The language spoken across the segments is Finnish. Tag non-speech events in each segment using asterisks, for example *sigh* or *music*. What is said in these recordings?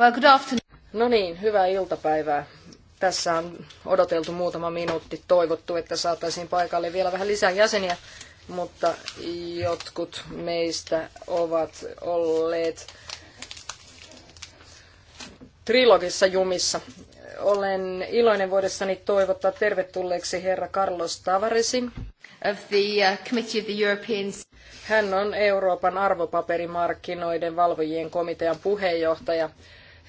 Well, good afternoon. No niin, hyvää iltapäivää. Tässä on odoteltu muutama minuutti, toivottu, että saataisiin paikalle vielä vähän lisää jäseniä, mutta jotkut meistä ovat olleet trilogissa jumissa. Olen iloinen voidessani toivottaa tervetulleeksi herra Carlos Tavaresin. Of the, uh, Committee of the Europeans. Hän on Euroopan arvopaperimarkkinoiden valvojien komitean puheenjohtaja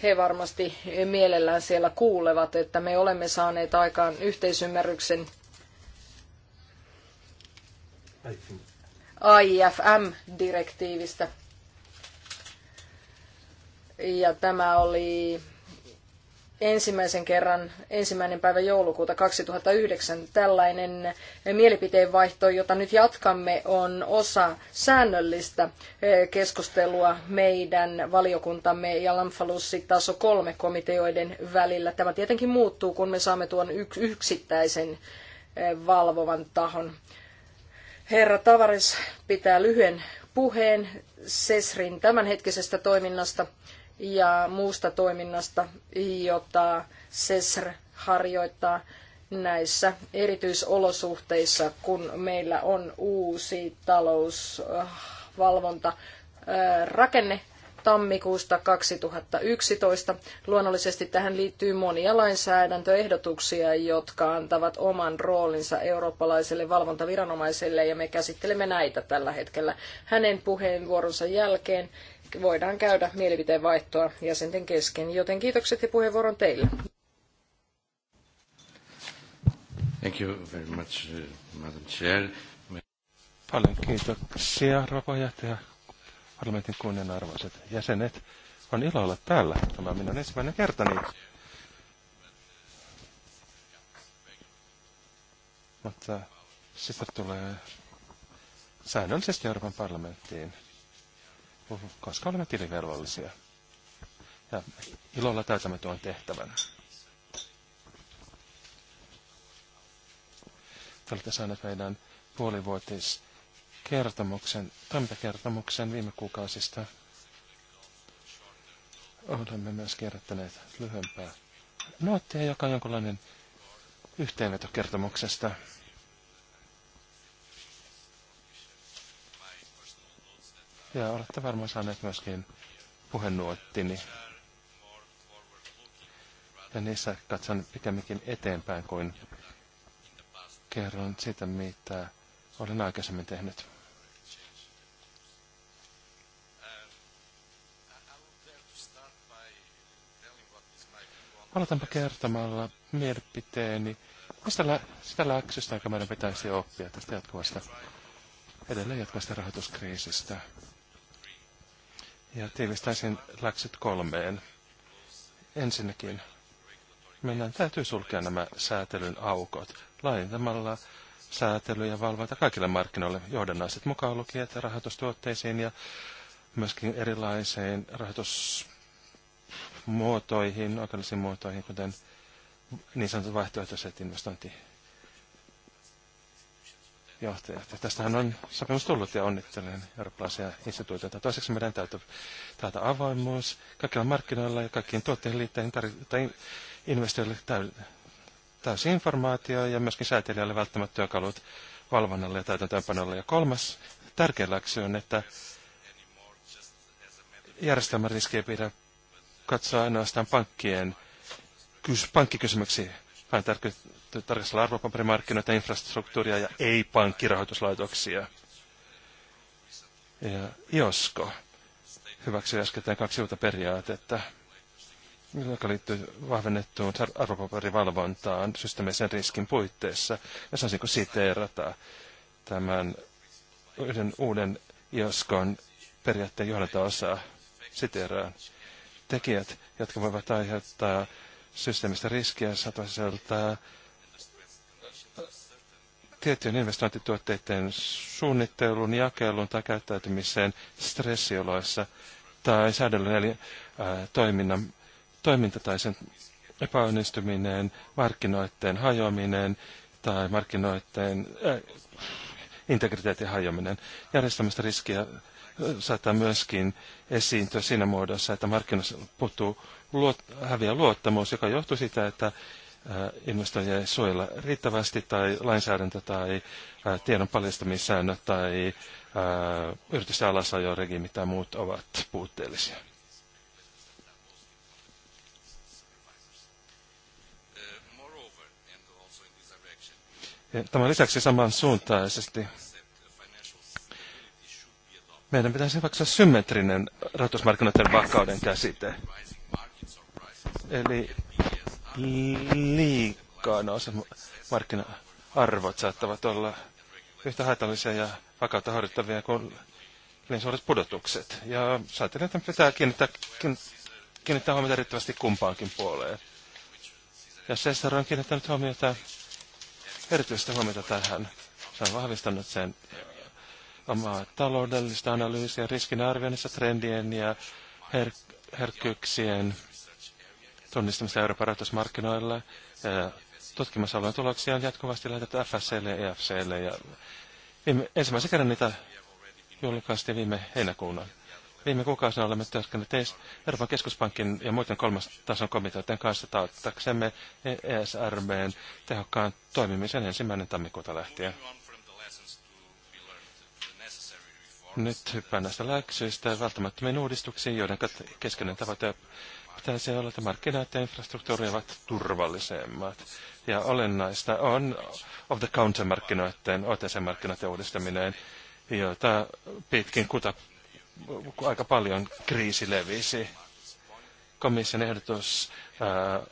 he varmasti mielellään siellä kuulevat, että me olemme saaneet aikaan yhteisymmärryksen AIFM-direktiivistä. Ja tämä oli ensimmäisen kerran ensimmäinen päivä joulukuuta 2009. Tällainen mielipiteenvaihto, jota nyt jatkamme, on osa säännöllistä eh, keskustelua meidän valiokuntamme ja Lamfalussi taso kolme komiteoiden välillä. Tämä tietenkin muuttuu, kun me saamme tuon yksittäisen eh, valvovan tahon. Herra Tavares pitää lyhyen puheen Sesrin tämänhetkisestä toiminnasta – ja muusta toiminnasta, jota SESR harjoittaa näissä erityisolosuhteissa, kun meillä on uusi talousvalvonta rakenne tammikuusta 2011. Luonnollisesti tähän liittyy monia lainsäädäntöehdotuksia, jotka antavat oman roolinsa eurooppalaiselle valvontaviranomaiselle ja me käsittelemme näitä tällä hetkellä. Hänen puheenvuoronsa jälkeen voidaan käydä mielipiteen vaihtoa jäsenten kesken, joten kiitokset ja puheenvuoron teille. Thank you very much, uh, Madam Chair. Paljon kiitoksia, rapajohtaja parlamentin kunnianarvoiset jäsenet. On ilo olla täällä. Tämä on minun ensimmäinen kertani. Mutta sitten tulee säännöllisesti Euroopan parlamenttiin, koska olemme tilivelvollisia. Ja ilolla täytämme tuon tehtävän. Te olette saaneet meidän puolivuotis kertomuksen, toimintakertomuksen viime kuukausista. Olemme myös kirjoittaneet lyhyempää nuottia, joka on jonkinlainen yhteenveto kertomuksesta. Ja olette varmaan saaneet myöskin puhenuottini. Ja niissä katson pikemminkin eteenpäin kuin kerron sitä, mitä olen aikaisemmin tehnyt. Aloitanpa kertomalla mielipiteeni. Mistä lä- sitä läksystä, joka meidän pitäisi oppia tästä jatkuvasta, edelleen jatkuvasta rahoituskriisistä. Ja tiivistäisin läksyt kolmeen. Ensinnäkin, meidän täytyy sulkea nämä säätelyn aukot laajentamalla säätely ja valvonta kaikille markkinoille, johdannaiset mukaan lukien rahoitustuotteisiin ja myöskin erilaisiin rahoitusmuotoihin, oikeudellisiin muotoihin, kuten niin sanotut vaihtoehtoiset investointijohtajat. Ja tästähän on sopimus tullut ja onnittelen eurooppalaisia instituutioita. Toiseksi meidän täytyy taata avoimuus kaikilla markkinoilla ja kaikkiin tuotteiden liittäin tai investoijille täysi informaatio ja myöskin säätelijälle välttämättä työkalut valvonnalle ja täytäntöönpanolle. Ja kolmas tärkeä läksy on, että järjestelmän riskiä pidä katsoa ainoastaan pankkien kys, pankkikysymyksiä, vaan tarkastella arvopaperimarkkinoita, infrastruktuuria ja ei-pankkirahoituslaitoksia. Ja josko hyväksyy äskettäin kaksi uutta periaatetta joka liittyy vahvennettuun arvopaperivalvontaan systeemisen riskin puitteissa. Ja saisinko siteerata tämän yhden uuden IOSKON periaatteen johdanto-osaa? Siteeraan. Tekijät, jotka voivat aiheuttaa systeemistä riskiä satoiselta tiettyjen investointituotteiden suunnittelun, jakeluun tai käyttäytymiseen stressioloissa tai säädellyn eli, ää, toiminnan toiminta tai sen epäonnistuminen, markkinoiden hajoaminen tai markkinoiden äh, integriteetin hajoaminen. Järjestämistä riskiä äh, saattaa myöskin esiintyä siinä muodossa, että markkinoissa puuttuu luot, häviä luottamus, joka johtuu siitä, että äh, investoijia ei suojella riittävästi tai lainsäädäntö tai äh, tiedon paljastamissäännöt tai yritysten alasajoregiimi tai muut ovat puutteellisia. tämän lisäksi samansuuntaisesti meidän pitäisi hyväksyä symmetrinen rahoitusmarkkinoiden vakauden käsite. Eli liikaa nousevat markkina-arvot saattavat olla yhtä haitallisia ja vakautta horjuttavia kuin niin suuret pudotukset. Ja että pitää kiinnittää, kiinnittää huomiota riittävästi kumpaankin puoleen. Ja Cesar on kiinnittänyt huomiota erityistä huomiota tähän. Se on vahvistanut sen omaa taloudellista analyysiä, riskin arvioinnissa, trendien ja her- herkkyyksien tunnistamista Euroopan rahoitusmarkkinoilla. Tutkimusalueen tuloksia on jatkuvasti lähetetty FSL ja EFCL. ja viime, ensimmäisen kerran niitä julkaistiin viime heinäkuun Viime kuukausina olemme työskennelleet e Euroopan keskuspankin ja muiden kolmas tason komiteoiden kanssa tauttaksemme ESRBn tehokkaan toimimisen ensimmäinen tammikuuta lähtien. Nyt hyppään näistä läksyistä välttämättömiin uudistuksiin, joiden keskeinen tavoite pitäisi olla, että markkinat ja infrastruktuuri ovat turvallisemmat. Ja olennaista on of the counter OTC-markkinoiden uudistaminen, joita pitkin kuta aika paljon kriisi levisi. Komission ehdotus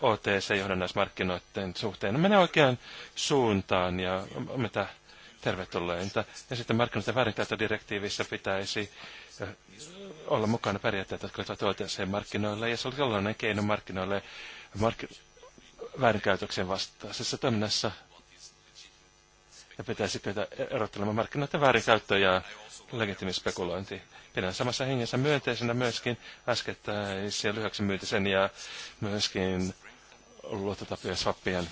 OTC-johdannaismarkkinoiden suhteen menee oikeaan suuntaan ja mitä tervetulleinta. Ja sitten markkinoiden väärinkäyttödirektiivissä pitäisi olla mukana periaatteet, jotka ovat OTC-markkinoille, ja se oli jollainen keino markkinoille mark- väärinkäytöksen vastaisessa toiminnassa. Ja pitäisi pitää erottelemaan markkinoiden väärinkäyttö ja legitimispekulointi. Pidän samassa hengessä myönteisenä myöskin äskettäisiä lyhyeksi myytisen ja myöskin luottotapien swappien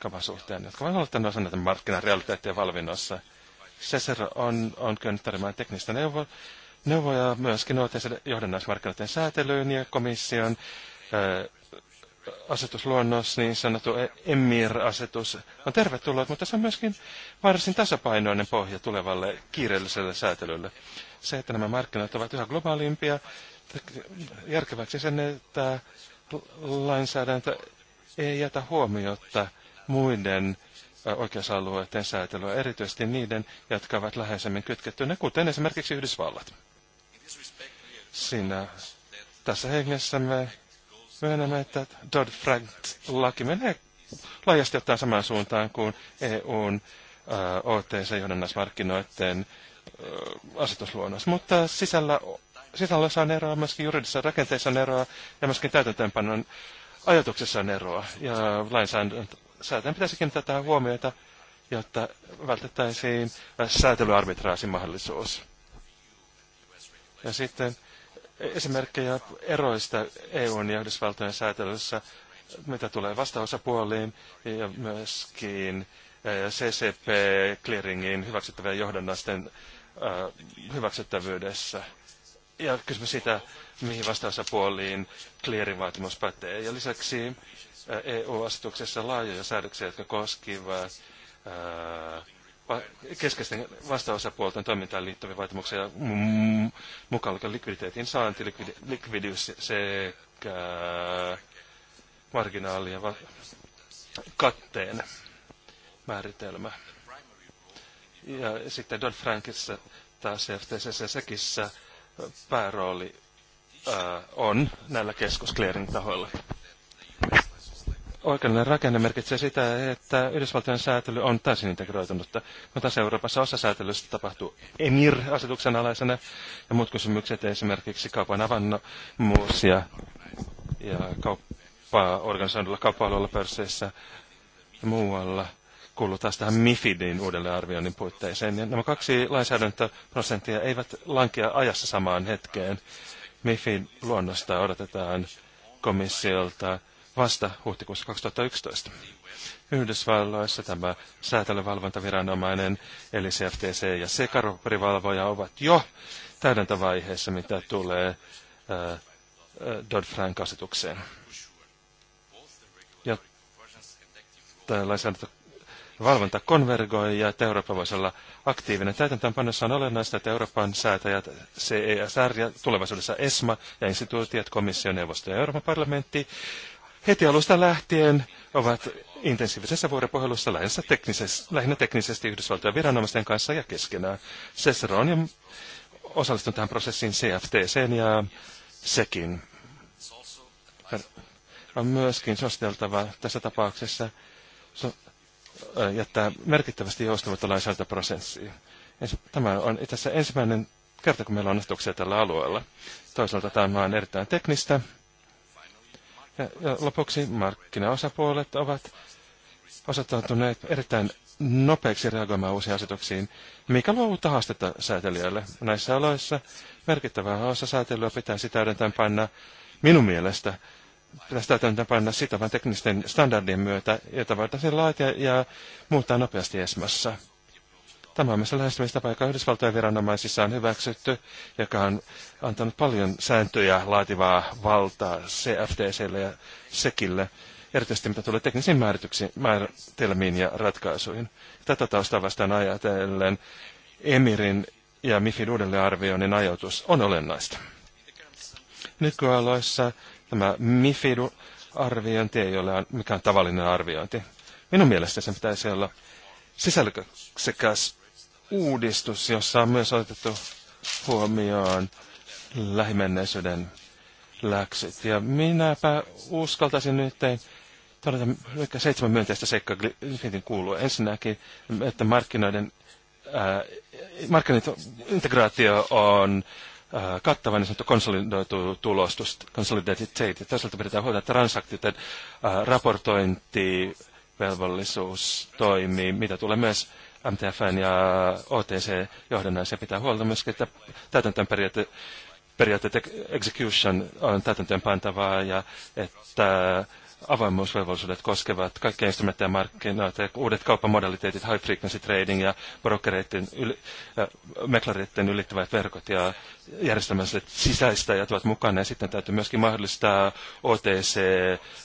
kapasuhteen, jotka ovat olleet osa näitä markkinarealiteetteja valvinnossa. Cesar on, on kyennyt tarjoamaan teknistä neuvoa, neuvoja myöskin OTC-johdannaismarkkinoiden säätelyyn ja komission asetusluonnos, niin sanottu e- EMIR-asetus, on tervetullut, mutta se on myöskin varsin tasapainoinen pohja tulevalle kiireelliselle säätelylle. Se, että nämä markkinat ovat yhä globaalimpia, järkeväksi sen, että lainsäädäntö ei jätä huomiota muiden oikeusalueiden säätelyä, erityisesti niiden, jotka ovat läheisemmin kytkettyneet, kuten esimerkiksi Yhdysvallat. Siinä tässä hengessä me Myönnämme, että Dodd-Frank-laki menee laajasti ottaen samaan suuntaan kuin EUn äh, OTC-johdannaismarkkinoiden äh, asetusluonnos, mutta sisällä, sisällössä on eroa, myöskin juridisessa rakenteessa on eroa ja myöskin täytäntöönpanon ajatuksessa on eroa. Ja lainsäädäntöön pitäisi kiinnittää tähän huomiota, jotta vältettäisiin äh, säätelyarbitraasin mahdollisuus. Ja sitten esimerkkejä eroista EUn ja Yhdysvaltojen säätelyssä, mitä tulee vastaosapuoliin ja myöskin eh, CCP-clearingin hyväksyttävien johdannaisten eh, hyväksyttävyydessä. Ja kysymys sitä, mihin vastaosapuoliin clearing-vaatimus pätee. Ja lisäksi EU-asetuksessa eh, e laajoja säädöksiä, jotka koskivat ää, keskeisten vastaosapuolten toimintaan liittyviä vaatimuksia, mm, mukaan lukien likviditeetin saanti, likvidius sekä marginaali ja katteen määritelmä. Ja sitten Don Frankissa taas FTCC-sekissä päärooli ää, on näillä keskus tahoilla oikeudellinen rakenne merkitsee sitä, että Yhdysvaltojen säätely on täysin integroitunut, mutta tässä Euroopassa osa säätelystä tapahtuu EMIR-asetuksen alaisena ja muut kysymykset, esimerkiksi kaupan avannomuus ja, ja kauppaa organisoidulla kauppa-alueella, pörsseissä ja muualla kuuluu taas tähän MIFIDin uudelleenarvioinnin puitteeseen. Ja nämä kaksi lainsäädäntöprosenttia eivät lankea ajassa samaan hetkeen. MIFIDin luonnosta odotetaan komissiolta vasta huhtikuussa 2011. Yhdysvalloissa tämä säätelyvalvontaviranomainen, eli CFTC ja sekaraprivalvoja ovat jo täydentävaiheessa, mitä tulee Dodd-Frank-asetukseen. Ja valvonta konvergoi ja että Eurooppa voisi olla aktiivinen. Täytäntöönpanossa on olennaista, että Euroopan säätäjät CESR ja tulevaisuudessa ESMA ja instituutiot, komissio, neuvosto ja Euroopan parlamentti heti alusta lähtien ovat intensiivisessä vuoropuhelussa lähinnä teknisesti, lähinnä teknisesti Yhdysvaltojen viranomaisten kanssa ja keskenään. Cesar on osallistunut tähän prosessiin CFTC ja sekin. On myöskin sosteltava tässä tapauksessa jättää merkittävästi joustamatta lainsäädäntöprosessiin. Tämä on itse asiassa ensimmäinen kerta, kun meillä on onnistuksia tällä alueella. Toisaalta tämä on erittäin teknistä ja, ja lopuksi markkinaosapuolet ovat osoittautuneet erittäin nopeiksi reagoimaan uusiin asetuksiin, mikä luo uutta haastetta säätelijöille. Näissä aloissa merkittävää osa säätelyä pitäisi täydentää painaa minun mielestä pitäisi täytäntöön sitä sitovan teknisten standardien myötä, jota voitaisiin laatia ja muuttaa nopeasti ESMassa. Tämä on myös lähestymistapa, joka Yhdysvaltojen viranomaisissa on hyväksytty, joka on antanut paljon sääntöjä laativaa valtaa CFTClle ja SEKille, erityisesti mitä tulee teknisiin määritelmiin ja ratkaisuihin. Tätä taustaa vastaan ajatellen Emirin ja MIFIN uudelleenarvioinnin ajoitus on olennaista. Nykyaloissa tämä MIFIN arviointi ei ole mikään tavallinen arviointi. Minun mielestäni sen pitäisi olla sisältökäs uudistus, jossa on myös otettu huomioon lähimenneisyyden läksyt. Ja minäpä uskaltaisin nyt todeta ehkä seitsemän myönteistä seikkaa Griffitin kuuluu. Ensinnäkin, että markkinoiden ää, markkinoiden integraatio on ää, kattava niin sanottu konsolidoitu tulostus, consolidated state. Toisaalta pidetään huolta, että transaktioiden raportointivelvollisuus toimii, mitä tulee myös MTFn ja OTC-johdannaisia pitää huolta myöskin, että täytäntöön periaate, periaatteet execution on täytäntöön pantavaa ja että avoimuusvelvollisuudet koskevat kaikkia instrumentteja markkinoita ja uudet kauppamodaliteetit, high frequency trading ja brokereiden, yli, äh, meklareiden ylittävät verkot ja järjestelmälliset sisäistäjät ovat mukana. Ja sitten täytyy myöskin mahdollistaa OTC,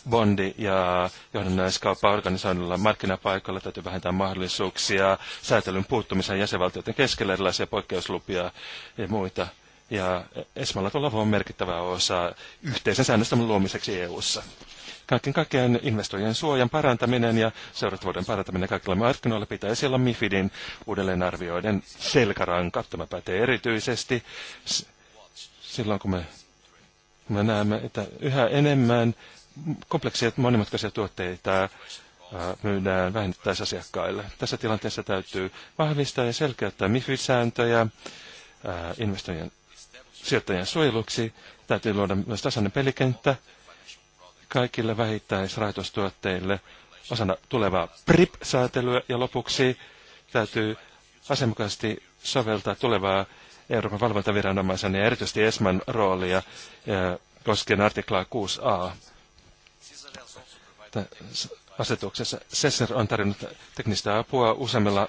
bondi ja johdannaiskauppa organisoinnilla markkinapaikalla. Täytyy vähentää mahdollisuuksia säätelyn puuttumiseen jäsenvaltioiden keskellä erilaisia poikkeuslupia ja muita. Ja Esmalla tuolla on merkittävä osa yhteisen säännöstämme luomiseksi EU-ssa. Kaiken kaikkiaan investoijien suojan parantaminen ja seurattavuuden parantaminen kaikilla markkinoilla pitäisi olla MIFIDin uudelleenarvioiden selkäranka. Tämä pätee erityisesti silloin, kun me, me näemme, että yhä enemmän kompleksia monimutkaisia tuotteita myydään vähennettäisasiakkaille. Tässä tilanteessa täytyy vahvistaa ja selkeyttää MIFID-sääntöjä investoijien sijoittajien suojeluksi. Täytyy luoda myös tasainen pelikenttä kaikille vähittäisrahoitustuotteille osana tulevaa PRIP-säätelyä ja lopuksi täytyy asianmukaisesti soveltaa tulevaa Euroopan valvontaviranomaisen ja erityisesti ESMAn roolia eh, koskien artiklaa 6a asetuksessa. SESER on tarjonnut teknistä apua useammilla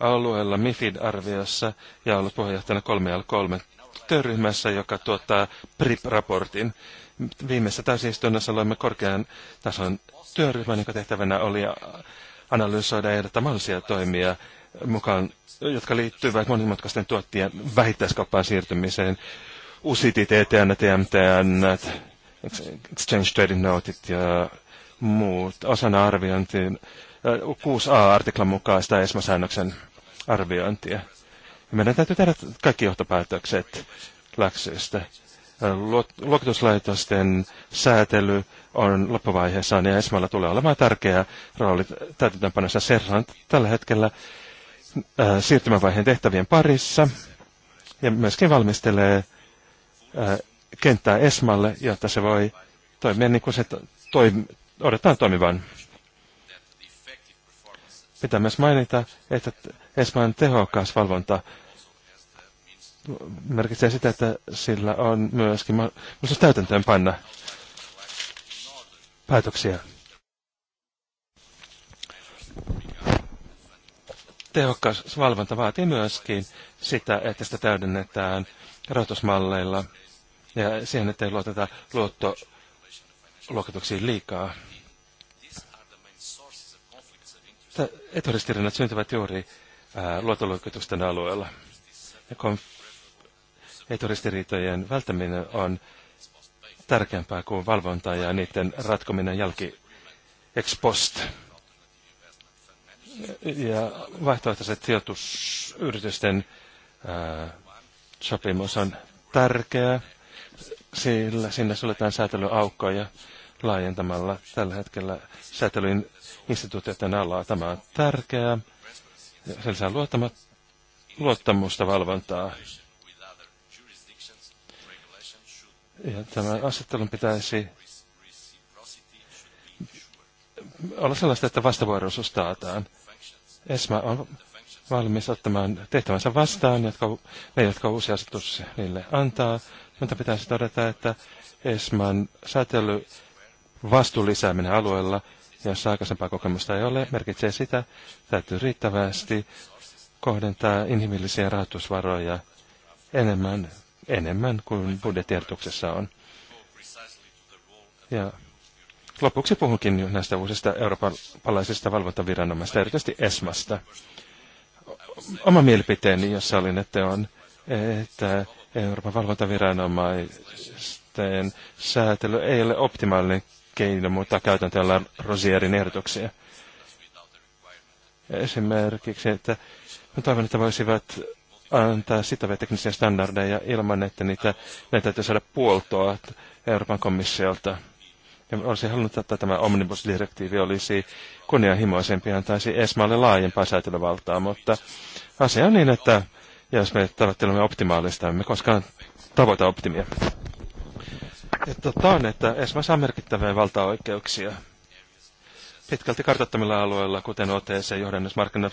alueilla MIFID-arviossa ja ollut puheenjohtajana 3 l 3 työryhmässä, joka tuottaa PRIP-raportin. Viimeisessä täysistunnossa loimme korkean tason työryhmän, jonka tehtävänä oli analysoida ja ehdottaa mahdollisia toimia mukaan, jotka liittyvät monimutkaisten tuottien vähittäiskauppaan siirtymiseen. UCT, TTN, TMTN, Exchange Trading Notit ja muut osana arviointiin, 6a-artiklan äh, mukaista esmasäännöksen arviointia. Ja meidän täytyy tehdä kaikki johtopäätökset läksyistä. Luokituslaitosten säätely on loppuvaiheessaan ja Esmalla tulee olemaan tärkeä rooli täytäntöönpanossa. Serran tällä hetkellä äh, siirtymävaiheen tehtävien parissa ja myöskin valmistelee äh, kenttää Esmalle, jotta se voi toimia niin kuin se toimi, odotetaan toimivan. Pitää myös mainita, että Espanjan tehokas valvonta merkitsee sitä, että sillä on myöskin mahdollisuus täytäntöön panna päätöksiä. Tehokkaas valvonta vaatii myöskin sitä, että sitä täydennetään rahoitusmalleilla ja siihen, että ei luoteta luottoluokituksiin liikaa. Eturistirinnat syntyvät juuri luottoluokitusten alueella. Ja konf- välttäminen on tärkeämpää kuin valvonta ja niiden ratkominen jälki ex post. Ja vaihtoehtoiset sijoitusyritysten äh, sopimus on tärkeä, sillä sinne suljetaan säätelyaukkoja laajentamalla tällä hetkellä säätelyinstituutioiden alaa. Tämä on tärkeää. Se lisää luottamusta valvontaa. Ja tämän asettelun pitäisi olla sellaista, että vastavuoroisuus taataan. ESMA on valmis ottamaan tehtävänsä vastaan, jotka, ne, jotka uusi asetus niille antaa, mutta pitäisi todeta, että ESMAn säätely vastuun lisääminen alueella ja Jos aikaisempaa kokemusta ei ole, merkitsee sitä, täytyy riittävästi kohdentaa inhimillisiä rahoitusvaroja enemmän, enemmän kuin budjettiertuksessa on. Ja lopuksi puhunkin näistä uusista eurooppalaisista valvontaviranomaista, erityisesti ESMasta. Oma mielipiteeni, jossa olin, että on, että Euroopan valvontaviranomaisten säätely ei ole optimaalinen keino muuttaa käytäntöllä Rosierin ehdotuksia. Esimerkiksi, että mä toivon, että voisivat antaa sitä teknisiä standardeja ilman, että niitä, näitä täytyy saada puoltoa Euroopan komissiolta. Ja olisin halunnut, että tämä omnibusdirektiivi olisi kunnianhimoisempi ja antaisi esmaalle laajempaa säätelyvaltaa, mutta asia on niin, että jos me tavoittelemme optimaalista, emme koskaan tavoita optimia että totta on, että ESMA saa merkittäviä valtaoikeuksia pitkälti kartoittamilla alueilla, kuten OTC, johdannusmarkkinat,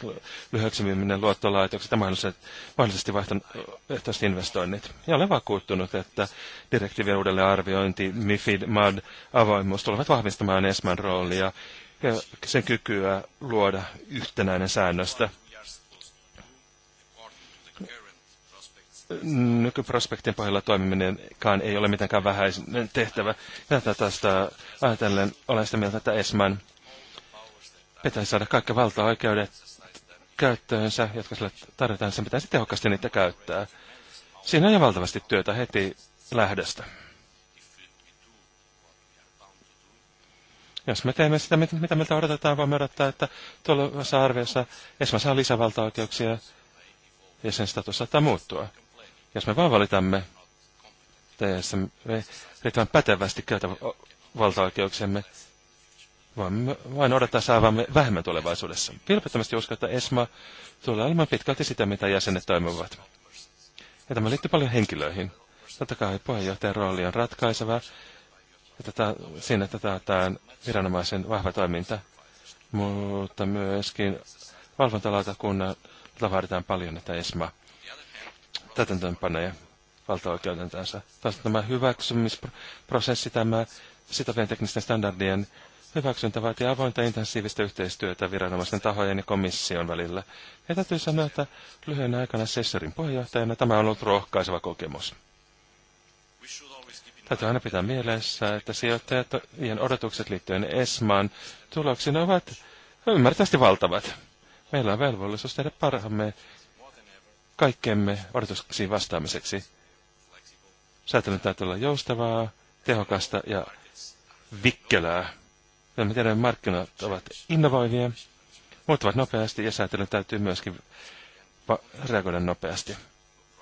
lyhyeksiminen, luottolaitokset ja mahdolliset, mahdollisesti vaihtoehtoiset investoinnit. Ja olen vakuuttunut, että direktiivien uudelleenarviointi, MIFID, MAD, avoimuus tulevat vahvistamaan ESMAn roolia ja sen kykyä luoda yhtenäinen säännöstä. nykyprospektin pohjalla toimiminenkaan ei ole mitenkään vähäinen tehtävä. Näitä tästä ajatellen olen sitä mieltä, että Esman pitäisi saada kaikki valtaoikeudet käyttöönsä, jotka sille tarvitaan, sen pitäisi tehokkaasti niitä käyttää. Siinä on jo valtavasti työtä heti lähdöstä. Jos me teemme sitä, mitä meiltä odotetaan, voimme odottaa, että tuolla arviossa Esma saa lisävaltaoikeuksia ja sen status saattaa muuttua. Jos me vaan valitamme TSM riittävän pätevästi käytä valtaoikeuksemme, voimme vain odottaa saavamme vähemmän tulevaisuudessa. Vilpittömästi uskon, että ESMA tulee olemaan pitkälti sitä, mitä jäsenet toimivat. Ja tämä liittyy paljon henkilöihin. Totta kai puheenjohtajan rooli on ratkaiseva, että ta, siinä on viranomaisen vahva toiminta, mutta myöskin valvontalautakunnan vaaditaan paljon, että ESMA valtaoikeudentänsä. Taas Tämä hyväksymisprosessi, tämä sitovien teknisten standardien hyväksyntä vaatii avointa intensiivistä yhteistyötä viranomaisten tahojen ja komission välillä. Ja täytyy sanoa, että lyhyen aikana Sessorin puheenjohtajana tämä on ollut rohkaiseva kokemus. Täytyy aina pitää mielessä, että sijoittajien odotukset liittyen ESMAan tuloksiin ovat ymmärtävästi valtavat. Meillä on velvollisuus tehdä parhaamme, kaikkemme odotuksiin vastaamiseksi. Säätelyn täytyy olla joustavaa, tehokasta ja vikkelää. Ja me tiedämme, markkinat ovat innovoivia, muuttuvat nopeasti ja säätelyn täytyy myöskin reagoida nopeasti.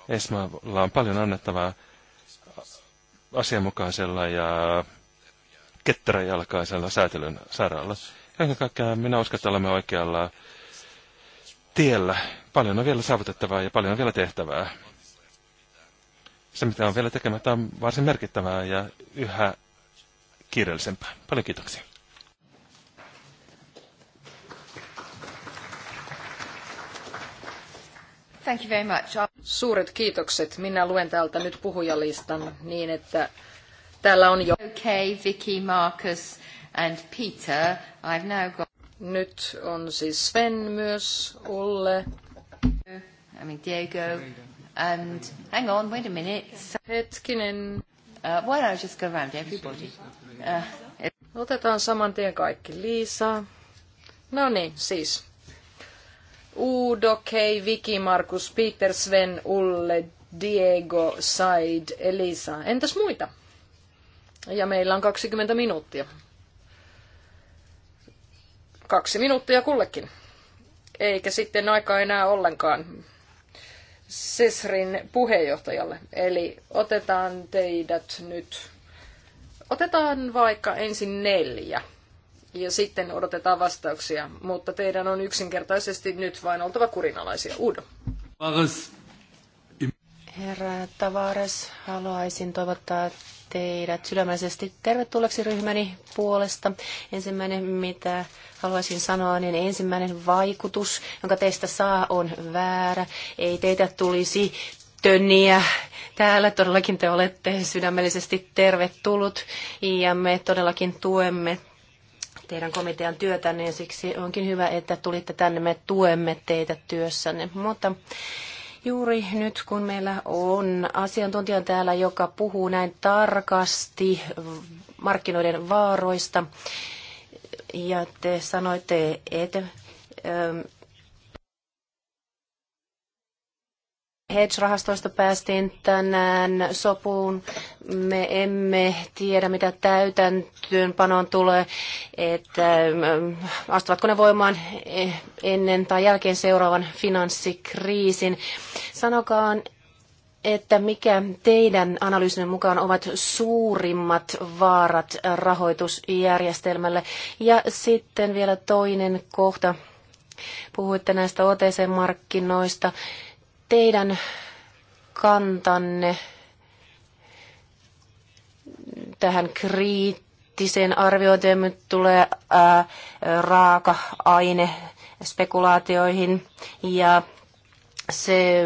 Esmaalla on paljon annettavaa asianmukaisella ja ketteräjalkaisella säätelyn saralla. Kaiken kaikkea, minä uskon, että olemme oikealla tiellä. Paljon on vielä saavutettavaa ja paljon on vielä tehtävää. Se, mitä on vielä tekemättä, on varsin merkittävää ja yhä kiireellisempää. Paljon kiitoksia. Thank you very much. Suuret kiitokset. Minä luen täältä nyt puhujalistan niin, että täällä on jo... Okay, Vicky, Marcus and Peter. I've now got... Nyt on siis Sven myös, Ulle. I mean Diego. And hang on, wait a minute. Hetkinen. Uh, why don't I just go around everybody? Uh, Otetaan saman tien kaikki. Liisa. No niin, siis. Udo, Kei, Viki, Markus, Peter, Sven, Ulle, Diego, Said, Elisa. Entäs muita? Ja meillä on 20 minuuttia. Kaksi minuuttia kullekin. Eikä sitten aikaa enää ollenkaan Sesrin puheenjohtajalle. Eli otetaan teidät nyt. Otetaan vaikka ensin neljä ja sitten odotetaan vastauksia, mutta teidän on yksinkertaisesti nyt vain oltava kurinalaisia. Udo. Herra Tavares, haluaisin toivottaa teidät sydämellisesti tervetulleeksi ryhmäni puolesta. Ensimmäinen, mitä haluaisin sanoa, niin ensimmäinen vaikutus, jonka teistä saa, on väärä. Ei teitä tulisi tönniä. Täällä todellakin te olette sydämellisesti tervetullut ja me todellakin tuemme teidän komitean työtänne ja siksi onkin hyvä, että tulitte tänne. Me tuemme teitä työssänne. Mutta Juuri nyt kun meillä on asiantuntija täällä, joka puhuu näin tarkasti markkinoiden vaaroista, ja te sanoitte, että hedge-rahastoista päästiin tänään sopuun. Me emme tiedä, mitä täytäntöönpanoon tulee, että ähm, astuvatko ne voimaan eh, ennen tai jälkeen seuraavan finanssikriisin. Sanokaan, että mikä teidän analyysinne mukaan ovat suurimmat vaarat rahoitusjärjestelmälle. Ja sitten vielä toinen kohta. Puhuitte näistä OTC-markkinoista teidän kantanne tähän kriittiseen arviointiin tulee ää, raaka-aine spekulaatioihin ja se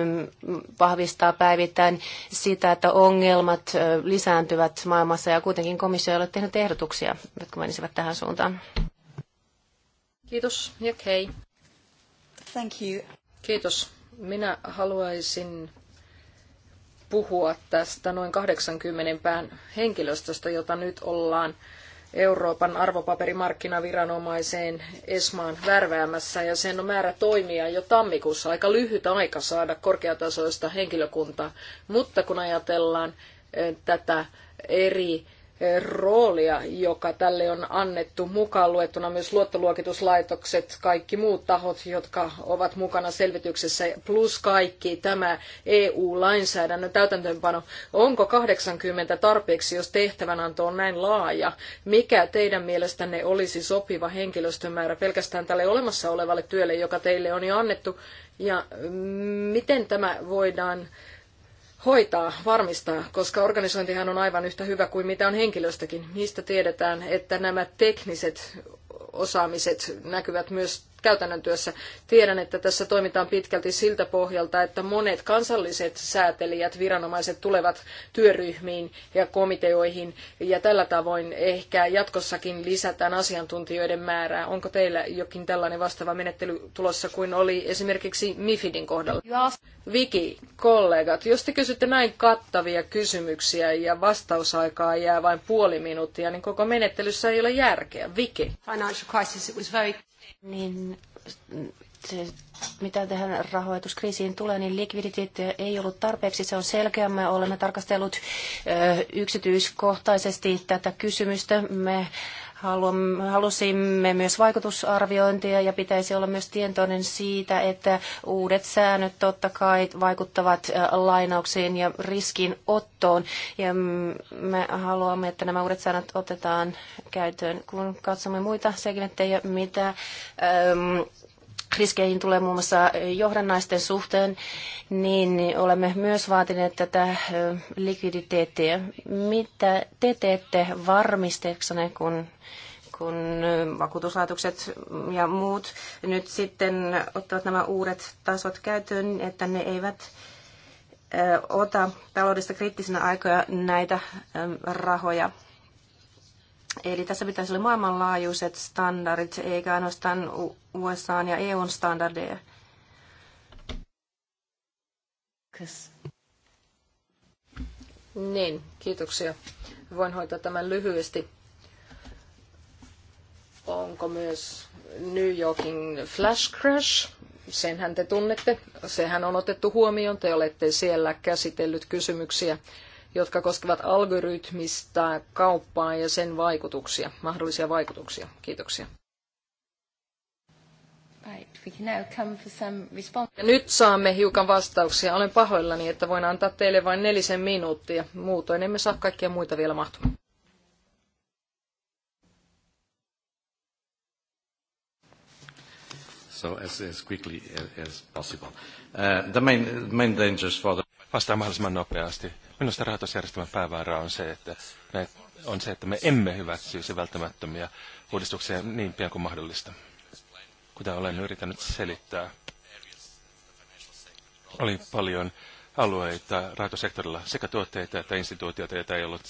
vahvistaa päivittäin sitä, että ongelmat lisääntyvät maailmassa ja kuitenkin komissio ei ole tehnyt ehdotuksia, jotka menisivät tähän suuntaan. Kiitos ja okay. Thank you. Kiitos. Minä haluaisin puhua tästä noin 80 pään henkilöstöstä, jota nyt ollaan Euroopan arvopaperimarkkinaviranomaiseen ESMAan värväämässä ja sen on määrä toimia jo tammikuussa. Aika lyhyt aika saada korkeatasoista henkilökuntaa, mutta kun ajatellaan eh, tätä eri roolia, joka tälle on annettu, mukaan luettuna myös luottoluokituslaitokset, kaikki muut tahot, jotka ovat mukana selvityksessä, plus kaikki tämä EU-lainsäädännön täytäntöönpano. Onko 80 tarpeeksi, jos tehtävänanto on näin laaja? Mikä teidän mielestänne olisi sopiva henkilöstömäärä pelkästään tälle olemassa olevalle työlle, joka teille on jo annettu? Ja miten tämä voidaan hoitaa, varmistaa, koska organisointihan on aivan yhtä hyvä kuin mitä on henkilöstökin. Niistä tiedetään, että nämä tekniset osaamiset näkyvät myös käytännön työssä. Tiedän, että tässä toimitaan pitkälti siltä pohjalta, että monet kansalliset säätelijät, viranomaiset tulevat työryhmiin ja komiteoihin ja tällä tavoin ehkä jatkossakin lisätään asiantuntijoiden määrää. Onko teillä jokin tällainen vastaava menettely tulossa kuin oli esimerkiksi MIFIDin kohdalla? Viki, kollegat, jos te kysytte näin kattavia kysymyksiä ja vastausaikaa jää vain puoli minuuttia, niin koko menettelyssä ei ole järkeä. Viki. Niin se, mitä tähän rahoituskriisiin tulee, niin likviditeettiä ei ollut tarpeeksi. Se on selkeä. Me olemme tarkastellut yksityiskohtaisesti tätä kysymystä. Me Haluamme, halusimme myös vaikutusarviointia ja pitäisi olla myös tietoinen siitä, että uudet säännöt totta kai vaikuttavat äh, lainauksiin ja riskinottoon. Ja me haluamme, että nämä uudet säännöt otetaan käyttöön. Kun katsomme muita segmenttejä, mitä Ähm, riskeihin tulee muun muassa johdannaisten suhteen, niin olemme myös vaatineet tätä likviditeettiä. Mitä te teette varmisteeksenne, kun kun vakuutuslaitokset ja muut nyt sitten ottavat nämä uudet tasot käyttöön, että ne eivät ota taloudesta kriittisinä aikoja näitä rahoja. Eli tässä pitäisi olla maailmanlaajuiset standardit, eikä ainoastaan USA ja EUn standardeja. Niin, kiitoksia. Voin hoitaa tämän lyhyesti. Onko myös New Yorkin flash crash? Senhän te tunnette. Sehän on otettu huomioon. Te olette siellä käsitellyt kysymyksiä jotka koskevat algoritmista kauppaa ja sen vaikutuksia, mahdollisia vaikutuksia. Kiitoksia. Ja nyt saamme hiukan vastauksia. Olen pahoillani, että voin antaa teille vain nelisen minuuttia. Muutoin emme saa kaikkia muita vielä mahtumaan. so as, as quickly as possible. Uh, the main, main dangers for the... Vastaan mahdollisimman nopeasti. Minusta rahoitusjärjestelmän päävaara on se, että me, on se, että me emme hyväksyisi välttämättömiä uudistuksia niin pian kuin mahdollista. Kuten olen yrittänyt selittää, oli paljon alueita rahoitussektorilla, sekä tuotteita että instituutioita, joita ei ollut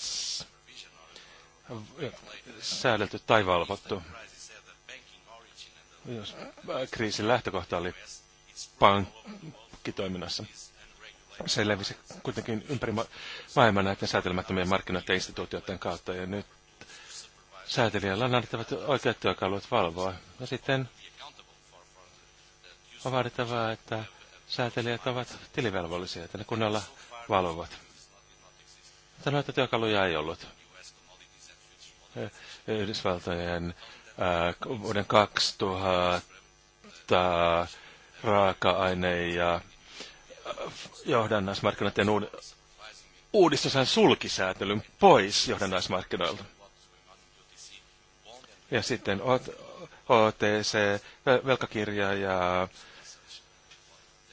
säädelty tai valvottu. Kriisin lähtökohta oli pankkitoiminnassa se levisi kuitenkin ympäri ma- maailmaa näiden säätelemättömien markkinoiden instituutioiden kautta. Ja nyt säätelijällä on annettavat oikeat työkalut valvoa. Ja sitten on vaadittavaa, että säätelijät ovat tilivelvollisia, että ne kunnolla valvovat. Mutta noita työkaluja ei ollut. Yhdysvaltojen ää, äh, vuoden 2000 raaka-aine ja johdannaismarkkinoiden uud uudistus sen sulkisäätelyn pois johdannaismarkkinoilta. Ja sitten OTC, velkakirja ja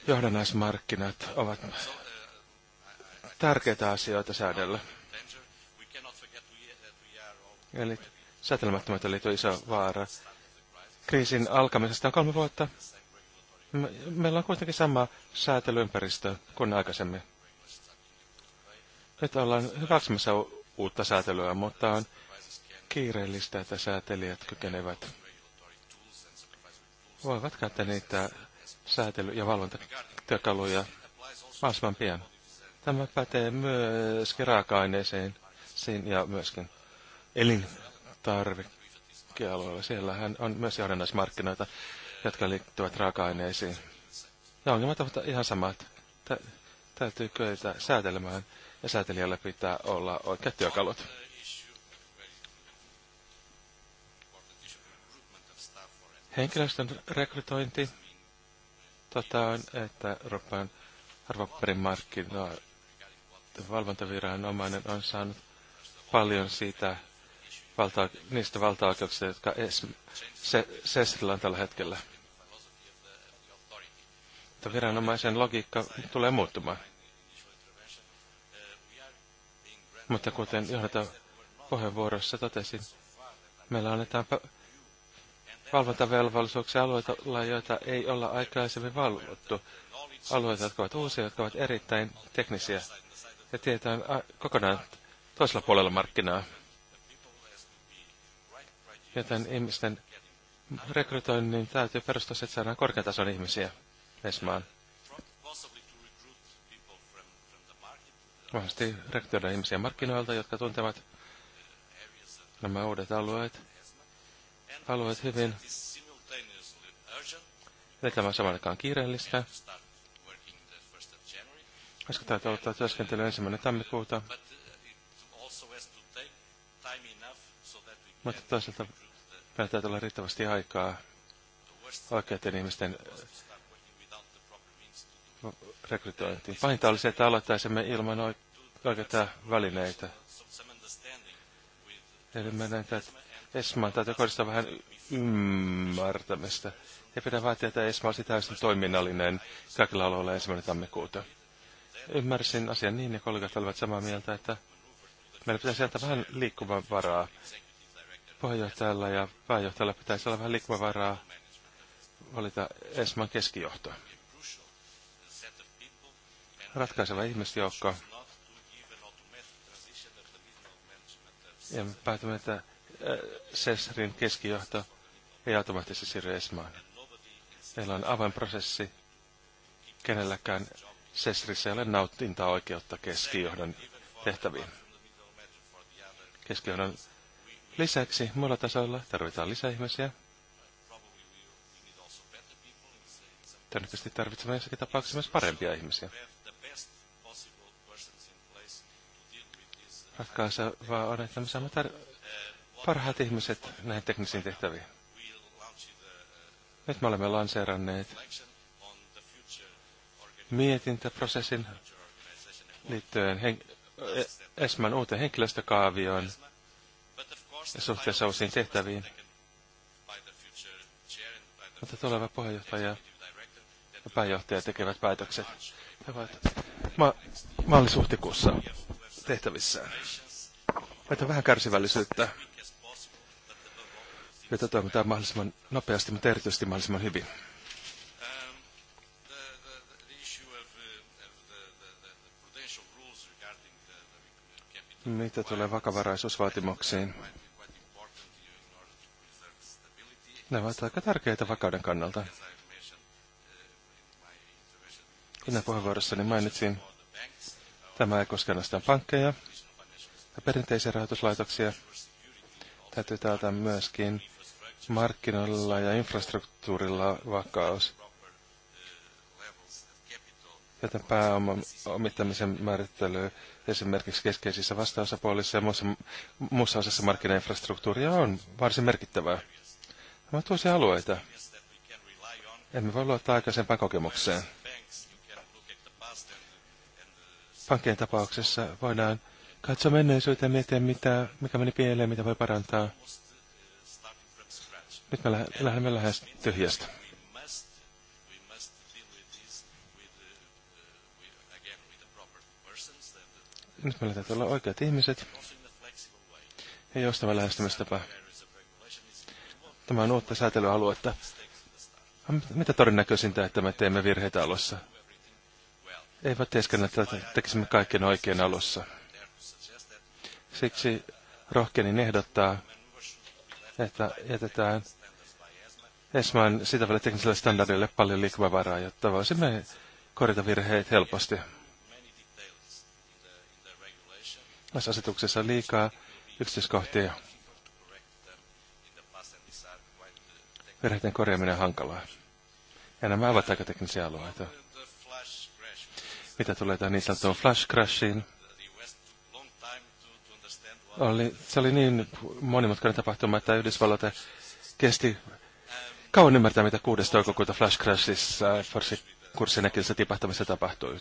johdannaismarkkinat ovat tärkeitä asioita säädellä. Eli säätelemättömät oli iso vaara. Kriisin alkamisesta on kolme vuotta meillä on kuitenkin sama säätelyympäristö kuin aikaisemmin. Nyt ollaan hyväksymässä uutta säätelyä, mutta on kiireellistä, että säätelijät kykenevät voivat käyttää niitä säätely- ja valvontatyökaluja mahdollisimman pian. Tämä pätee myös raaka-aineeseen ja myöskin elintarvikkealueella. Siellähän on myös johdannaismarkkinoita jotka liittyvät raaka-aineisiin. Ja ongelmat ovat ihan samat. Tä, täytyy kyetä säätelemään ja säätelijällä pitää olla oikeat työkalut. Henkilöstön rekrytointi tota on, että Euroopan arvopaperimarkkinoiden valvontaviranomainen on saanut paljon siitä valtaa, niistä valtaoikeuksista, jotka Sesillä on tällä hetkellä. Mutta viranomaisen logiikka tulee muuttumaan. Mutta kuten johdata puheenvuorossa totesin, meillä annetaan valvontavelvollisuuksia alueilla, joita ei olla aikaisemmin valvottu. Alueita, jotka ovat uusia, jotka ovat erittäin teknisiä ja tietää kokonaan toisella puolella markkinaa. Joten ihmisten rekrytoinnin täytyy perustua, että saadaan tason ihmisiä Esmaan. Mahdollisesti rekrytoida ihmisiä markkinoilta, jotka tuntevat nämä uudet alueet, alueet hyvin. Eli tämä on saman aikaan kiireellistä. Olisiko täytyy aloittaa työskentely ensimmäinen tammikuuta. Mutta toisaalta Meillä täytyy olla riittävästi aikaa oikeiden ihmisten äh, rekrytointiin. Pahinta oli se, että aloittaisimme ilman oikeita välineitä. Eli meidän täytyy, Esmaan täytyy kohdistaa vähän ymmärtämistä. Ei pidä vaatia, että Esma olisi täysin toiminnallinen kaikilla alueilla ensimmäinen tammikuuta. Ymmärsin asian niin, ja kollegat olivat samaa mieltä, että meillä pitäisi antaa vähän liikkuvan varaa Puheenjohtajalla ja pääjohtajalla pitäisi olla vähän liikkumavaraa valita Esman keskijohto. Ratkaiseva ihmisjoukko. Ja päätämme, että äh, Cesrin keskijohto ei automaattisesti siirry Esmaan. Meillä on avainprosessi. Kenelläkään Cesrissä ei ole nautintaa oikeutta keskijohdon tehtäviin. Keskijohdon Lisäksi muilla tasoilla tarvitaan lisää ihmisiä. Todennäköisesti tarvitsemme jossakin tapauksessa myös parempia ihmisiä. Ratkaisevaa on, että me saamme tar- parhaat ihmiset näihin teknisiin tehtäviin. Nyt me olemme lanseeranneet mietintäprosessin liittyen hen- e- Esman uuteen henkilöstökaavioon ja suhteessa uusiin tehtäviin. Mutta tuleva puheenjohtaja ja pääjohtaja tekevät päätökset. He ovat ma- maalis-huhtikuussa tehtävissään. Meitä on vähän kärsivällisyyttä, jota toimitaan mahdollisimman nopeasti, mutta erityisesti mahdollisimman hyvin. Mitä tulee vakavaraisuusvaatimuksiin? Ne ovat aika tärkeitä vakauden kannalta. Kuten puheenvuorossani mainitsin, tämä ei koske ainoastaan pankkeja ja perinteisiä rahoituslaitoksia. Täytyy taata myöskin markkinoilla ja infrastruktuurilla vakaus. Joten pääoman omittamisen määrittely esimerkiksi keskeisissä vastaosapuolissa ja muussa, muussa osassa markkinainfrastruktuuria on varsin merkittävää ovat uusia alueita. Emme voi luottaa aikaisempaan kokemukseen. Pankkien tapauksessa voidaan katsoa menneisyyteen ja miettiä, mitä, mikä meni pieleen, mitä voi parantaa. Nyt me lähdemme lähes tyhjästä. Nyt meillä täytyy olla oikeat ihmiset ja joustava lähestymistapa. Tämä on uutta säätelyaluetta. Mitä todennäköisintä, että me teemme virheitä alussa? Eivät teeskennä, että tekisimme kaiken oikein alussa. Siksi rohkenin ehdottaa, että jätetään Esman sitä välillä tekniselle standardille paljon liikkumavaraa, jotta voisimme korjata virheet helposti. Tässä asetuksessa on liikaa yksityiskohtia. virheiden korjaaminen on hankalaa. Ja nämä ovat aika teknisiä alueita. Mitä tulee tähän niin sanottuun flash crashiin, oli, se oli niin monimutkainen tapahtuma, että Yhdysvalloita kesti kauan ymmärtää, mitä 6. toukokuuta Flash Crashissa kurssien äkillisessä tipahtamisessa tapahtui.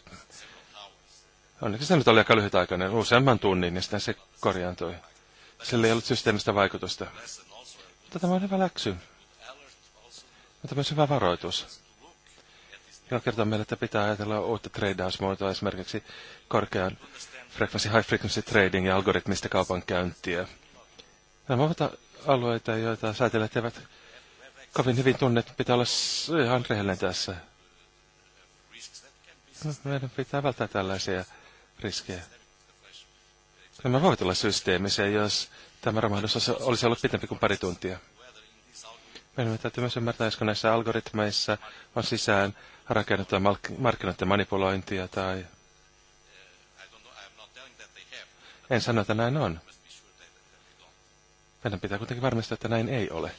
Onneksi se nyt oli aika lyhytaikainen, useamman tunnin, ja sitten se korjaantui. Sillä ei ollut systeemistä vaikutusta. Mutta tämä on hyvä läksy. Mutta myös hyvä varoitus, joka kertoo meille, että pitää ajatella uutta treidausmuotoa, esimerkiksi korkean frequency, high frequency trading ja algoritmista kaupankäyntiä. Nämä ovat alueita, joita säätelijät eivät kovin hyvin tunnet, pitää olla ihan rehellinen tässä. Meidän pitää välttää tällaisia riskejä. Nämä voivat olla systeemisiä, jos tämä romahdus olisi ollut pitempi kuin pari tuntia. Meidän täytyy myös ymmärtää, josko näissä algoritmeissa on sisään rakennettua markkinoiden manipulointia tai... En sano, että näin on. Meidän pitää kuitenkin varmistaa, että näin ei ole.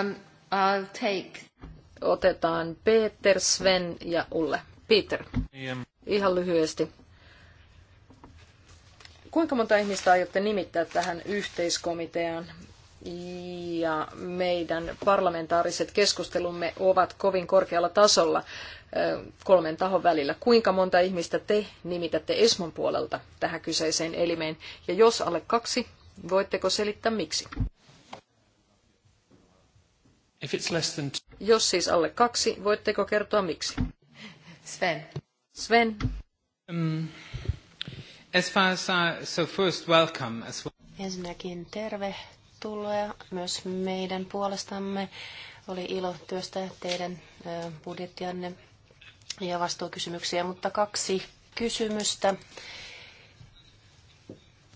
Um, I'll take. Otetaan Peter, Sven ja Ulle. Peter. Niin. Ihan lyhyesti Kuinka monta ihmistä aiotte nimittää tähän yhteiskomiteaan? Ja meidän parlamentaariset keskustelumme ovat kovin korkealla tasolla kolmen tahon välillä. Kuinka monta ihmistä te nimitätte Esmon puolelta tähän kyseiseen elimeen? Ja jos alle kaksi, voitteko selittää miksi? Than... Jos siis alle kaksi, voitteko kertoa miksi? Sven. Sven. Um, As far as I, so first welcome as well. Ensinnäkin tervetuloa myös meidän puolestamme. Oli ilo työstää teidän budjettianne ja vastuukysymyksiä, mutta kaksi kysymystä.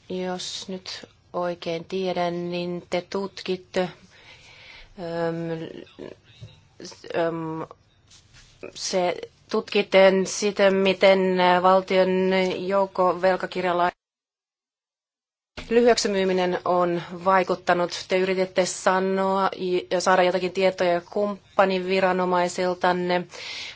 Jos nyt oikein tiedän, niin te tutkitte se tutkiten sitä, miten valtion velkakirjalla lyhyeksi myyminen on vaikuttanut. Te yritette sanoa ja saada jotakin tietoja kumppaniviranomaisiltanne.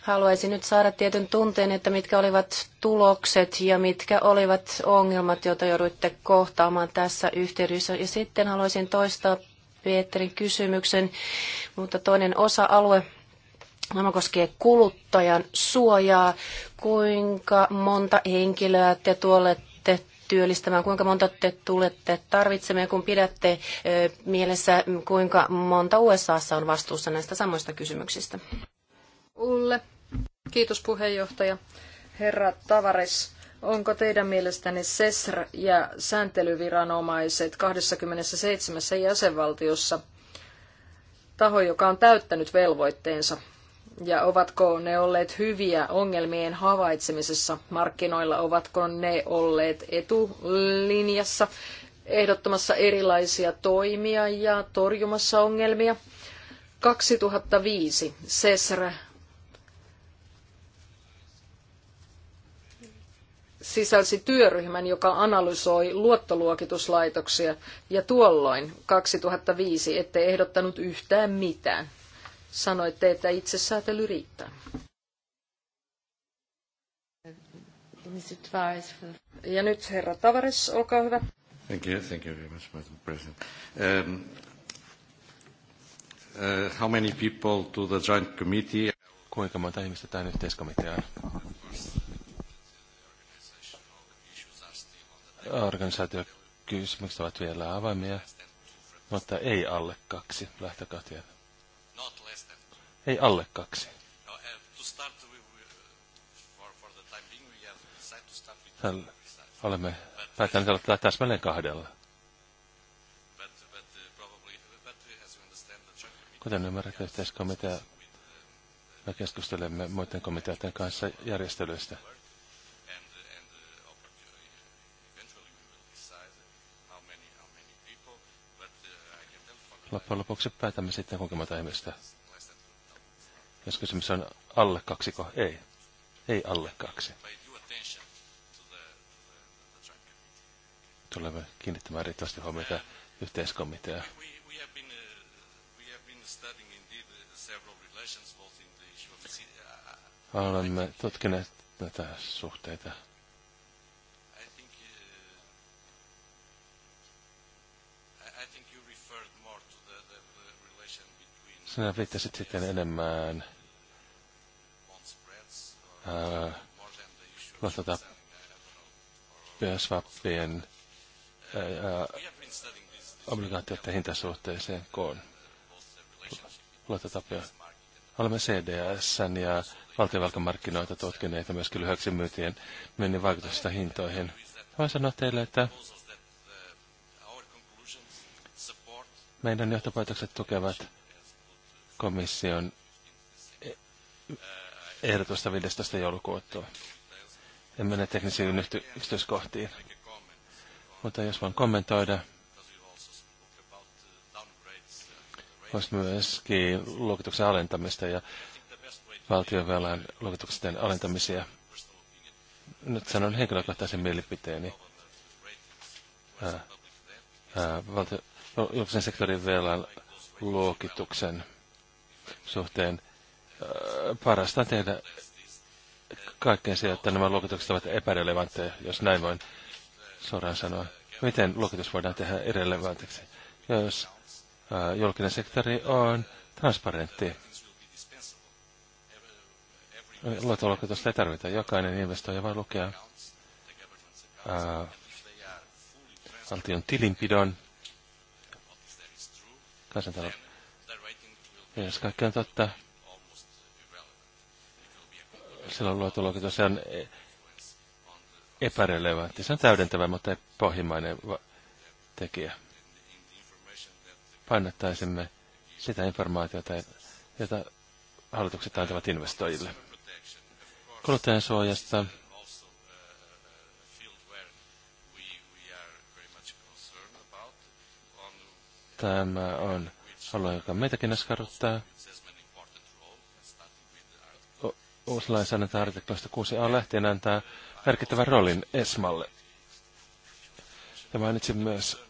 Haluaisin nyt saada tietyn tunteen, että mitkä olivat tulokset ja mitkä olivat ongelmat, joita jouduitte kohtaamaan tässä yhteydessä. Ja sitten haluaisin toistaa Pietarin kysymyksen, mutta toinen osa-alue Tämä koskee kuluttajan suojaa, kuinka monta henkilöä te tuolette työllistämään, kuinka monta te tulette tarvitsemaan, kun pidätte mielessä, kuinka monta USAssa on vastuussa näistä samoista kysymyksistä. Ulle, kiitos puheenjohtaja. Herra Tavares, onko teidän mielestänne SESR ja sääntelyviranomaiset 27 jäsenvaltiossa taho, joka on täyttänyt velvoitteensa ja ovatko ne olleet hyviä ongelmien havaitsemisessa markkinoilla, ovatko ne olleet etulinjassa ehdottamassa erilaisia toimia ja torjumassa ongelmia. 2005 CESR sisälsi työryhmän, joka analysoi luottoluokituslaitoksia, ja tuolloin 2005 ette ehdottanut yhtään mitään. Sanoitte, että itsesäätely riittää. Ja nyt herra Tavares, olkaa hyvä. Thank you, thank you very much, Madam President. Um, uh, how many people to the joint committee? Kuinka monta ihmistä tähän yhteiskomiteaan? Organisaatiokysymykset ovat vielä avaimia, mutta ei alle kaksi lähtökohtia ei alle kaksi. No, eh, Tällä uh, olemme päättäneet olla täsmälleen kahdella. Uh, Kuten ymmärrät, yhteiskomitea, uh, me keskustelemme muiden komiteoiden kanssa järjestelyistä. Loppujen lopuksi päätämme sitten kuinka monta ihmistä jos kysymys on alle kaksiko? Ei. Ei alle kaksi. Tulemme kiinnittämään riittävästi huomiota yhteiskomitea. Olemme tutkineet näitä suhteita. Sinä viittasit sitten enemmän luottotappiosvappien obligaatioiden hintasuhteeseen koon luottotapio. Olemme CDS ja valtionvelkamarkkinoita tutkineita myöskin lyhyeksi myytien myynnin vaikutusta hintoihin. Voin sanoa teille, että meidän johtopäätökset tukevat komission ehdotusta 15. joulukuuta. En mene teknisiin yksityiskohtiin. Mutta jos voin kommentoida, olisi myöskin luokituksen alentamista ja valtionvelan luokituksen alentamisia. Nyt sanon henkilökohtaisen mielipiteeni. Ää, ää, valtio, julkisen sektorin velan luokituksen suhteen parasta tehdä kaikkeen se, että nämä luokitukset ovat epärelevantteja, jos näin voin suoraan sanoa. Miten luokitus voidaan tehdä irrelevantiksi? Jos julkinen sektori on transparentti, Luotoluokitusta ei tarvita. Jokainen investoija voi lukea valtion tilinpidon, kansantalouden ja jos kaikki on totta, silloin luottoluokitus tosiaan e- epärelevantti. Se on täydentävä, mutta ei pohjimainen tekijä. Painottaisimme sitä informaatiota, jota hallitukset antavat investoijille. Kuluttajan suojasta tämä on Haluan, joka meitäkin askarruttaa. Uusi lainsäädäntö artiklasta 6a lähtien antaa merkittävän roolin ESMalle. Ja mainitsin myös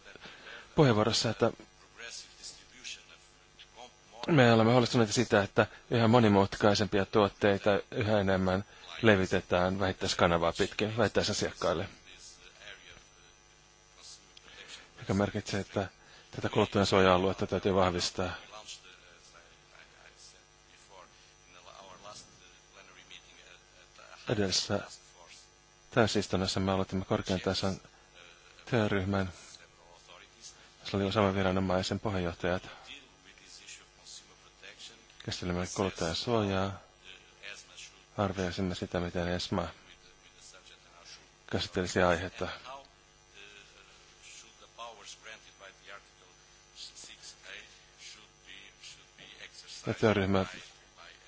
puheenvuorossa, että me olemme huolestuneita sitä, että yhä monimutkaisempia tuotteita yhä enemmän levitetään vähittäiskanavaa pitkin vähittäisasiakkaille. Joka merkitsee, että tätä suoja aluetta täytyy vahvistaa. Edellisessä täysistunnossa me aloitimme korkean tason työryhmän, Se oli sama viranomaisen puheenjohtajat. Käsittelemme kuluttajan suojaa, arvioisimme sitä, miten ESMA käsittelisi aihetta. Ja työryhmä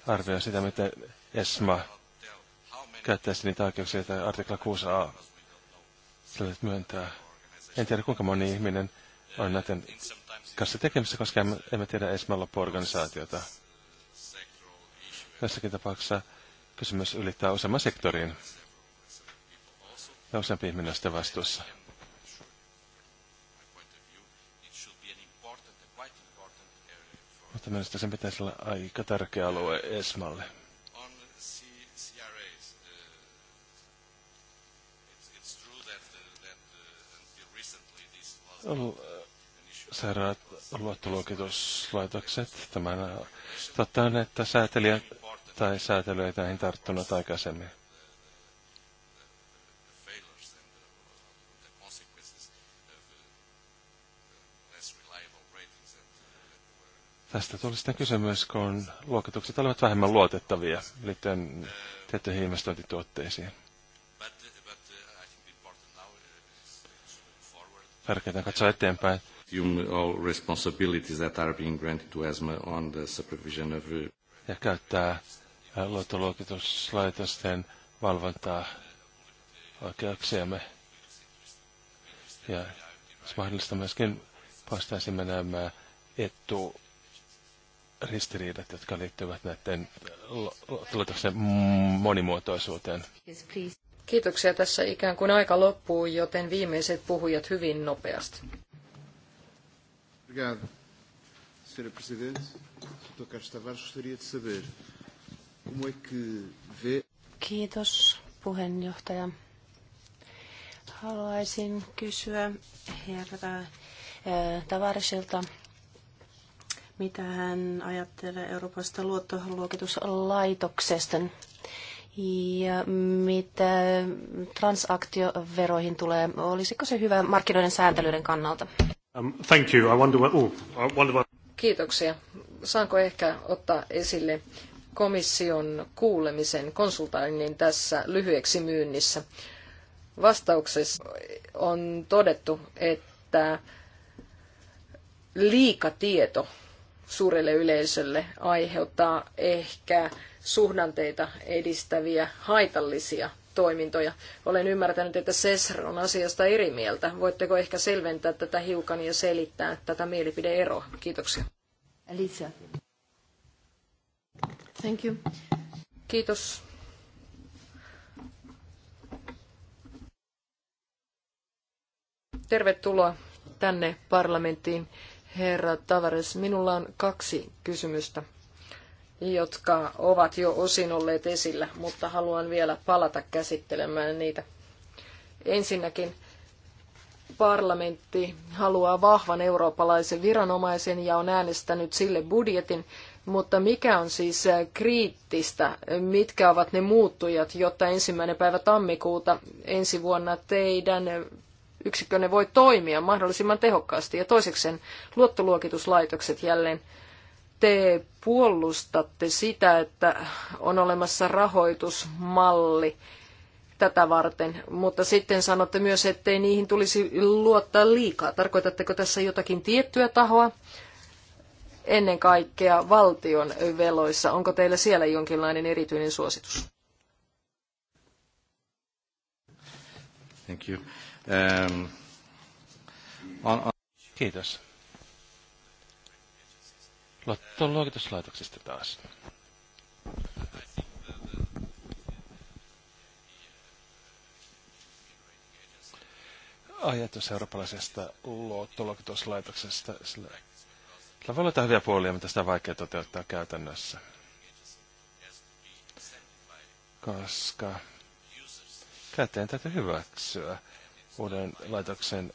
arvioi sitä, miten ESMA käyttäisi niitä oikeuksia, että artikla 6a sille myöntää. En tiedä, kuinka moni ihminen on näiden kanssa tekemisissä, koska emme, emme tiedä ESMAn loppuorganisaatiota. Tässäkin tapauksessa kysymys ylittää useamman sektorin ja useampi ihminen on sitten vastuussa. Ja minusta sen pitäisi olla aika tärkeä alue Esmalle. Äh, sairaat luottoluokituslaitokset. Tämän, äh, totta on, että säätelijä tai säätelyitä ei tarttunut aikaisemmin. Tästä tuli sitten kysymys, kun luokitukset olivat vähemmän luotettavia liittyen tiettyihin investointituotteisiin. Tärkeintä katsoa eteenpäin. All responsibilities that are being granted to ESMA on the supervision of... Ja käyttää äh, luottoluokituslaitosten valvontaa oikeuksiamme. Ja jos mahdollista myöskin päästäisimme nämä etu ristiriidat, jotka liittyvät näiden luotoksen monimuotoisuuteen. Kiitoksia. Tässä ikään kuin aika loppuu, joten viimeiset puhujat hyvin nopeasti. Kiitos, puheenjohtaja. Haluaisin kysyä herra eh, tavarisilta mitä hän ajattelee Euroopasta luottoluokituslaitoksesta ja mitä transaktioveroihin tulee. Olisiko se hyvä markkinoiden sääntelyiden kannalta? Um, thank you. I wonder what, oh, I wonder what... Kiitoksia. Saanko ehkä ottaa esille komission kuulemisen konsultoinnin tässä lyhyeksi myynnissä? Vastauksessa on todettu, että liikatieto suurelle yleisölle aiheuttaa ehkä suhdanteita edistäviä haitallisia toimintoja. Olen ymmärtänyt, että CESR on asiasta eri mieltä. Voitteko ehkä selventää tätä hiukan ja selittää tätä mielipideeroa? Kiitoksia. Elisa. Thank you. Kiitos. Tervetuloa tänne parlamenttiin. Herra Tavares, minulla on kaksi kysymystä, jotka ovat jo osin olleet esillä, mutta haluan vielä palata käsittelemään niitä. Ensinnäkin parlamentti haluaa vahvan eurooppalaisen viranomaisen ja on äänestänyt sille budjetin, mutta mikä on siis äh, kriittistä, mitkä ovat ne muuttujat, jotta ensimmäinen päivä tammikuuta ensi vuonna teidän yksikkönne voi toimia mahdollisimman tehokkaasti. Ja toisekseen luottoluokituslaitokset jälleen. Te puolustatte sitä, että on olemassa rahoitusmalli tätä varten, mutta sitten sanotte myös, ettei niihin tulisi luottaa liikaa. Tarkoitatteko tässä jotakin tiettyä tahoa? Ennen kaikkea valtion veloissa. Onko teillä siellä jonkinlainen erityinen suositus? Thank you. Ähm, on, on... Kiitos. Tuon luokituslaitoksesta taas. Ajatus eurooppalaisesta luottoluokituslaitoksesta, sillä, sillä voi olla hyviä puolia, mutta sitä on vaikea toteuttaa käytännössä. Koska käyttäjän täytyy hyväksyä uuden laitoksen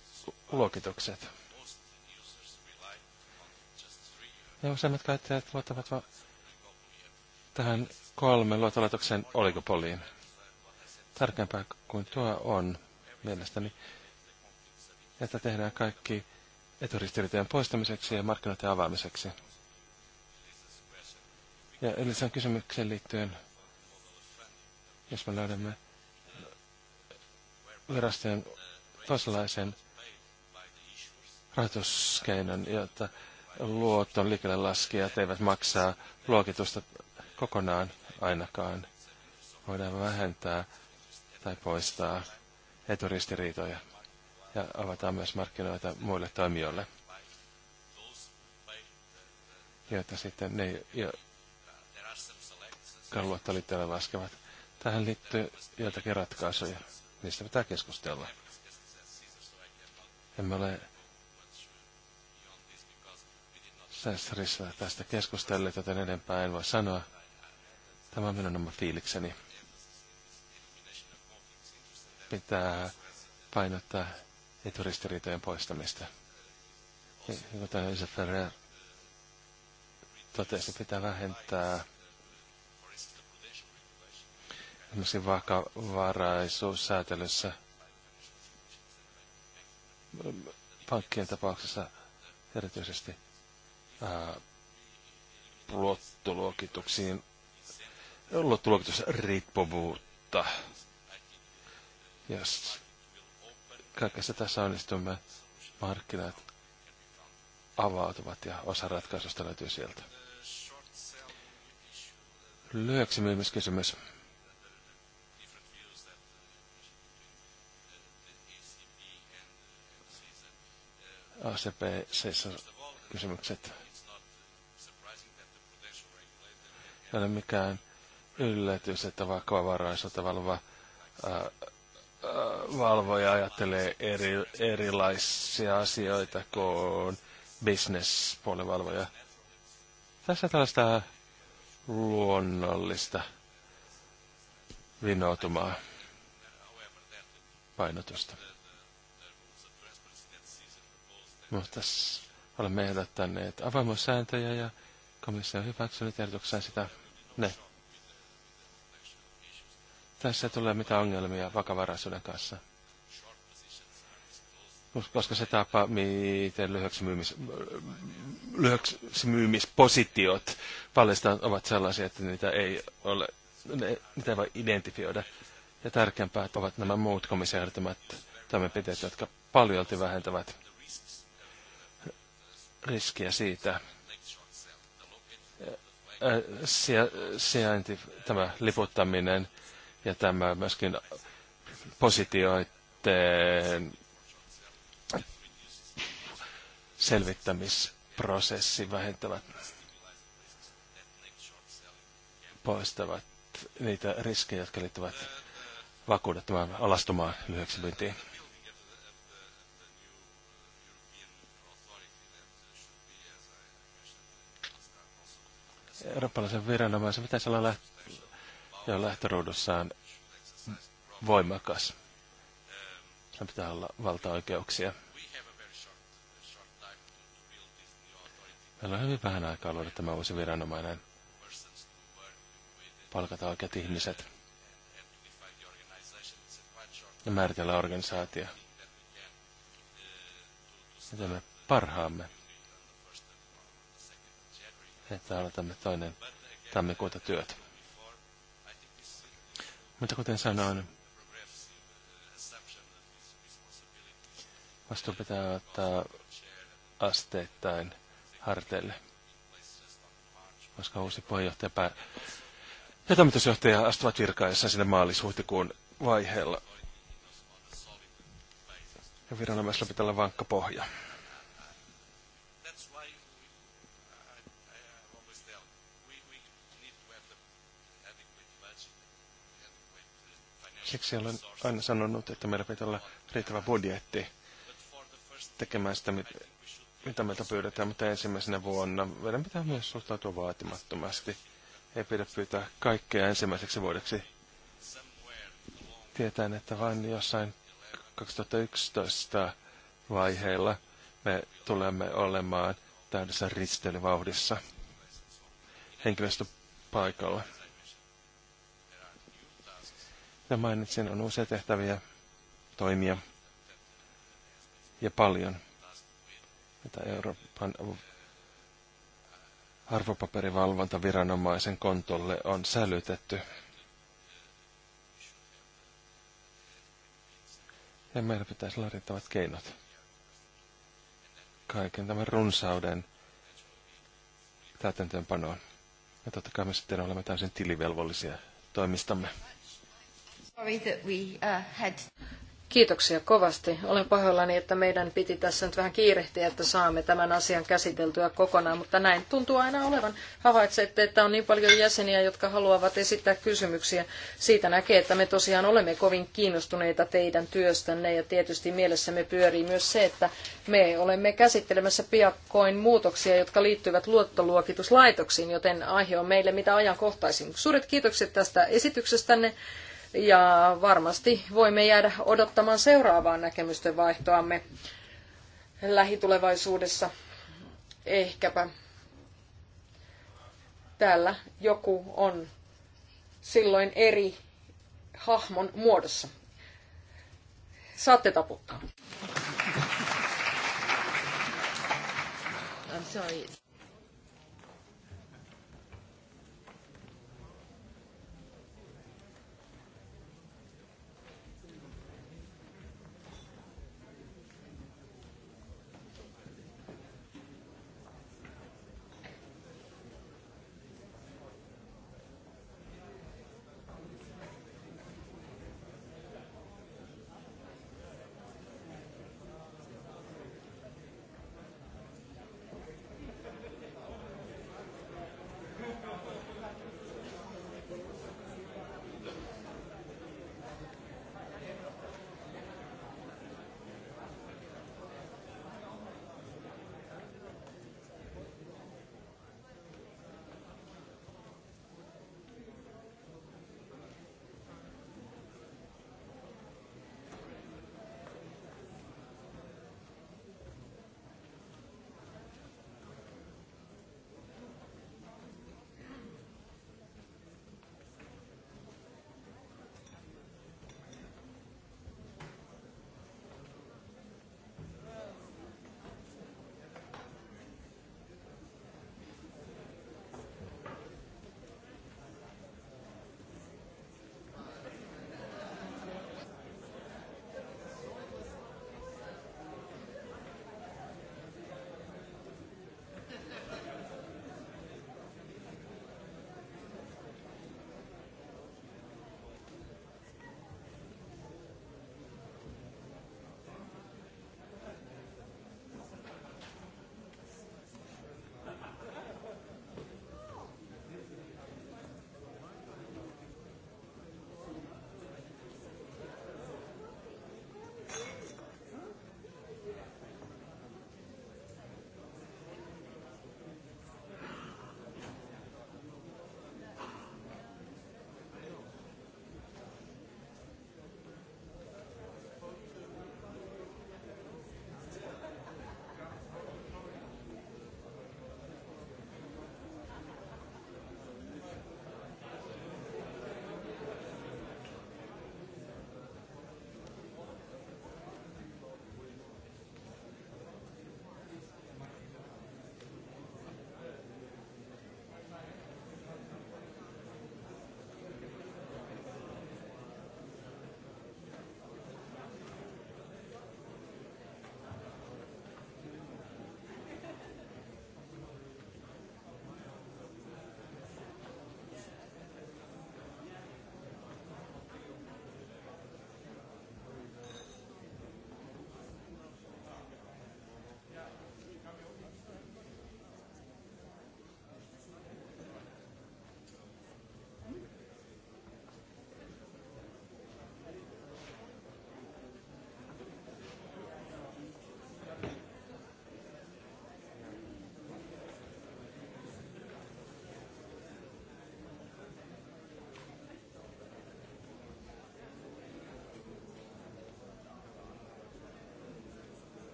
luokitukset. Ja useimmat käyttäjät luottavat va- tähän kolmen luottolaitoksen oligopoliin. tärkeämpää kuin tuo on mielestäni, että tehdään kaikki eturistiriitojen poistamiseksi ja markkinoiden avaamiseksi. Ja on kysymykseen liittyen, jos me löydämme virastojen toisenlaisen rahoituskeinon, jotta luoton liikkeelle laskijat eivät maksaa luokitusta kokonaan ainakaan. Voidaan vähentää tai poistaa eturistiriitoja ja avataan myös markkinoita muille toimijoille. Joita sitten ne, jotka luottoliitteelle laskevat. Tähän liittyy joitakin ratkaisuja. mistä pitää keskustella. Emme ole säästärissä tästä keskustelleet, joten enempää en voi sanoa. Tämä on minun oma fiilikseni. Pitää painottaa eturistiriitojen poistamista. Niin Kuten Jose Ferrer totesi, pitää vähentää esimerkiksi vakavaraisuussäätelyssä – pankkien tapauksessa erityisesti ää, luottoluokituksiin, riippuvuutta Jos kaikessa tässä onnistumme, markkinat avautuvat ja osa ratkaisusta löytyy sieltä. Lyhyeksi myymiskysymys. kysymys. ACP-kysymykset. Ei ole mikään yllätys, että vakavaraisuutta valva äh, äh, valvoja ajattelee eri, erilaisia asioita kuin bisnespuolen valvoja. Tässä tällaista luonnollista vinoutumaa painotusta. Mutta no, olemme ehdottaneet avaimuussääntöjä ja komissio on hyväksynyt ehdotuksen sitä ne. Tässä tulee mitä ongelmia vakavaraisuuden kanssa. Koska se tapa, miten lyhyeksi, myymis, lyhyeksi myymispositiot paljastaan ovat sellaisia, että niitä ei ole, ne, niitä ei voi identifioida. Ja tärkeämpää ovat nämä muut komissiohjelmat toimenpiteet, jotka paljolti vähentävät riskiä siitä. Sijainti, tämä liputtaminen ja tämä myöskin positioiden selvittämisprosessi vähentävät, poistavat niitä riskejä, jotka liittyvät vakuudettomaan alastumaan lyhyeksi myyntiin. eurooppalaisen viranomaisen pitäisi olla läht- jo lähtöruudussaan voimakas. Sen pitää olla valtaoikeuksia. Meillä on hyvin vähän aikaa luoda tämä uusi viranomainen. Palkata oikeat ihmiset. Ja määritellä organisaatio. Miten me parhaamme että aloitamme toinen tammikuuta työt. Mutta kuten sanoin, vastuu pitää ottaa asteittain harteille, koska uusi puheenjohtaja pää... ja toimitusjohtaja astuvat virkaessa sinne maalis-huhtikuun vaiheella. Ja viranomaisella pitää olla vankka pohja. Siksi olen aina sanonut, että meillä pitää olla riittävä budjetti tekemään sitä, mitä meiltä pyydetään, mutta ensimmäisenä vuonna meidän pitää myös suhtautua vaatimattomasti. Ei pidä pyytää kaikkea ensimmäiseksi vuodeksi. Tietään, että vain jossain 2011 vaiheilla me tulemme olemaan täydessä risteilyvauhdissa henkilöstöpaikalla. Kuten mainitsin, on uusia tehtäviä, toimia ja paljon, mitä Euroopan arvopaperivalvontaviranomaisen kontolle on sälytetty. Ja meillä pitäisi olla riittävät keinot kaiken tämän runsauden täytäntöönpanoon. Ja totta kai me sitten olemme täysin tilivelvollisia toimistamme. Uh, Kiitoksia kovasti. Olen pahoillani, että meidän piti tässä nyt vähän kiirehtiä, että saamme tämän asian käsiteltyä kokonaan, mutta näin tuntuu aina olevan. Havaitsette, että on niin paljon jäseniä, jotka haluavat esittää kysymyksiä. Siitä näkee, että me tosiaan olemme kovin kiinnostuneita teidän työstänne ja tietysti mielessämme pyörii myös se, että me olemme käsittelemässä piakkoin muutoksia, jotka liittyvät luottoluokituslaitoksiin, joten aihe on meille mitä ajankohtaisin. Suuret kiitokset tästä esityksestänne ja varmasti voimme jäädä odottamaan seuraavaa näkemysten vaihtoamme lähitulevaisuudessa. Ehkäpä täällä joku on silloin eri hahmon muodossa. Saatte taputtaa. I'm sorry.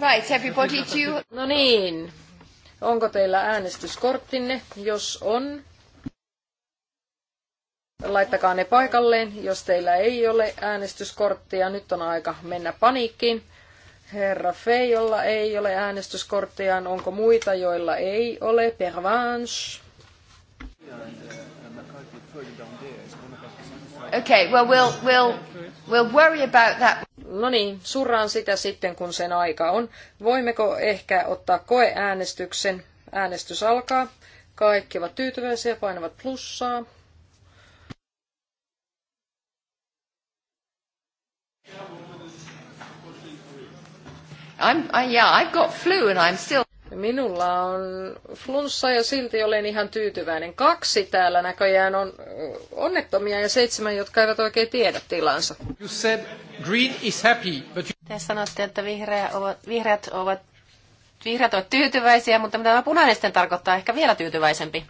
Right, everybody to... No niin, onko teillä äänestyskorttinne? Jos on, laittakaa ne paikalleen. Jos teillä ei ole äänestyskorttia, nyt on aika mennä paniikkiin. Herra jolla ei ole äänestyskorttia, Onko muita, joilla ei ole? Pervanche. Okay, well we'll, we'll, we'll worry about that. No niin, surraan sitä sitten, kun sen aika on. Voimmeko ehkä ottaa koeäänestyksen? Äänestys alkaa. Kaikki ovat tyytyväisiä, painavat plussaa. I'm, I, yeah, I've got flu and I'm still... Minulla on flunssa ja silti olen ihan tyytyväinen. Kaksi täällä näköjään on onnettomia ja seitsemän, jotka eivät oikein tiedä tilansa. You said green is happy, but you... Te sanotte, että vihreät ovat, vihreät ovat, vihreät ovat tyytyväisiä, mutta mitä tämä punainen sitten tarkoittaa, ehkä vielä tyytyväisempi.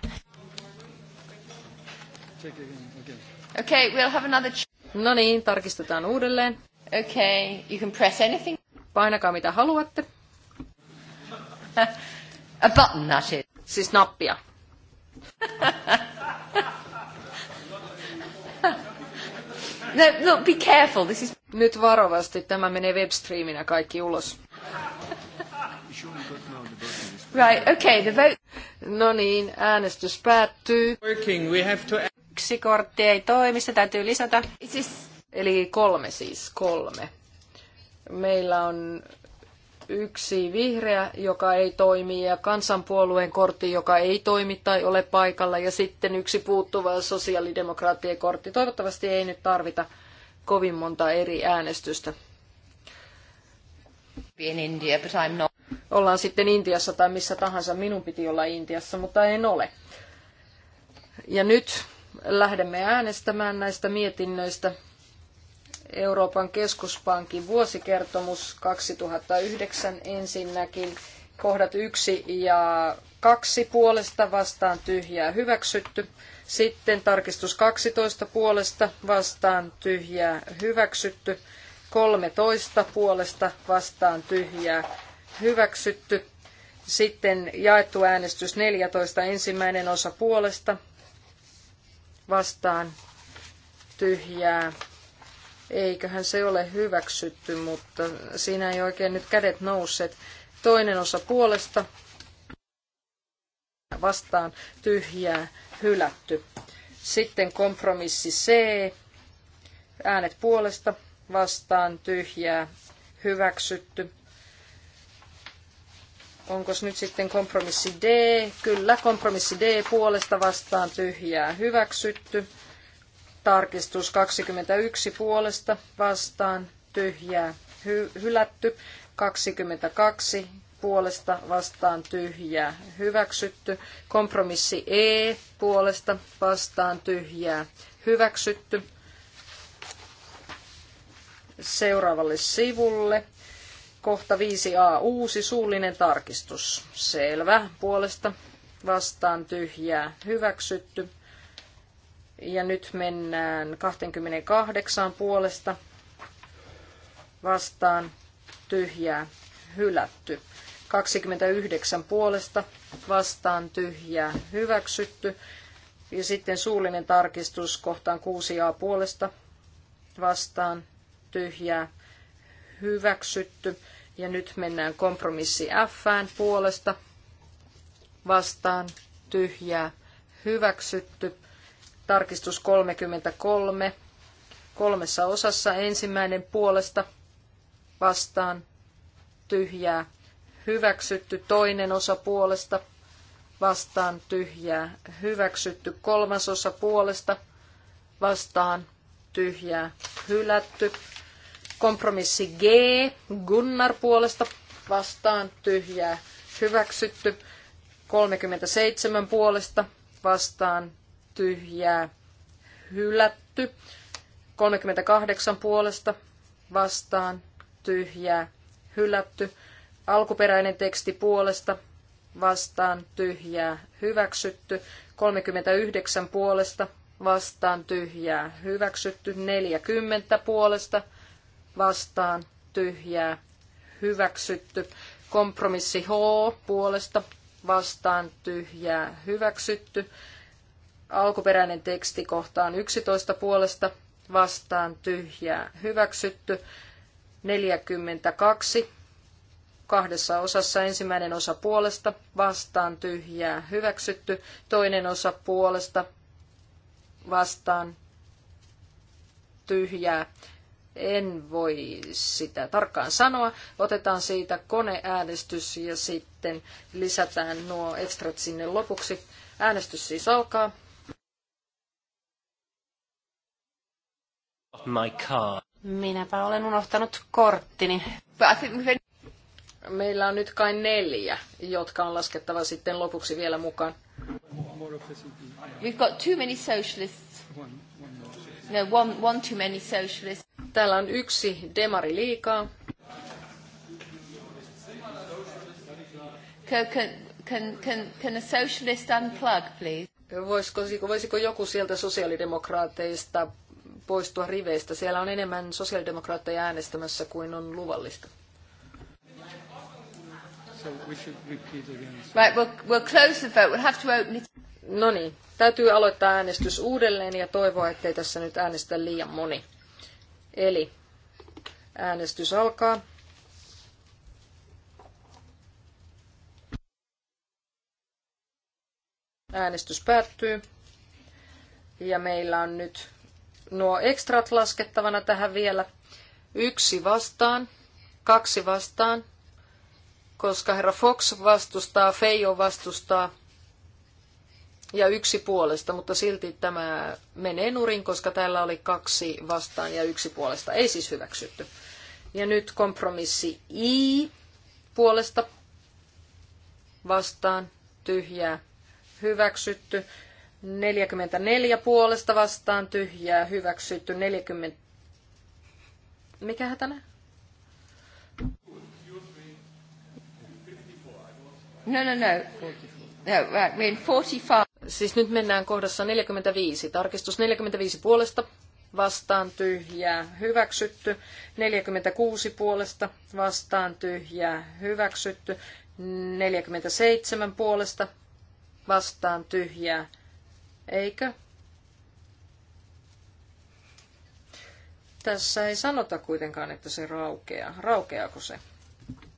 Okay, we'll have another... No niin, tarkistetaan uudelleen. Okay, you can press anything. Painakaa mitä haluatte. *laughs* A button, that is. Siis nappia. *laughs* no, no, be careful, this is... Nyt varovasti, tämä menee webstreaminä kaikki ulos. Right, okay, the vote... No niin, äänestys päättyy. Working, we have to... Yksi kortti ei toimi, se täytyy lisätä. Eli kolme siis, kolme. Meillä on yksi vihreä, joka ei toimi, ja kansanpuolueen kortti, joka ei toimi tai ole paikalla, ja sitten yksi puuttuva sosiaalidemokraattien kortti. Toivottavasti ei nyt tarvita kovin monta eri äänestystä. Ollaan sitten Intiassa tai missä tahansa. Minun piti olla Intiassa, mutta en ole. Ja nyt lähdemme äänestämään näistä mietinnöistä. Euroopan keskuspankin vuosikertomus 2009 ensinnäkin kohdat yksi ja kaksi puolesta vastaan tyhjää hyväksytty. Sitten tarkistus 12 puolesta vastaan tyhjää hyväksytty. 13 puolesta vastaan tyhjää hyväksytty. Sitten jaettu äänestys 14 ensimmäinen osa puolesta vastaan tyhjää eiköhän se ole hyväksytty, mutta siinä ei oikein nyt kädet nousseet. Toinen osa puolesta vastaan tyhjää hylätty. Sitten kompromissi C, äänet puolesta vastaan tyhjää hyväksytty. Onko nyt sitten kompromissi D? Kyllä, kompromissi D puolesta vastaan tyhjää hyväksytty. Tarkistus 21 puolesta vastaan tyhjää hy- hylätty. 22 puolesta vastaan tyhjää hyväksytty. Kompromissi E puolesta vastaan tyhjää hyväksytty. Seuraavalle sivulle. Kohta 5a uusi suullinen tarkistus. Selvä puolesta vastaan tyhjää hyväksytty. Ja nyt mennään 28 puolesta vastaan tyhjää hylätty. 29 puolesta vastaan tyhjää hyväksytty. Ja sitten suullinen tarkistus kohtaan 6a puolesta vastaan tyhjää hyväksytty. Ja nyt mennään kompromissi Fään puolesta vastaan tyhjää hyväksytty. Tarkistus 33 kolmessa osassa. Ensimmäinen puolesta vastaan tyhjää hyväksytty. Toinen osa puolesta vastaan tyhjää hyväksytty. Kolmas osa puolesta vastaan tyhjää hylätty. Kompromissi G Gunnar puolesta vastaan tyhjää hyväksytty. 37 puolesta vastaan tyhjää hylätty. 38 puolesta vastaan tyhjää hylätty. Alkuperäinen teksti puolesta vastaan tyhjää hyväksytty. 39 puolesta vastaan tyhjää hyväksytty. 40 puolesta vastaan tyhjää hyväksytty. Kompromissi H puolesta vastaan tyhjää hyväksytty alkuperäinen teksti kohtaan 11 puolesta vastaan tyhjää hyväksytty. 42 kahdessa osassa ensimmäinen osa puolesta vastaan tyhjää hyväksytty, toinen osa puolesta vastaan tyhjää. En voi sitä tarkkaan sanoa. Otetaan siitä koneäänestys ja sitten lisätään nuo ekstrat sinne lopuksi. Äänestys siis alkaa. My car. Minäpä olen unohtanut korttini. Meillä on nyt kai neljä, jotka on laskettava sitten lopuksi vielä mukaan. We've got too many socialists. No, one, one too many socialists. Täällä on yksi demari liikaa. Can, can, can, can a socialist unplug, please? Voisiko, voisiko joku sieltä sosiaalidemokraateista poistua riveistä. Siellä on enemmän sosiaalidemokraatteja äänestämässä kuin on luvallista. No niin, täytyy aloittaa äänestys uudelleen ja toivoa, ettei tässä nyt äänestä liian moni. Eli äänestys alkaa. Äänestys päättyy. Ja meillä on nyt nuo ekstrat laskettavana tähän vielä. Yksi vastaan, kaksi vastaan, koska herra Fox vastustaa, Feijo vastustaa ja yksi puolesta, mutta silti tämä menee nurin, koska täällä oli kaksi vastaan ja yksi puolesta. Ei siis hyväksytty. Ja nyt kompromissi I puolesta vastaan tyhjää hyväksytty. 44 puolesta vastaan tyhjää hyväksytty 40. Mikä hätänä? No, no, no. No, right, mean 45. Siis nyt mennään kohdassa 45. Tarkistus 45 puolesta vastaan tyhjää hyväksytty. 46 puolesta vastaan tyhjää hyväksytty. 47 puolesta vastaan tyhjää Eikö? Tässä ei sanota kuitenkaan, että se raukeaa. Raukeaako se?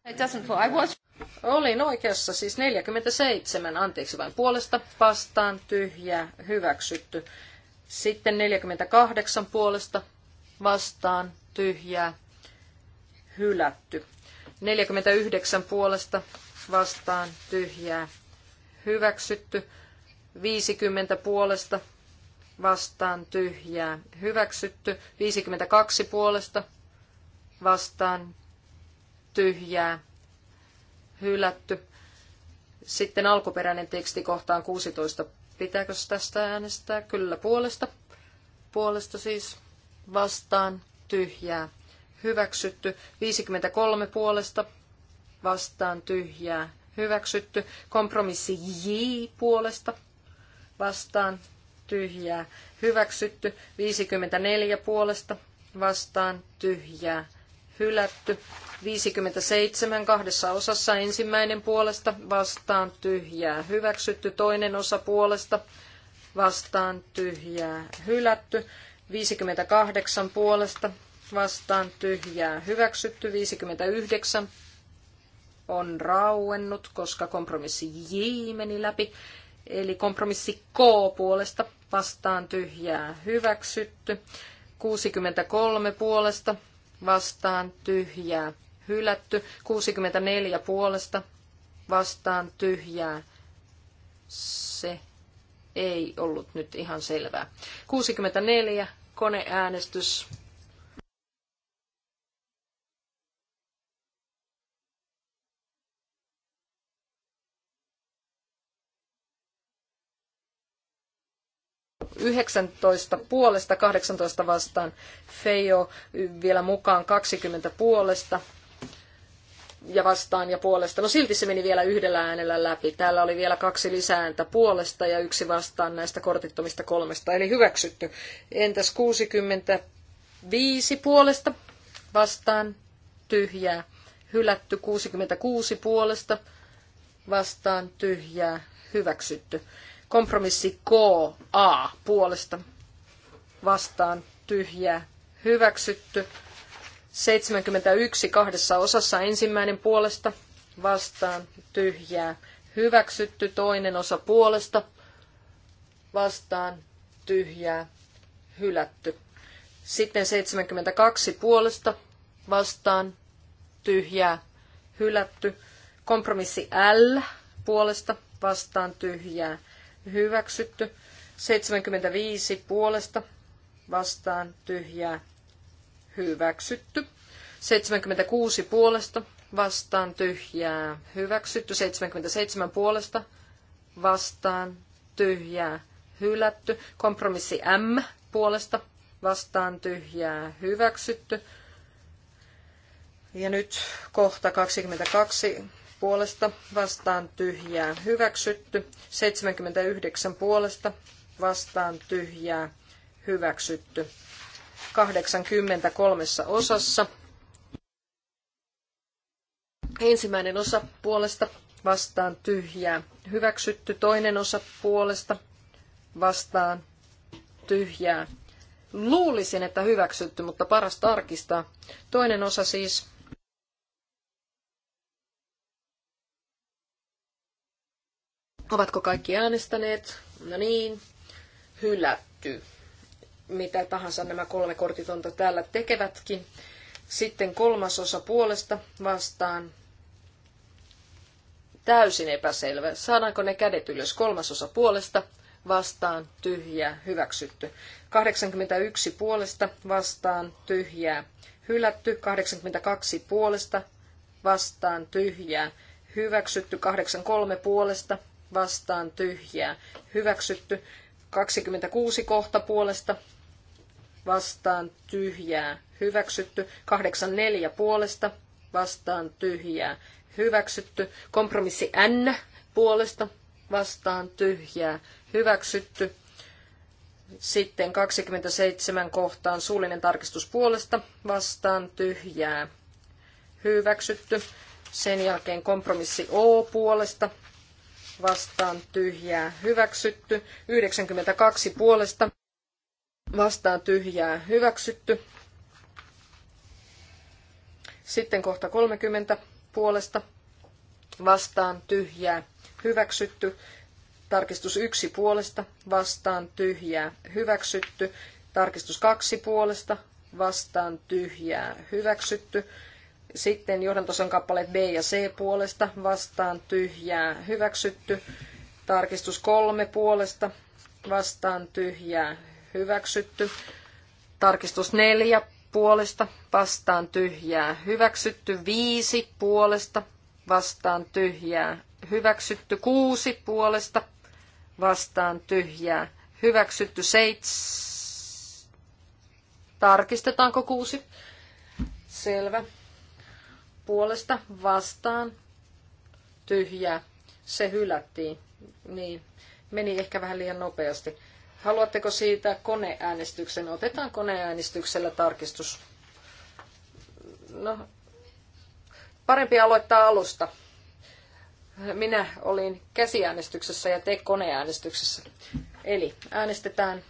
It doesn't fall. I was... Olin oikeassa, siis 47, anteeksi vain puolesta, vastaan, tyhjä, hyväksytty. Sitten 48 puolesta, vastaan, tyhjä hylätty. 49 puolesta, vastaan, tyhjä hyväksytty. 50 puolesta vastaan tyhjää hyväksytty. 52 puolesta vastaan tyhjää hylätty. Sitten alkuperäinen teksti kohtaan 16. Pitääkö tästä äänestää? Kyllä puolesta. Puolesta siis vastaan tyhjää hyväksytty. 53 puolesta vastaan tyhjää hyväksytty. Kompromissi J puolesta vastaan tyhjää. Hyväksytty 54 puolesta vastaan tyhjää. Hylätty 57 kahdessa osassa ensimmäinen puolesta vastaan tyhjää. Hyväksytty toinen osa puolesta vastaan tyhjää. Hylätty 58 puolesta vastaan tyhjää. Hyväksytty 59 on rauennut, koska kompromissi J meni läpi. Eli kompromissi K puolesta vastaan tyhjää hyväksytty. 63 puolesta vastaan tyhjää hylätty. 64 puolesta vastaan tyhjää. Se ei ollut nyt ihan selvää. 64 koneäänestys 19 puolesta, 18 vastaan. Feio vielä mukaan 20 puolesta ja vastaan ja puolesta. No silti se meni vielä yhdellä äänellä läpi. Täällä oli vielä kaksi lisääntä puolesta ja yksi vastaan näistä kortittomista kolmesta, eli hyväksytty. Entäs 65 puolesta vastaan tyhjää, hylätty 66 puolesta vastaan tyhjää, hyväksytty. Kompromissi KA puolesta vastaan tyhjää hyväksytty. 71 kahdessa osassa ensimmäinen puolesta vastaan tyhjää hyväksytty, toinen osa puolesta vastaan tyhjää hylätty. Sitten 72 puolesta vastaan tyhjää hylätty. Kompromissi L puolesta vastaan tyhjää hyväksytty. 75 puolesta vastaan tyhjää hyväksytty. 76 puolesta vastaan tyhjää hyväksytty. 77 puolesta vastaan tyhjää hylätty. Kompromissi M puolesta vastaan tyhjää hyväksytty. Ja nyt kohta 22 puolesta vastaan tyhjää hyväksytty. 79 puolesta vastaan tyhjää hyväksytty. 83 osassa. Ensimmäinen osa puolesta vastaan tyhjää hyväksytty. Toinen osa puolesta vastaan tyhjää. Luulisin, että hyväksytty, mutta paras tarkistaa. Toinen osa siis Ovatko kaikki äänestäneet? No niin, hylätty. Mitä tahansa nämä kolme kortitonta täällä tekevätkin. Sitten kolmas osa puolesta vastaan. Täysin epäselvä. Saadaanko ne kädet ylös? Kolmas osa puolesta vastaan, tyhjää, hyväksytty. 81 puolesta vastaan, tyhjää, hylätty. 82 puolesta vastaan, tyhjää, hyväksytty. 83 puolesta vastaan tyhjää. Hyväksytty 26 kohta puolesta vastaan tyhjää. Hyväksytty 84 puolesta vastaan tyhjää. Hyväksytty kompromissi N puolesta vastaan tyhjää. Hyväksytty sitten 27 kohtaan suullinen tarkistus puolesta vastaan tyhjää. Hyväksytty. Sen jälkeen kompromissi O puolesta vastaan tyhjää hyväksytty. 92 puolesta vastaan tyhjää hyväksytty. Sitten kohta 30 puolesta vastaan tyhjää hyväksytty. Tarkistus 1 puolesta vastaan tyhjää hyväksytty. Tarkistus 2 puolesta vastaan tyhjää hyväksytty. Sitten johdantosan kappaleet B ja C puolesta vastaan tyhjää hyväksytty. Tarkistus kolme puolesta vastaan tyhjää hyväksytty. Tarkistus neljä puolesta vastaan tyhjää hyväksytty. Viisi puolesta vastaan tyhjää hyväksytty. Kuusi puolesta vastaan tyhjää hyväksytty. Seits... Tarkistetaanko kuusi? Selvä puolesta vastaan tyhjää. Se hylättiin. Niin, meni ehkä vähän liian nopeasti. Haluatteko siitä koneäänestyksen? Otetaan koneäänestyksellä tarkistus. No, parempi aloittaa alusta. Minä olin käsiäänestyksessä ja te koneäänestyksessä. Eli äänestetään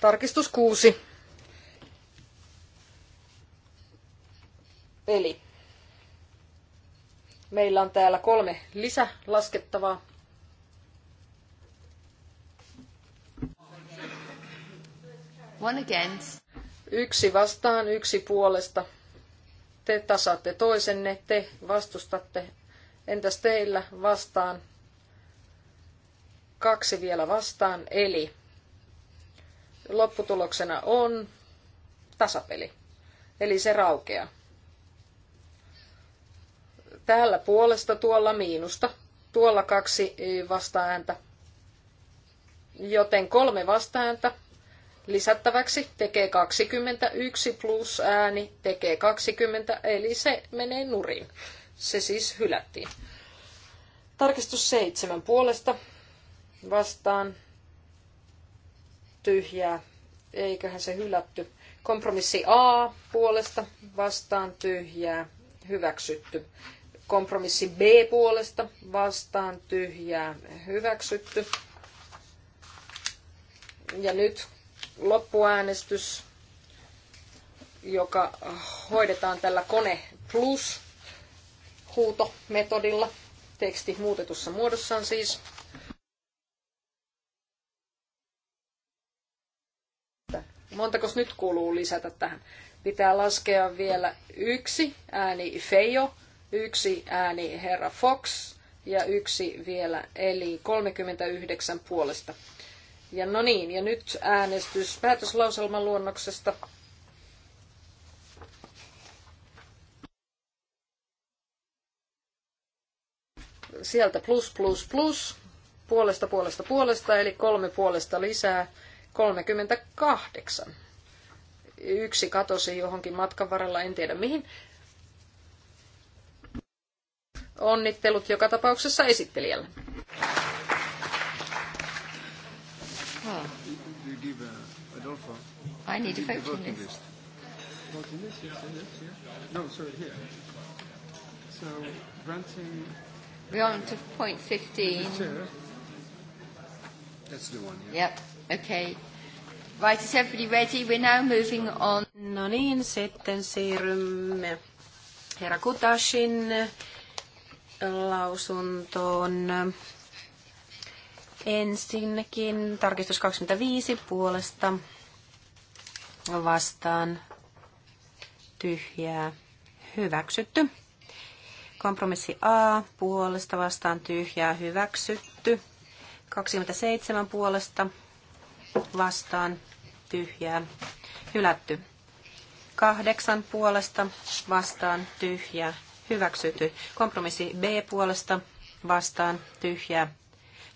tarkistus kuusi eli Meillä on täällä kolme lisälaskettavaa. One against. Yksi vastaan, yksi puolesta. Te tasaatte toisenne, te vastustatte. Entäs teillä vastaan? Kaksi vielä vastaan, eli lopputuloksena on tasapeli. Eli se raukeaa. Täällä puolesta, tuolla miinusta. Tuolla kaksi vastaääntä. Joten kolme vastaääntä lisättäväksi tekee 21 plus ääni tekee 20, eli se menee nurin. Se siis hylättiin. Tarkistus seitsemän puolesta vastaan tyhjää. Eiköhän se hylätty. Kompromissi A puolesta vastaan tyhjää. Hyväksytty. Kompromissi B puolesta vastaan tyhjää hyväksytty. Ja nyt loppuäänestys, joka hoidetaan tällä kone plus huutometodilla. Teksti muutetussa muodossaan siis. Montako nyt kuuluu lisätä tähän? Pitää laskea vielä yksi ääni Fejo Yksi ääni herra Fox ja yksi vielä, eli 39 puolesta. Ja no niin, ja nyt äänestys päätöslauselman luonnoksesta. Sieltä plus, plus, plus, puolesta, puolesta, puolesta, eli kolme puolesta lisää, 38. Yksi katosi johonkin matkan varrella, en tiedä mihin. Onnittelut joka tapauksessa esittelijälle. I need a voting list. Voting list, yes, yes, yes. No, sorry, here. So, granting... We're on to point 15. That's the one, yeah. Yep, okay. Right, is everybody ready? We're now moving on. No niin, sitten siirrymme herra Kutashin lausuntoon. Ensinnäkin tarkistus 25 puolesta vastaan tyhjää hyväksytty. Kompromissi A puolesta vastaan tyhjää hyväksytty. 27 puolesta vastaan tyhjää hylätty. 8 puolesta vastaan tyhjää hyväksytty. Kompromissi B puolesta vastaan tyhjää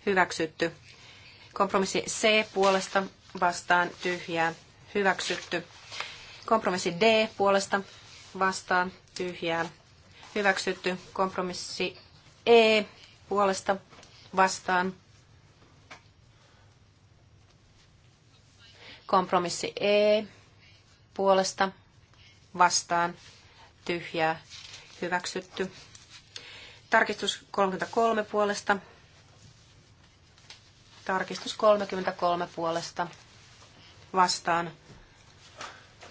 hyväksytty. Kompromissi C puolesta vastaan tyhjää hyväksytty. Kompromissi D puolesta vastaan tyhjää hyväksytty. Kompromissi E puolesta vastaan kompromissi E puolesta vastaan tyhjää hyväksytty. Tarkistus 33 puolesta. Tarkistus 33 puolesta. Vastaan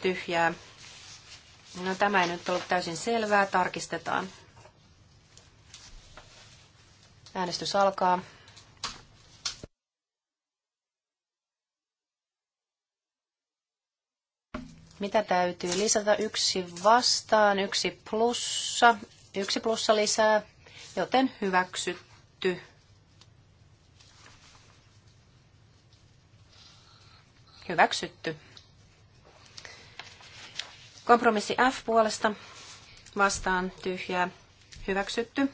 tyhjää. No tämä ei nyt ollut täysin selvää. Tarkistetaan. Äänestys alkaa. Mitä täytyy lisätä? Yksi vastaan, yksi plussa, yksi plussa lisää, joten hyväksytty. Hyväksytty. Kompromissi F puolesta vastaan tyhjää hyväksytty.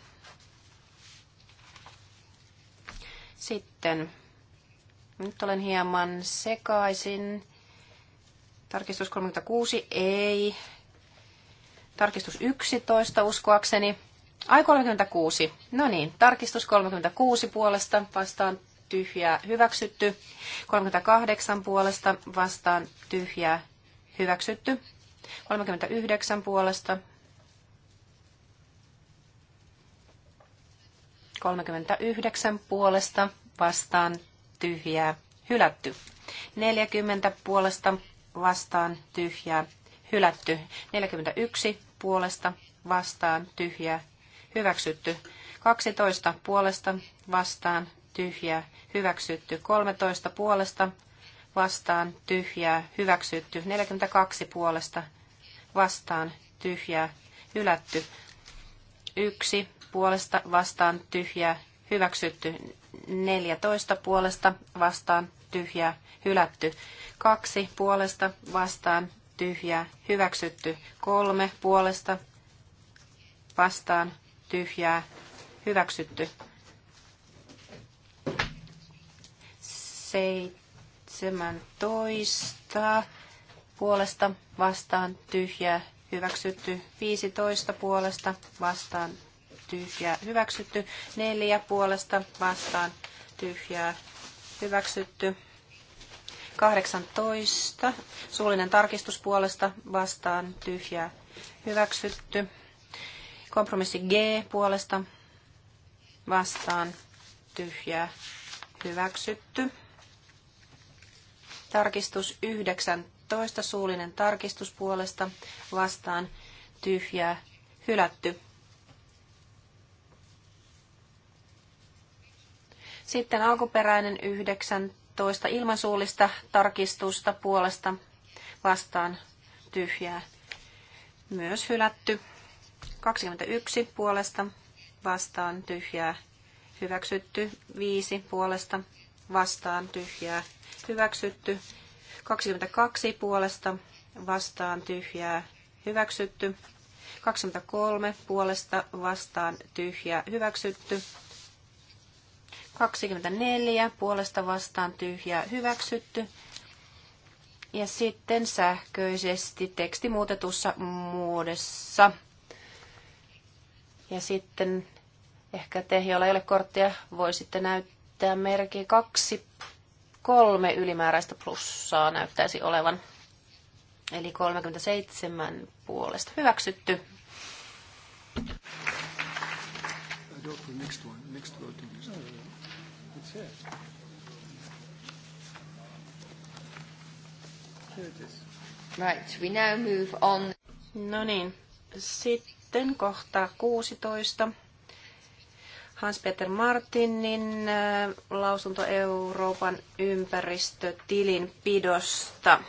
Sitten nyt olen hieman sekaisin. Tarkistus 36 ei. Tarkistus 11 uskoakseni. Ai 36. No niin, tarkistus 36 puolesta vastaan tyhjää hyväksytty. 38 puolesta vastaan tyhjää hyväksytty. 39 puolesta 39 puolesta vastaan tyhjää hylätty. 40 puolesta vastaan tyhjää hylätty. 41 puolesta vastaan tyhjää hyväksytty. 12 puolesta vastaan tyhjää hyväksytty. 13 puolesta vastaan tyhjää hyväksytty. 42 puolesta vastaan tyhjää hylätty. 1 puolesta vastaan tyhjää hyväksytty. 14 puolesta vastaan tyhjää, hylätty. Kaksi puolesta vastaan, tyhjää, hyväksytty. Kolme puolesta vastaan, tyhjää, hyväksytty. seitsemän toista puolesta vastaan, tyhjää, hyväksytty. Viisitoista puolesta vastaan, tyhjää, hyväksytty. Neljä puolesta vastaan, tyhjää, hyväksytty. 18. Suullinen tarkistus puolesta vastaan tyhjää hyväksytty. Kompromissi G puolesta vastaan tyhjää hyväksytty. Tarkistus 19. Suullinen tarkistus puolesta vastaan tyhjää hylätty. Sitten alkuperäinen 19 ilman tarkistusta puolesta vastaan tyhjää. Myös hylätty. 21 puolesta vastaan tyhjää. Hyväksytty 5 puolesta vastaan tyhjää. Hyväksytty 22 puolesta vastaan tyhjää. Hyväksytty 23 puolesta vastaan tyhjää. Hyväksytty 24 puolesta vastaan tyhjää hyväksytty. Ja sitten sähköisesti teksti muutetussa muodossa. Ja sitten ehkä te, joilla ei ole korttia, voisitte näyttää merkki kaksi, kolme ylimääräistä plussaa näyttäisi olevan. Eli 37 puolesta hyväksytty. next one, next voting It's it Right, we now move on. No niin, sitten kohta 16. Hans-Peter Martinin äh, lausunto Euroopan ympäristötilinpidosta. pidosta.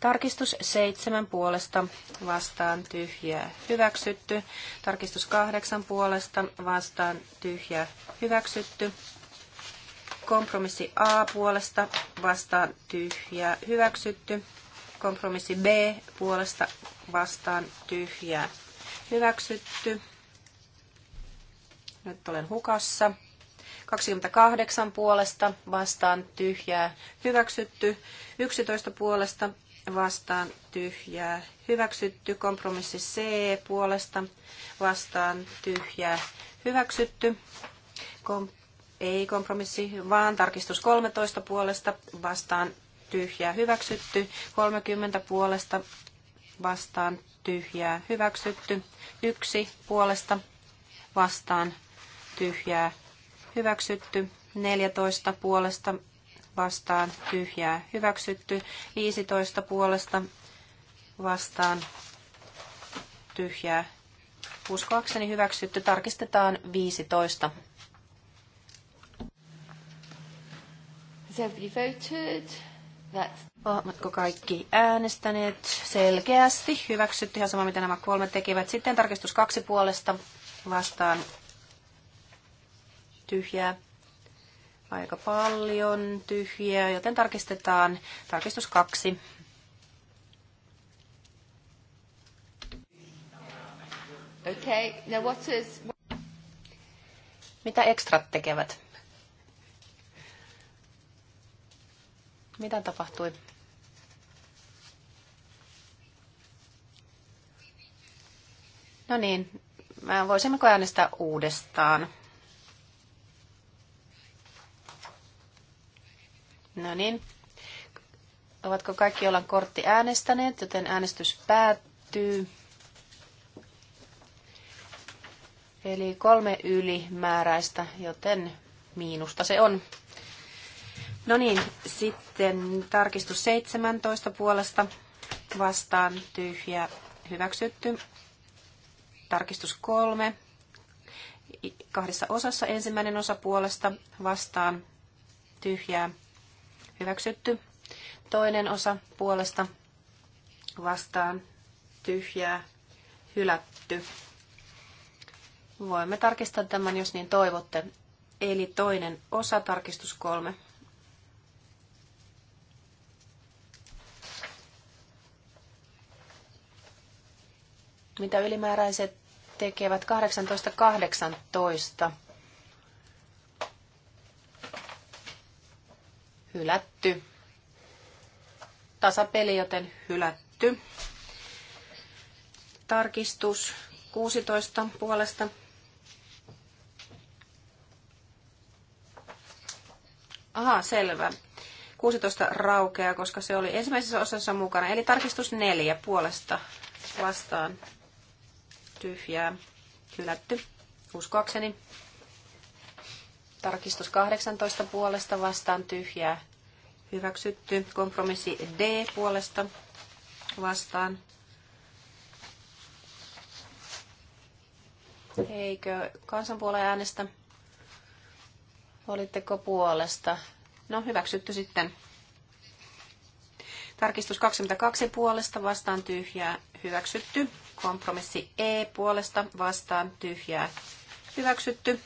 Tarkistus 7 puolesta vastaan tyhjää hyväksytty. Tarkistus 8 puolesta vastaan tyhjää hyväksytty. Kompromissi A puolesta vastaan tyhjää hyväksytty. Kompromissi B puolesta vastaan tyhjää hyväksytty. Nyt olen hukassa. 28 puolesta vastaan tyhjää hyväksytty, 11 puolesta vastaan tyhjää. Hyväksytty kompromissi C puolesta vastaan tyhjää. Hyväksytty. Kom- ei kompromissi, vaan tarkistus 13 puolesta vastaan tyhjää. Hyväksytty. 30 puolesta vastaan tyhjää. Hyväksytty. Yksi puolesta vastaan tyhjää. Hyväksytty. 14 puolesta vastaan tyhjää hyväksytty. 15 puolesta vastaan tyhjää uskoakseni hyväksytty. Tarkistetaan 15. Ovatko kaikki äänestäneet selkeästi? Hyväksytty ihan sama, mitä nämä kolme tekevät Sitten tarkistus kaksi puolesta vastaan tyhjää aika paljon tyhjiä, joten tarkistetaan tarkistus kaksi. Okay, now what is... Mitä ekstrat tekevät? Mitä tapahtui? No niin, voisimmeko äänestää uudestaan? No niin. Ovatko kaikki ollaan kortti äänestäneet, joten äänestys päättyy. Eli kolme ylimääräistä, joten miinusta se on. No niin, sitten tarkistus 17 puolesta vastaan tyhjä hyväksytty. Tarkistus kolme kahdessa osassa ensimmäinen osa puolesta vastaan tyhjää Hyväksytty. Toinen osa puolesta vastaan tyhjää hylätty. Voimme tarkistaa tämän, jos niin toivotte. Eli toinen osa, tarkistus kolme. Mitä ylimääräiset tekevät 18.18. 18. hylätty. Tasapeli, joten hylätty. Tarkistus 16 puolesta. Aha, selvä. 16 raukeaa, koska se oli ensimmäisessä osassa mukana. Eli tarkistus 4 puolesta vastaan. Tyhjää. Hylätty. Uskoakseni. Tarkistus 18 puolesta vastaan tyhjää. Hyväksytty. Kompromissi D puolesta vastaan. Eikö kansanpuolen äänestä? Olitteko puolesta? No, hyväksytty sitten. Tarkistus 22 puolesta vastaan tyhjää hyväksytty. Kompromissi E puolesta vastaan tyhjää hyväksytty.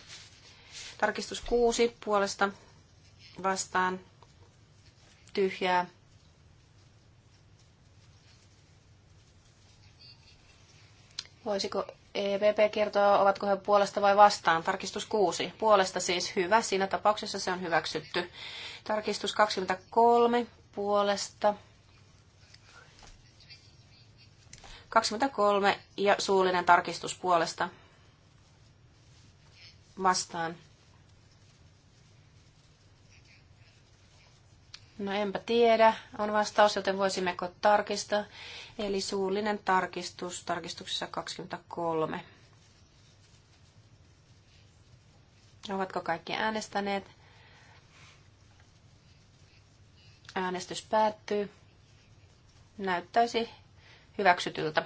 Tarkistus 6 puolesta vastaan tyhjää. Voisiko EVP kertoa, ovatko he puolesta vai vastaan? Tarkistus 6. Puolesta siis hyvä. Siinä tapauksessa se on hyväksytty. Tarkistus 23. Puolesta. 23 ja suullinen tarkistus puolesta. Vastaan No enpä tiedä, on vastaus, joten voisimmeko tarkistaa. Eli suullinen tarkistus tarkistuksessa 23. Ovatko kaikki äänestäneet? Äänestys päättyy. Näyttäisi hyväksytyltä.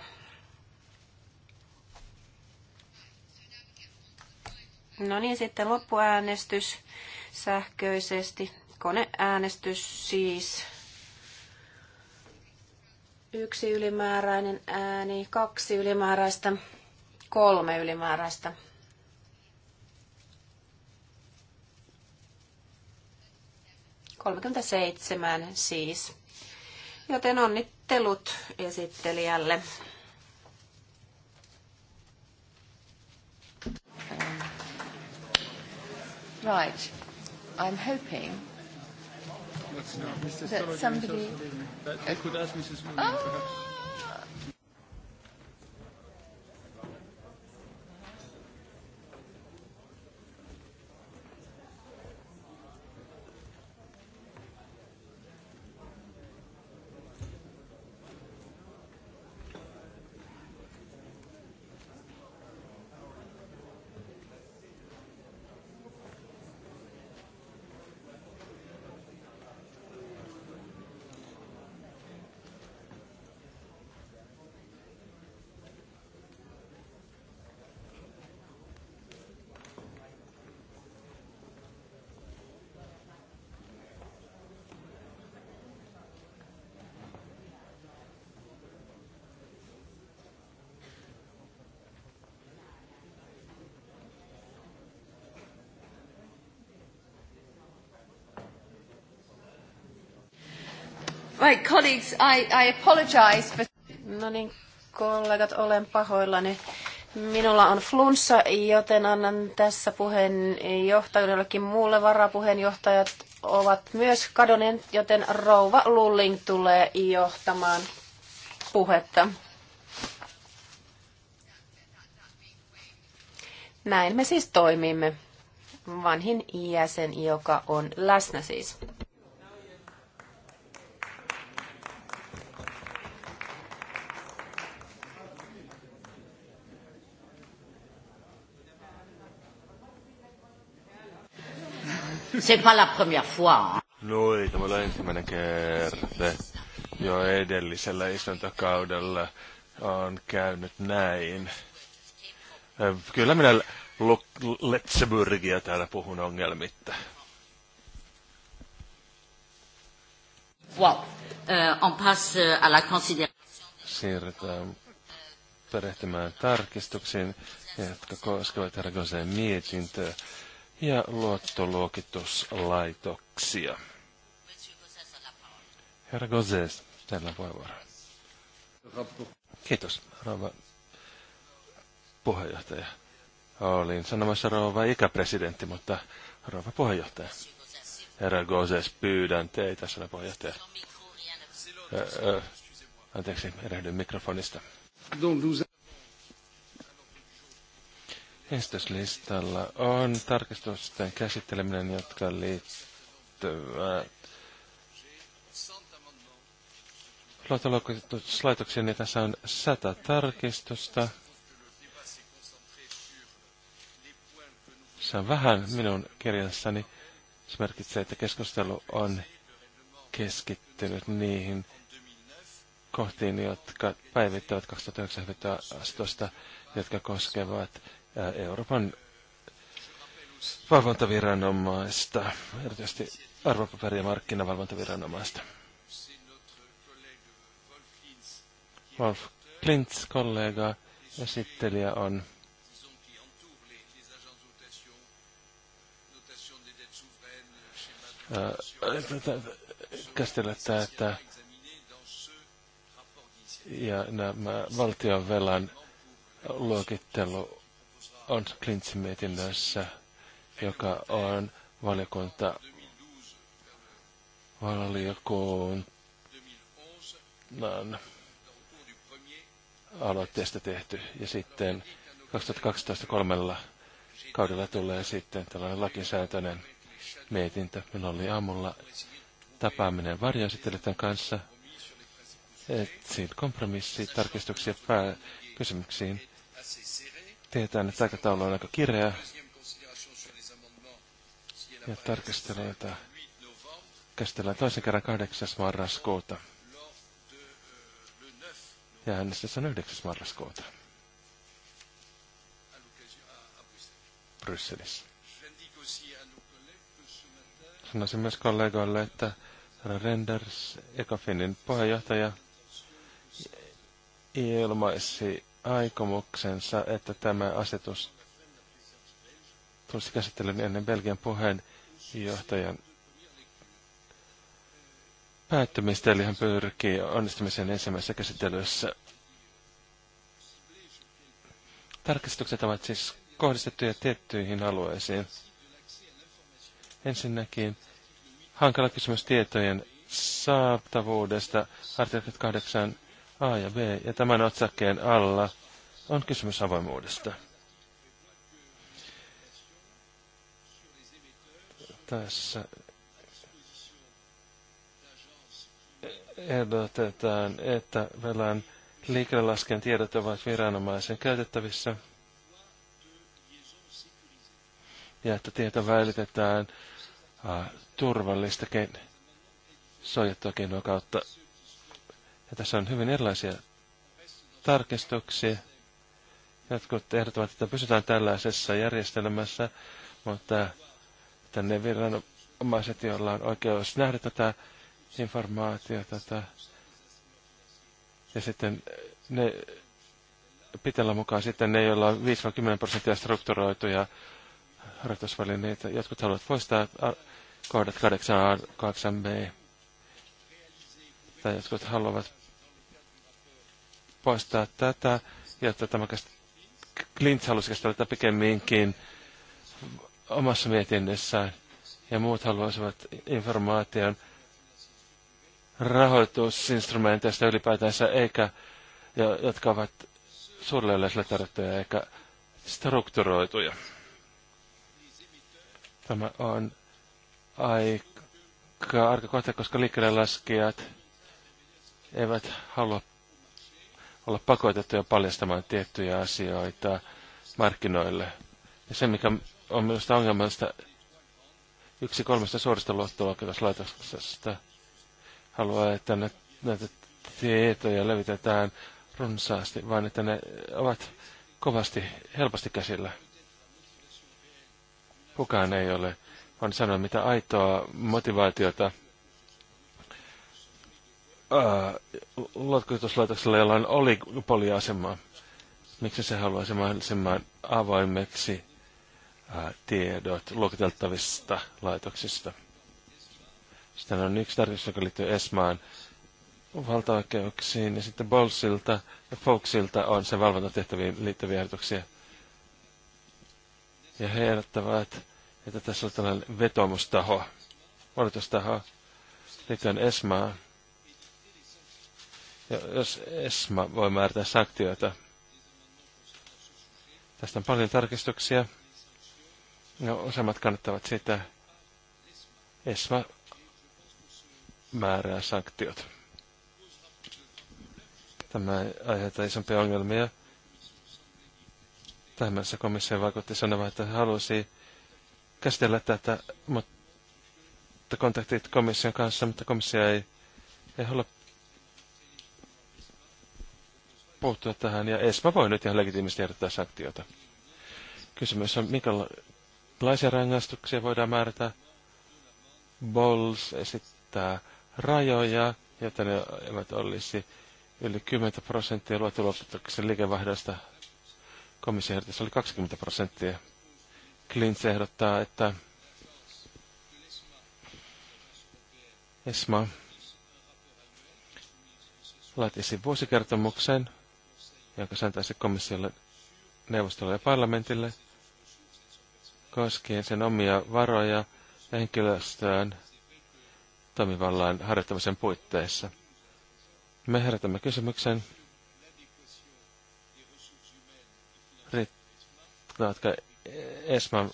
No niin, sitten loppuäänestys sähköisesti. Koneäänestys siis. Yksi ylimääräinen ääni, kaksi ylimääräistä, kolme ylimääräistä. Kolmekymmentä seitsemän siis. Joten onnittelut esittelijälle. Right. I'm hoping that somebody... That I could ask Mrs. oh. perhaps. Right, colleagues, I, I apologize, but... No niin, kollegat, olen pahoillani. Minulla on flunssa, joten annan tässä puheenjohtajuuden jollekin muulle. Varapuheenjohtajat ovat myös kadonneet, joten Rouva Lulling tulee johtamaan puhetta. Näin me siis toimimme. Vanhin jäsen, joka on läsnä siis. C'est pas la première fois. No ei tämä ole ensimmäinen kerta. Jo edellisellä istuntokaudella on käynyt näin. Kyllä minä Letseburgia täällä puhun ongelmitta. Wow. Euh, on passe euh, à la Siirrytään perehtymään tarkistuksiin, jotka koskevat Ragoseen mietintöä ja luottoluokituslaitoksia. Herra Gozes, tällä puheenvuoro. Kiitos, rouva puheenjohtaja. Olin sanomassa rouva ikäpresidentti, mutta rouva puheenjohtaja. Herra Gozes, pyydän teitä, sanoi puheenjohtaja. Ö, ö, anteeksi, erehdyin mikrofonista. Estoslistalla on tarkistusten käsitteleminen, jotka liittyvät luottoluokituslaitokseen, niin tässä on sata tarkistusta. Se on vähän minun kirjassani. Se merkitsee, että keskustelu on keskittynyt niihin kohtiin, jotka päivittävät 2019, jotka koskevat Euroopan valvontaviranomaista, erityisesti arvopaperi- ja markkinavalvontaviranomaista. Wolf Klintz, kollega, esittelijä on äh, käsitellä tätä ja nämä valtionvelan luokittelu on Klintsin mietinnössä, joka on valiokunta valiokunnan aloitteesta tehty. Ja sitten 2012 kolmella kaudella tulee sitten tällainen lakisääntöinen mietintö. Minulla oli aamulla tapaaminen varjoesittelijöiden kanssa. Etsin tarkistuksia pääkysymyksiin tehdään, että aikataulu on aika kireä. Ja että käsitellään toisen kerran 8. marraskuuta. Ja äänestys on 9. marraskuuta. Brysselissä. Sanoisin myös kollegoille, että Renders, Ecofinin puheenjohtaja, ilmaisi aikomuksensa, että tämä asetus tulisi käsittelyyn ennen Belgian puheenjohtajan päättymistä, eli hän pyrkii onnistumisen ensimmäisessä käsittelyssä. Tarkistukset ovat siis kohdistettuja tiettyihin alueisiin. Ensinnäkin hankala kysymys tietojen saatavuudesta, artiklat 8 A ja B, ja tämän otsakkeen alla on kysymys avoimuudesta. Tässä ehdotetaan, että velan liikelaskien tiedot ovat viranomaisen käytettävissä ja että tieto välitetään turvallistakin turvallista suojattua kautta ja tässä on hyvin erilaisia tarkistuksia. Jotkut ehdottavat, että pysytään tällaisessa järjestelmässä, mutta tänne viranomaiset, joilla on oikeus nähdä tätä informaatiota. Tätä. Ja sitten ne pitellä mukaan sitten ne, joilla on 5-10 prosenttia strukturoituja harjoitusvälineitä. Jotkut haluavat poistaa kohdat 8a, 8b. Tai jotkut haluavat poistaa tätä, ja että tämä Clint halusi käsitellä tätä pikemminkin omassa mietinnössään, ja muut haluaisivat informaation rahoitusinstrumenteista ylipäätänsä, eikä, ja, jotka ovat suurelle yleisölle tarjottuja eikä strukturoituja. Tämä on aika arka kohta, koska liikkeelle laskijat eivät halua olla pakotettuja paljastamaan tiettyjä asioita markkinoille. Ja se, mikä on minusta ongelmallista, yksi kolmesta suorista luottoluokituslaitoksesta haluaa, että näitä tietoja levitetään runsaasti, vaan että ne ovat kovasti, helposti käsillä. Kukaan ei ole, vaan sanoa mitä aitoa motivaatiota luotkokituslaitoksella, jolla on olipoliasemaa, miksi se haluaisi mahdollisimman avoimeksi ää, tiedot luokiteltavista laitoksista. Sitten on yksi tarkistus, joka liittyy ESMAan valtaoikeuksiin, ja sitten Bolsilta ja Foxilta on sen valvontatehtäviin liittyviä ehdotuksia. Ja he ehdottavat, että tässä on tällainen vetomustaho, valitustaho, liittyen ESMAan jos ESMA voi määrätä sanktioita. Tästä on paljon tarkistuksia. No, useimmat kannattavat sitä. ESMA määrää sanktiot. Tämä aiheuttaa isompia ongelmia. Tähän mennessä komissio vaikutti sanomaan, että halusi käsitellä tätä, mutta kontaktit komission kanssa, mutta komissio ei, ei halua puuttua tähän, ja ESMA voi nyt ihan legitiimisti järjestää sanktiota. Kysymys on, minkälaisia rangaistuksia voidaan määrätä. Bowles esittää rajoja, jotta ne eivät olisi yli 10 prosenttia luottoluokituksen liikevaihdosta. Komission oli 20 prosenttia. Klintz ehdottaa, että ESMA laitisi vuosikertomuksen jonka se antaisi komissiolle, neuvostolle ja parlamentille koskien sen omia varoja ja henkilöstöön toimivallan harjoittamisen puitteissa. Me herätämme kysymyksen, riittävätkö ESMAn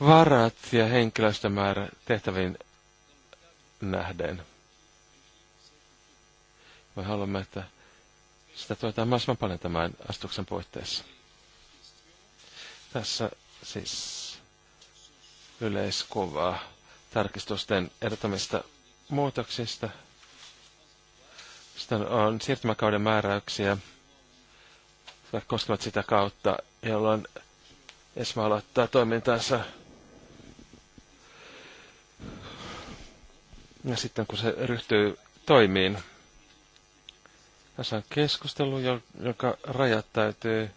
varat ja henkilöstömäärä tehtäviin nähden. Me haluamme, että sitä tuetaan mahdollisimman paljon tämän astuksen puitteissa. Tässä siis yleiskuvaa tarkistusten erottamista muutoksista. Sitten on siirtymäkauden määräyksiä, jotka koskevat sitä kautta, jolloin Esma aloittaa toimintansa. Ja sitten kun se ryhtyy toimiin, tässä on keskustelu, joka rajat täytyy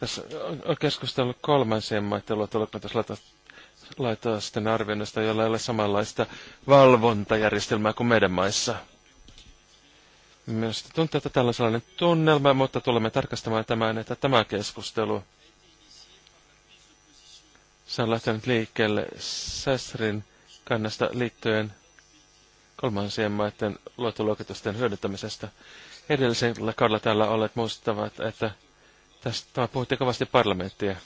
Tässä on keskustelu kolmansien maiden luottoluokitus sitten arvioinnista, jolla ei ole samanlaista valvontajärjestelmää kuin meidän maissa. Minusta tuntuu, että tällä on sellainen tunnelma, mutta tulemme tarkastamaan tämän, että tämä keskustelu se on lähtenyt liikkeelle Säsrin kannasta liittyen kolmansien maiden luottoluokitusten hyödyntämisestä. Edellisellä kaudella täällä olleet muistavat, että tästä puhuttiin kovasti parlamenttia.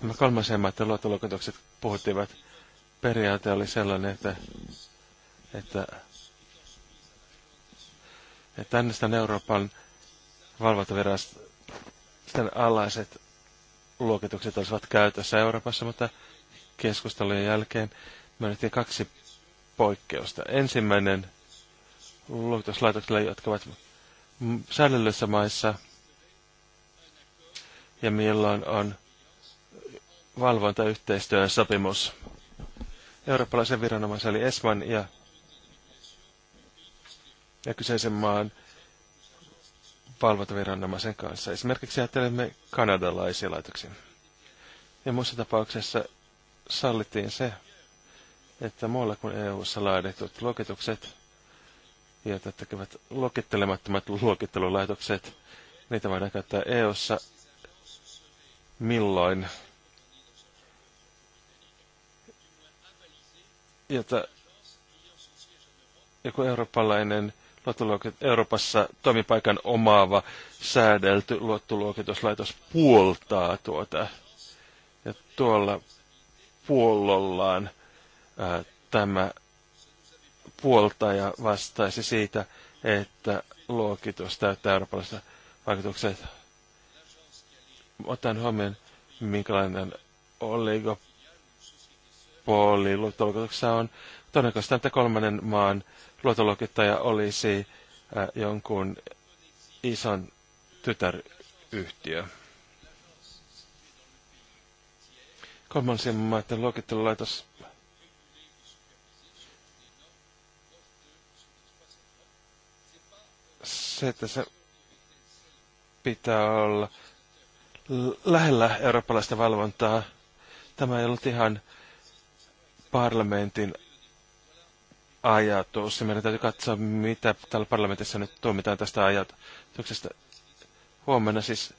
Nämä kolmansien maiden luottoluokitukset puhuttivat. Periaate oli sellainen, että, että, että äänestän Euroopan valvontavirastojen alaiset luokitukset olisivat käytössä Euroopassa, mutta keskustelujen jälkeen myönnettiin kaksi poikkeusta. Ensimmäinen luokituslaitoksille, jotka ovat säännöllisissä maissa ja milloin on valvontayhteistyön sopimus eurooppalaisen viranomaisen eli ESMAN ja, ja kyseisen maan valvontaviranomaisen kanssa. Esimerkiksi ajattelemme kanadalaisia laitoksia. Ja muissa tapauksessa sallittiin se, että muualla kuin EU-ssa laaditut luokitukset, joita tekevät luokittelemattomat luokittelulaitokset, niitä voidaan käyttää EU-ssa milloin, jota joku eurooppalainen luottoluokit Euroopassa toimipaikan omaava säädelty luottoluokituslaitos puoltaa tuota. Ja tuolla puolollaan ää, tämä puoltaja vastaisi siitä, että luokitus täyttää eurooppalaiset vaikutukset. Otan huomioon, minkälainen oligopoli luottoluokituksessa on. Todennäköisesti että kolmannen maan luottoluokittaja olisi äh, jonkun ison tytäryhtiö. Kolmansien maiden luokittelulaitos se, että se pitää olla lähellä eurooppalaista valvontaa. Tämä ei ollut ihan parlamentin ajatus. Meidän täytyy katsoa, mitä täällä parlamentissa nyt tuomitaan tästä ajatuksesta. Huomenna siis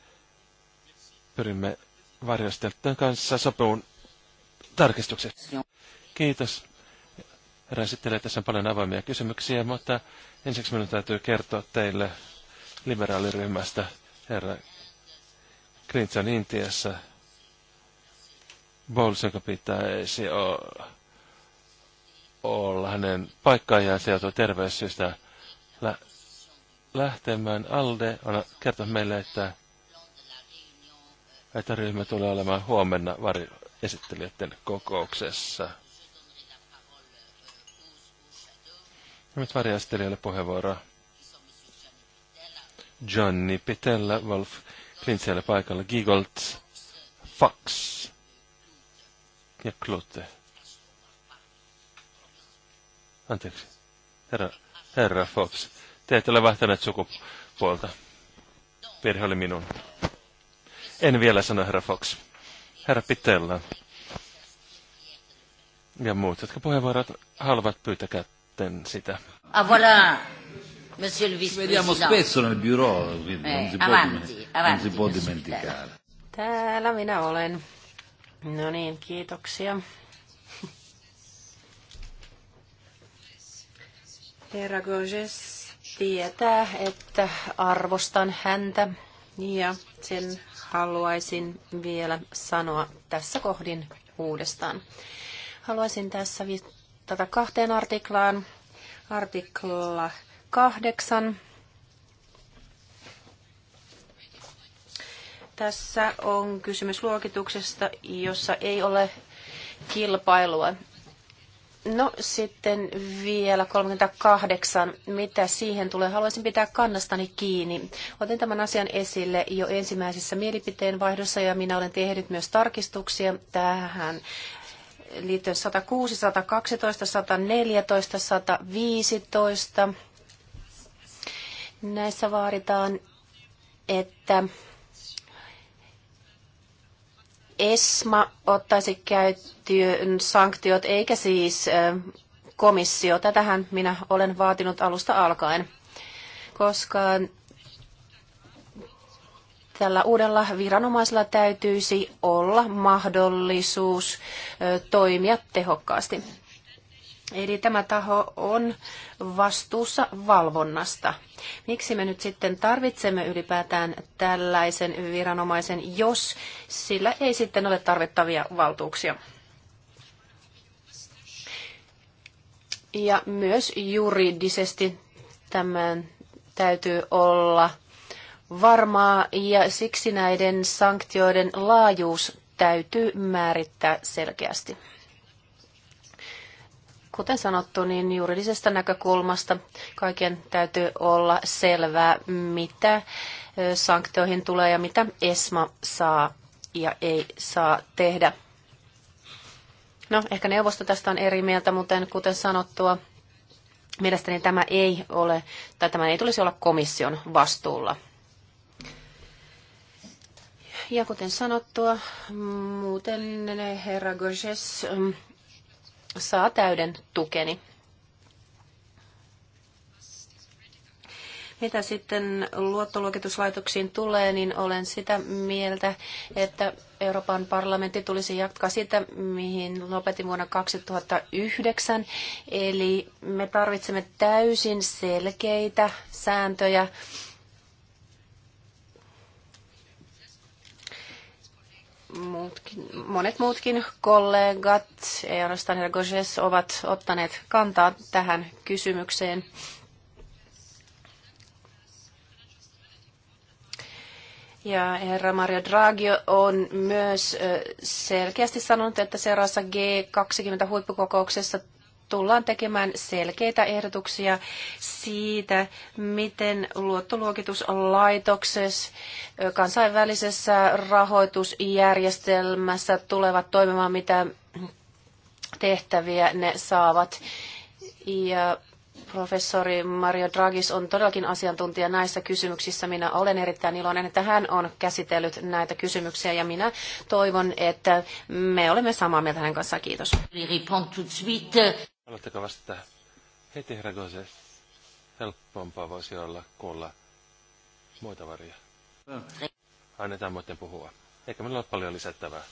pyrimme varjosteltujen kanssa sopuun tarkistukset. Kiitos. Herra esittelee tässä on paljon avoimia kysymyksiä, mutta ensiksi minun täytyy kertoa teille liberaaliryhmästä herra Clinton Intiassa. Bowles, joka pitää olla hänen paikkaan ja se terveyssystä lä- lähtemään. Alde on kertonut meille, että, että ryhmä tulee olemaan huomenna varjoesittelijöiden kokouksessa. Nyt varjoesittelijöille puheenvuoro. Johnny Pitella, Wolf Klintsellä paikalla, Gigolt, Fox ja Klute. Anteeksi. Herra, herra Fox, te ette ole vaihtaneet sukupuolta. Virhe oli minun. En vielä sano, herra Fox. Herra Pitella. Ja muut, jotka puheenvuorot halvat, pyytäkää sitä. Ah, voilà. Monsieur le vice Vediamo spesso nel bureau, eh, non, si avanti, può, avanti, non si può dimenticare. Täällä minä olen. No niin, kiitoksia. Herra Gorges tietää, että arvostan häntä ja sen haluaisin vielä sanoa tässä kohdin uudestaan. Haluaisin tässä viittata kahteen artiklaan. Artikla kahdeksan. Tässä on kysymys luokituksesta, jossa ei ole kilpailua. No sitten vielä 38, mitä siihen tulee. Haluaisin pitää kannastani kiinni. Otin tämän asian esille jo ensimmäisessä mielipiteen vaihdossa ja minä olen tehnyt myös tarkistuksia tähän liittyen 106, 112, 114, 115. Näissä vaaditaan, että ESMA ottaisi käyttöön työn sanktiot eikä siis komissio. Tätähän minä olen vaatinut alusta alkaen, koska tällä uudella viranomaisella täytyisi olla mahdollisuus toimia tehokkaasti. Eli tämä taho on vastuussa valvonnasta. Miksi me nyt sitten tarvitsemme ylipäätään tällaisen viranomaisen, jos sillä ei sitten ole tarvittavia valtuuksia? Ja myös juridisesti tämän täytyy olla varmaa ja siksi näiden sanktioiden laajuus täytyy määrittää selkeästi. Kuten sanottu, niin juridisesta näkökulmasta kaiken täytyy olla selvää, mitä sanktioihin tulee ja mitä ESMA saa ja ei saa tehdä. No, ehkä neuvosto tästä on eri mieltä, mutta kuten sanottua, mielestäni tämä ei ole, tai tämä ei tulisi olla komission vastuulla. Ja kuten sanottua, muuten herra Gorges mm, saa täyden tukeni. Mitä sitten luottoluokituslaitoksiin tulee, niin olen sitä mieltä, että Euroopan parlamentti tulisi jatkaa sitä, mihin lopetin vuonna 2009. Eli me tarvitsemme täysin selkeitä sääntöjä muutkin, monet muutkin kollegat, ei ainoastaan herra ovat ottaneet kantaa tähän kysymykseen. Ja herra Mario Draghi on myös selkeästi sanonut, että seuraavassa G20-huippukokouksessa tullaan tekemään selkeitä ehdotuksia siitä, miten luottoluokituslaitokses kansainvälisessä rahoitusjärjestelmässä tulevat toimimaan, mitä tehtäviä ne saavat. Ja Professori Mario Dragis on todellakin asiantuntija näissä kysymyksissä. Minä olen erittäin iloinen, että hän on käsitellyt näitä kysymyksiä ja minä toivon, että me olemme samaa mieltä hänen kanssaan. Kiitos. Haluatteko vastata heti, herra Gose? Helpompaa voisi olla kuulla muita varia. Annetaan muiden puhua. Eikä meillä ole paljon lisättävää.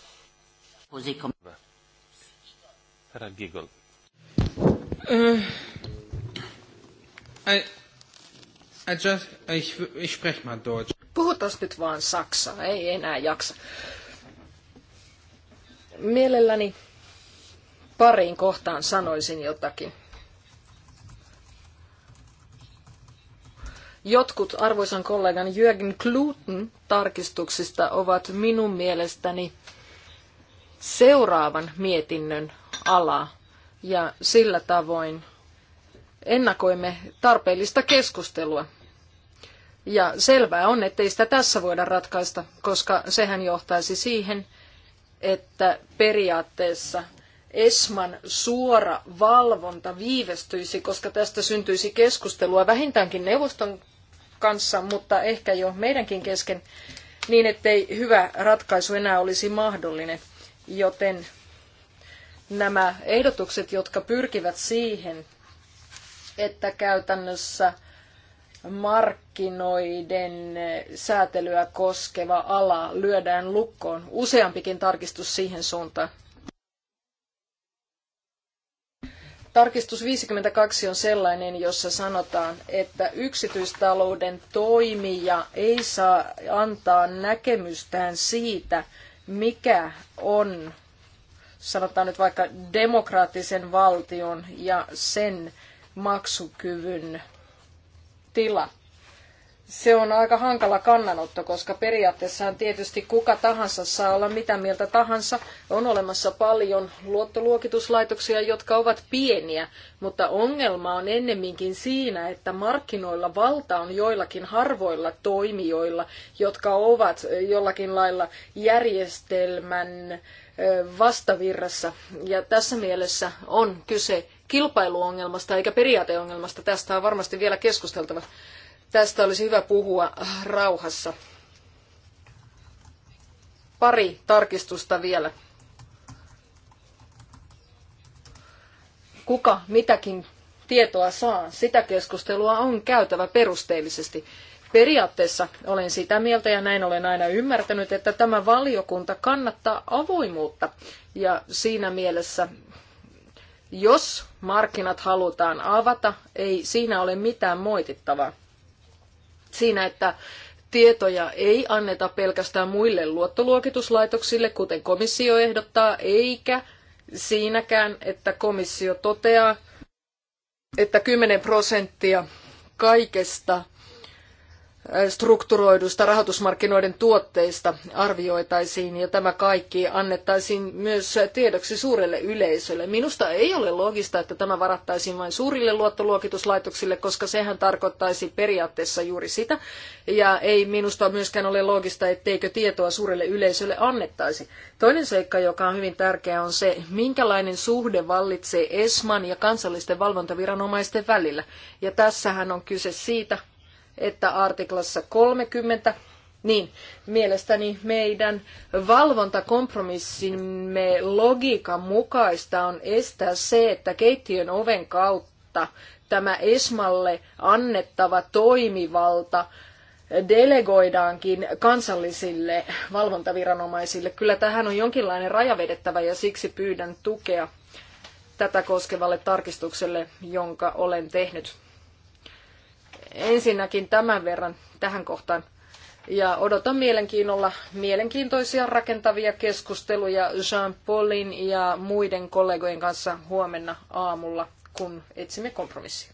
Herra Giggle. I, I just, ich, ich sprech mal Deutsch. Puhutas nyt vaan Saksaa, ei enää jaksa. Mielelläni pariin kohtaan sanoisin jotakin. Jotkut arvoisan kollegan Jürgen Kluten tarkistuksista ovat minun mielestäni seuraavan mietinnön ala ja sillä tavoin ennakoimme tarpeellista keskustelua. Ja selvää on, ettei sitä tässä voida ratkaista, koska sehän johtaisi siihen, että periaatteessa ESMAn suora valvonta viivästyisi, koska tästä syntyisi keskustelua vähintäänkin neuvoston kanssa, mutta ehkä jo meidänkin kesken, niin ettei hyvä ratkaisu enää olisi mahdollinen. Joten nämä ehdotukset, jotka pyrkivät siihen, että käytännössä markkinoiden säätelyä koskeva ala lyödään lukkoon. Useampikin tarkistus siihen suuntaan. Tarkistus 52 on sellainen, jossa sanotaan, että yksityistalouden toimija ei saa antaa näkemystään siitä, mikä on, sanotaan nyt vaikka demokraattisen valtion ja sen maksukyvyn tila. Se on aika hankala kannanotto, koska periaatteessahan tietysti kuka tahansa saa olla mitä mieltä tahansa. On olemassa paljon luottoluokituslaitoksia, jotka ovat pieniä, mutta ongelma on ennemminkin siinä, että markkinoilla valta on joillakin harvoilla toimijoilla, jotka ovat jollakin lailla järjestelmän vastavirrassa. Ja tässä mielessä on kyse kilpailuongelmasta eikä periaateongelmasta. Tästä on varmasti vielä keskusteltava. Tästä olisi hyvä puhua rauhassa. Pari tarkistusta vielä. Kuka mitäkin tietoa saa, sitä keskustelua on käytävä perusteellisesti. Periaatteessa olen sitä mieltä ja näin olen aina ymmärtänyt, että tämä valiokunta kannattaa avoimuutta ja siinä mielessä jos markkinat halutaan avata, ei siinä ole mitään moitittavaa. Siinä, että tietoja ei anneta pelkästään muille luottoluokituslaitoksille, kuten komissio ehdottaa, eikä siinäkään, että komissio toteaa, että kymmenen prosenttia kaikesta strukturoidusta rahoitusmarkkinoiden tuotteista arvioitaisiin ja tämä kaikki annettaisiin myös tiedoksi suurelle yleisölle. Minusta ei ole logista, että tämä varattaisiin vain suurille luottoluokituslaitoksille, koska sehän tarkoittaisi periaatteessa juuri sitä. Ja ei minusta myöskään ole logista, etteikö tietoa suurelle yleisölle annettaisi. Toinen seikka, joka on hyvin tärkeä, on se, minkälainen suhde vallitsee ESMAN ja kansallisten valvontaviranomaisten välillä. Ja tässähän on kyse siitä, että artiklassa 30 niin, mielestäni meidän valvontakompromissimme logiikan mukaista on estää se, että keittiön oven kautta tämä Esmalle annettava toimivalta delegoidaankin kansallisille valvontaviranomaisille. Kyllä tähän on jonkinlainen raja vedettävä ja siksi pyydän tukea tätä koskevalle tarkistukselle, jonka olen tehnyt ensinnäkin tämän verran tähän kohtaan. Ja odotan mielenkiinnolla mielenkiintoisia rakentavia keskusteluja Jean-Paulin ja muiden kollegojen kanssa huomenna aamulla, kun etsimme kompromissia.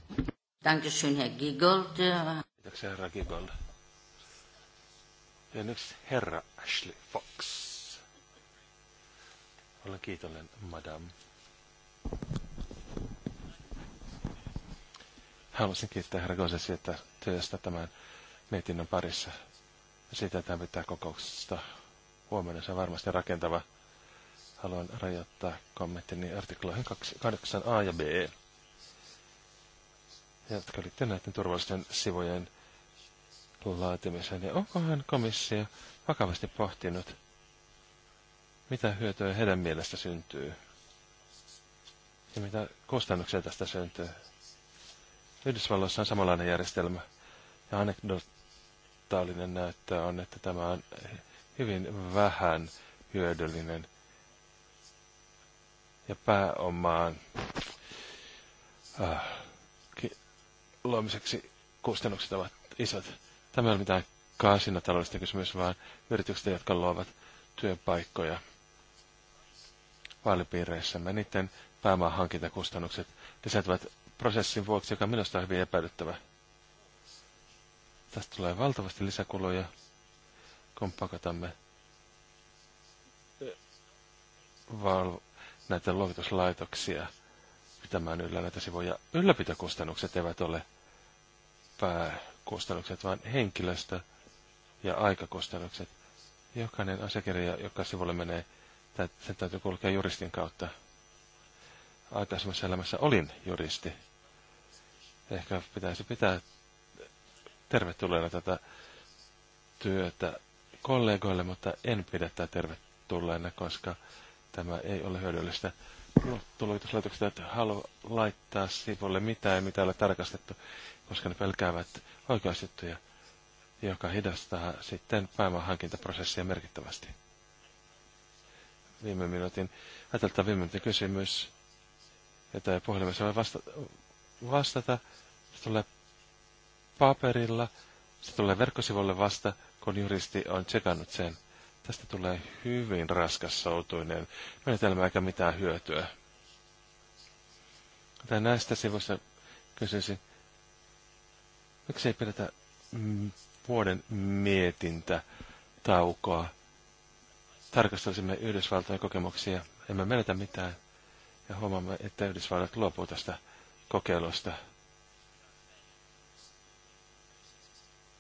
Kiitoksia, herra Giegold. Ja nyt herra Ashley Fox. Olen kiitollinen, madam. Haluaisin kiittää herra Gose siitä työstä tämän mietinnön parissa. Siitä tämä pitää kokouksesta huomenna. Se on varmasti rakentava. Haluan rajoittaa kommenttini artikloihin 8a ja b, jotka liittyvät näiden turvallisten sivujen laatimiseen. Ja onkohan komissio vakavasti pohtinut, mitä hyötyä heidän mielestä syntyy ja mitä kustannuksia tästä syntyy? Yhdysvalloissa on samanlainen järjestelmä. Ja anekdotaalinen näyttää on, että tämä on hyvin vähän hyödyllinen ja pääomaan äh, luomiseksi kustannukset ovat isot. Tämä ei ole mitään kaasinataloudellista kysymys, vaan yritykset, jotka luovat työpaikkoja vaalipiireissämme. Niiden hankintakustannukset lisätävät prosessin vuoksi, joka minusta on hyvin epäilyttävä. Tästä tulee valtavasti lisäkuluja, kun pakotamme eh, valvo näitä luokituslaitoksia pitämään yllä näitä sivuja. Ylläpitokustannukset eivät ole pääkustannukset, vaan henkilöstö ja aikakustannukset. Jokainen asiakirja, joka sivulle menee, sen täytyy kulkea juristin kautta. Aikaisemmassa elämässä olin juristi. Ehkä pitäisi pitää tervetulleena tätä työtä kollegoille, mutta en pidä tätä tervetulleena, koska tämä ei ole hyödyllistä. Tulokituslaitokset että halu laittaa sivulle mitään, mitä ei ole tarkastettu, koska ne pelkäävät oikeusjuttuja, joka hidastaa sitten pääoman hankintaprosessia merkittävästi. Viime minuutin, ajateltaan viime minuutin kysymys, että puhelimessa voi vasta, vastata, se tulee paperilla, se tulee verkkosivulle vasta, kun juristi on tsekannut sen. Tästä tulee hyvin raskas soutuinen menetelmä eikä mitään hyötyä. Tai näistä sivuista kysyisin, miksi ei pidetä mm, vuoden mietintätaukoa? Tarkastelisimme Yhdysvaltojen kokemuksia, emme menetä mitään ja huomaamme, että Yhdysvallat luopuu tästä kokeilusta.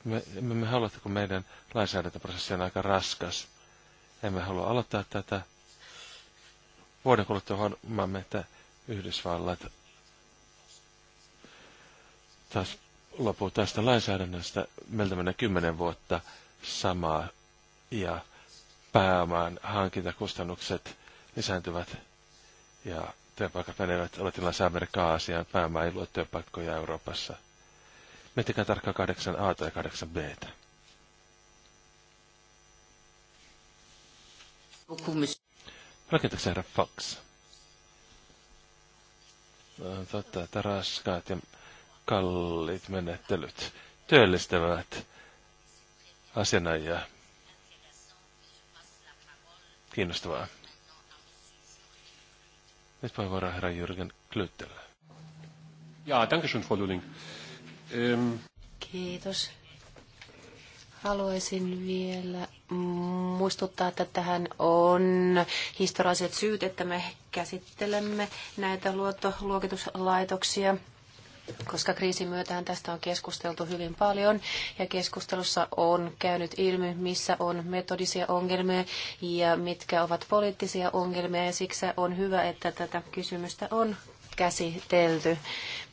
Me, me, me halua, kun meidän lainsäädäntöprosessi on aika raskas. Emme halua aloittaa tätä. Vuoden kuluttua huomaamme, että Yhdysvallat taas lopuu tästä lainsäädännöstä. Meiltä mennä kymmenen vuotta samaa ja pääomaan hankintakustannukset lisääntyvät ja työpaikat menevät Latinalaisen Amerikkaan, Aasiaan, pääoma ei työpaikkoja Euroopassa. Miettikää tarkkaan 8a tai 8b. Rakentaako herra Fox? No, totta, että raskaat ja kalliit menettelyt työllistävät asianajia. Kiinnostavaa. Nyt puheenvuoro herra Jürgen Klyttellä. Jaa, dankeschön, Frau Lulling. Ähm. Kiitos. Haluaisin vielä muistuttaa, että tähän on historialliset syyt, että me käsittelemme näitä luottoluokituslaitoksia – koska kriisin myötään tästä on keskusteltu hyvin paljon ja keskustelussa on käynyt ilmi, missä on metodisia ongelmia ja mitkä ovat poliittisia ongelmia ja siksi on hyvä, että tätä kysymystä on käsitelty.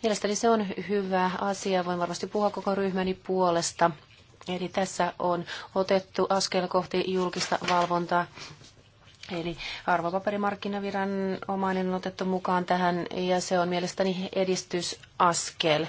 Mielestäni se on hyvä asia. Voin varmasti puhua koko ryhmäni puolesta. Eli tässä on otettu askel kohti julkista valvontaa Eli arvopaperimarkkinaviranomainen on otettu mukaan tähän ja se on mielestäni edistysaskel.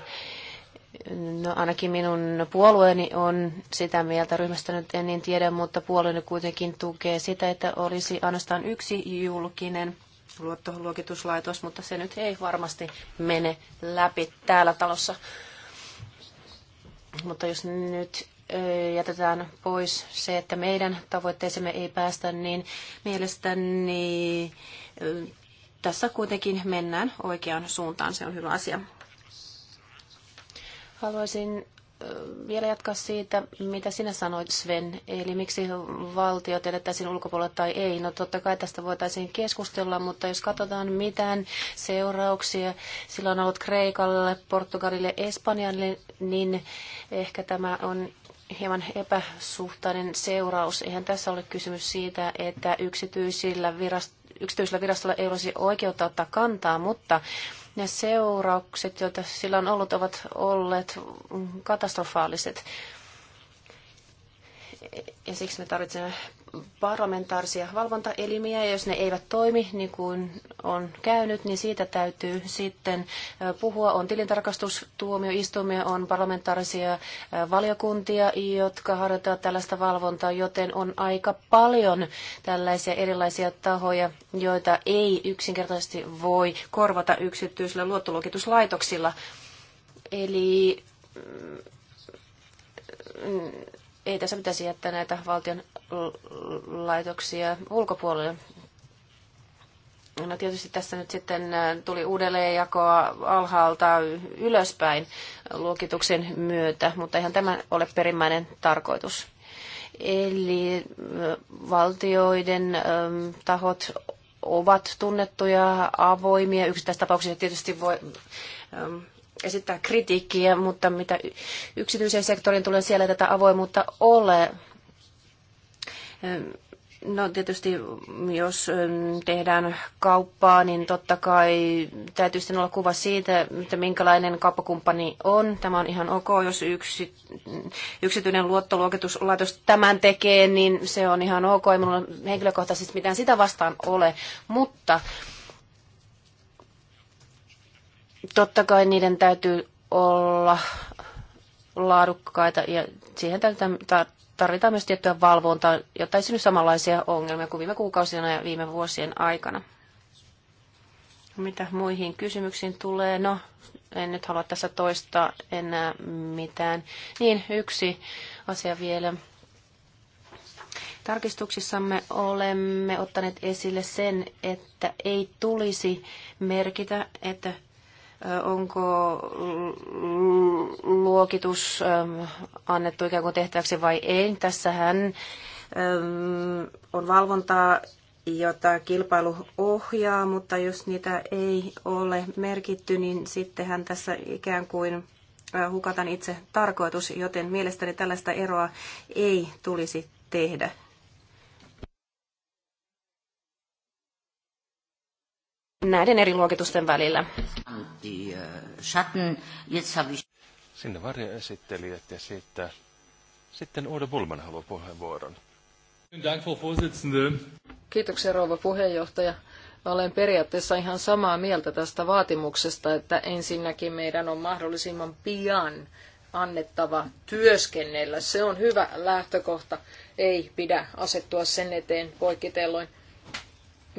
No, ainakin minun puolueeni on sitä mieltä, ryhmästä nyt en niin tiedä, mutta puolueeni kuitenkin tukee sitä, että olisi ainoastaan yksi julkinen luottoluokituslaitos, mutta se nyt ei varmasti mene läpi täällä talossa. Mutta jos nyt jätetään pois se, että meidän tavoitteisemme ei päästä, niin mielestäni tässä kuitenkin mennään oikeaan suuntaan. Se on hyvä asia. Haluaisin vielä jatkaa siitä, mitä sinä sanoit Sven, eli miksi valtiot jätettäisiin ulkopuolelle tai ei. No totta kai tästä voitaisiin keskustella, mutta jos katsotaan mitään seurauksia, sillä on ollut Kreikalle, Portugalille, Espanjalle, niin ehkä tämä on hieman epäsuhtainen seuraus. Eihän tässä ole kysymys siitä, että yksityisillä, virast- yksityisillä virastolla ei olisi oikeutta ottaa kantaa, mutta ne seuraukset, joita sillä on ollut, ovat olleet katastrofaaliset. Ja siksi me tarvitsemme parlamentaarisia valvontaelimiä, ja jos ne eivät toimi niin kuin on käynyt, niin siitä täytyy sitten puhua. On tilintarkastustuomioistuimia, on parlamentaarisia valiokuntia, jotka harjoittavat tällaista valvontaa, joten on aika paljon tällaisia erilaisia tahoja, joita ei yksinkertaisesti voi korvata yksityisillä luottoluokituslaitoksilla. Eli mm, ei tässä pitäisi jättää näitä valtion laitoksia ulkopuolelle. No tietysti tässä nyt sitten äh, tuli uudelleenjakoa alhaalta ylöspäin luokituksen myötä, mutta ihan tämä ole perimmäinen tarkoitus. Eli äh, valtioiden ähm, tahot ovat tunnettuja, avoimia. Yksittäistapauksissa tietysti voi ähm, esittää kritiikkiä, mutta mitä yksityisen sektorin tulee siellä tätä avoimuutta ole. No tietysti jos tehdään kauppaa, niin totta kai täytyy sitten olla kuva siitä, että minkälainen kauppakumppani on. Tämä on ihan ok, jos yksi, yksityinen luottoluokituslaitos tämän tekee, niin se on ihan ok. Ei minulla henkilökohtaisesti mitään sitä vastaan ole, mutta Totta kai niiden täytyy olla laadukkaita ja siihen tarvitaan myös tiettyä valvontaa, jotta ei synny samanlaisia ongelmia kuin viime kuukausina ja viime vuosien aikana. Mitä muihin kysymyksiin tulee? No, en nyt halua tässä toistaa enää mitään. Niin, yksi asia vielä. Tarkistuksissamme olemme ottaneet esille sen, että ei tulisi merkitä, että onko luokitus annettu ikään kuin tehtäväksi vai ei. Tässähän on valvontaa, jota kilpailu ohjaa, mutta jos niitä ei ole merkitty, niin sittenhän tässä ikään kuin hukataan itse tarkoitus, joten mielestäni tällaista eroa ei tulisi tehdä. näiden eri luokitusten välillä. Äh, Sinne varjo esittelijät ja siitä sitten Udo Bulman haluaa puheenvuoron. Kiitoksia rouva puheenjohtaja. Olen periaatteessa ihan samaa mieltä tästä vaatimuksesta, että ensinnäkin meidän on mahdollisimman pian annettava työskennellä. Se on hyvä lähtökohta. Ei pidä asettua sen eteen poikkitelloin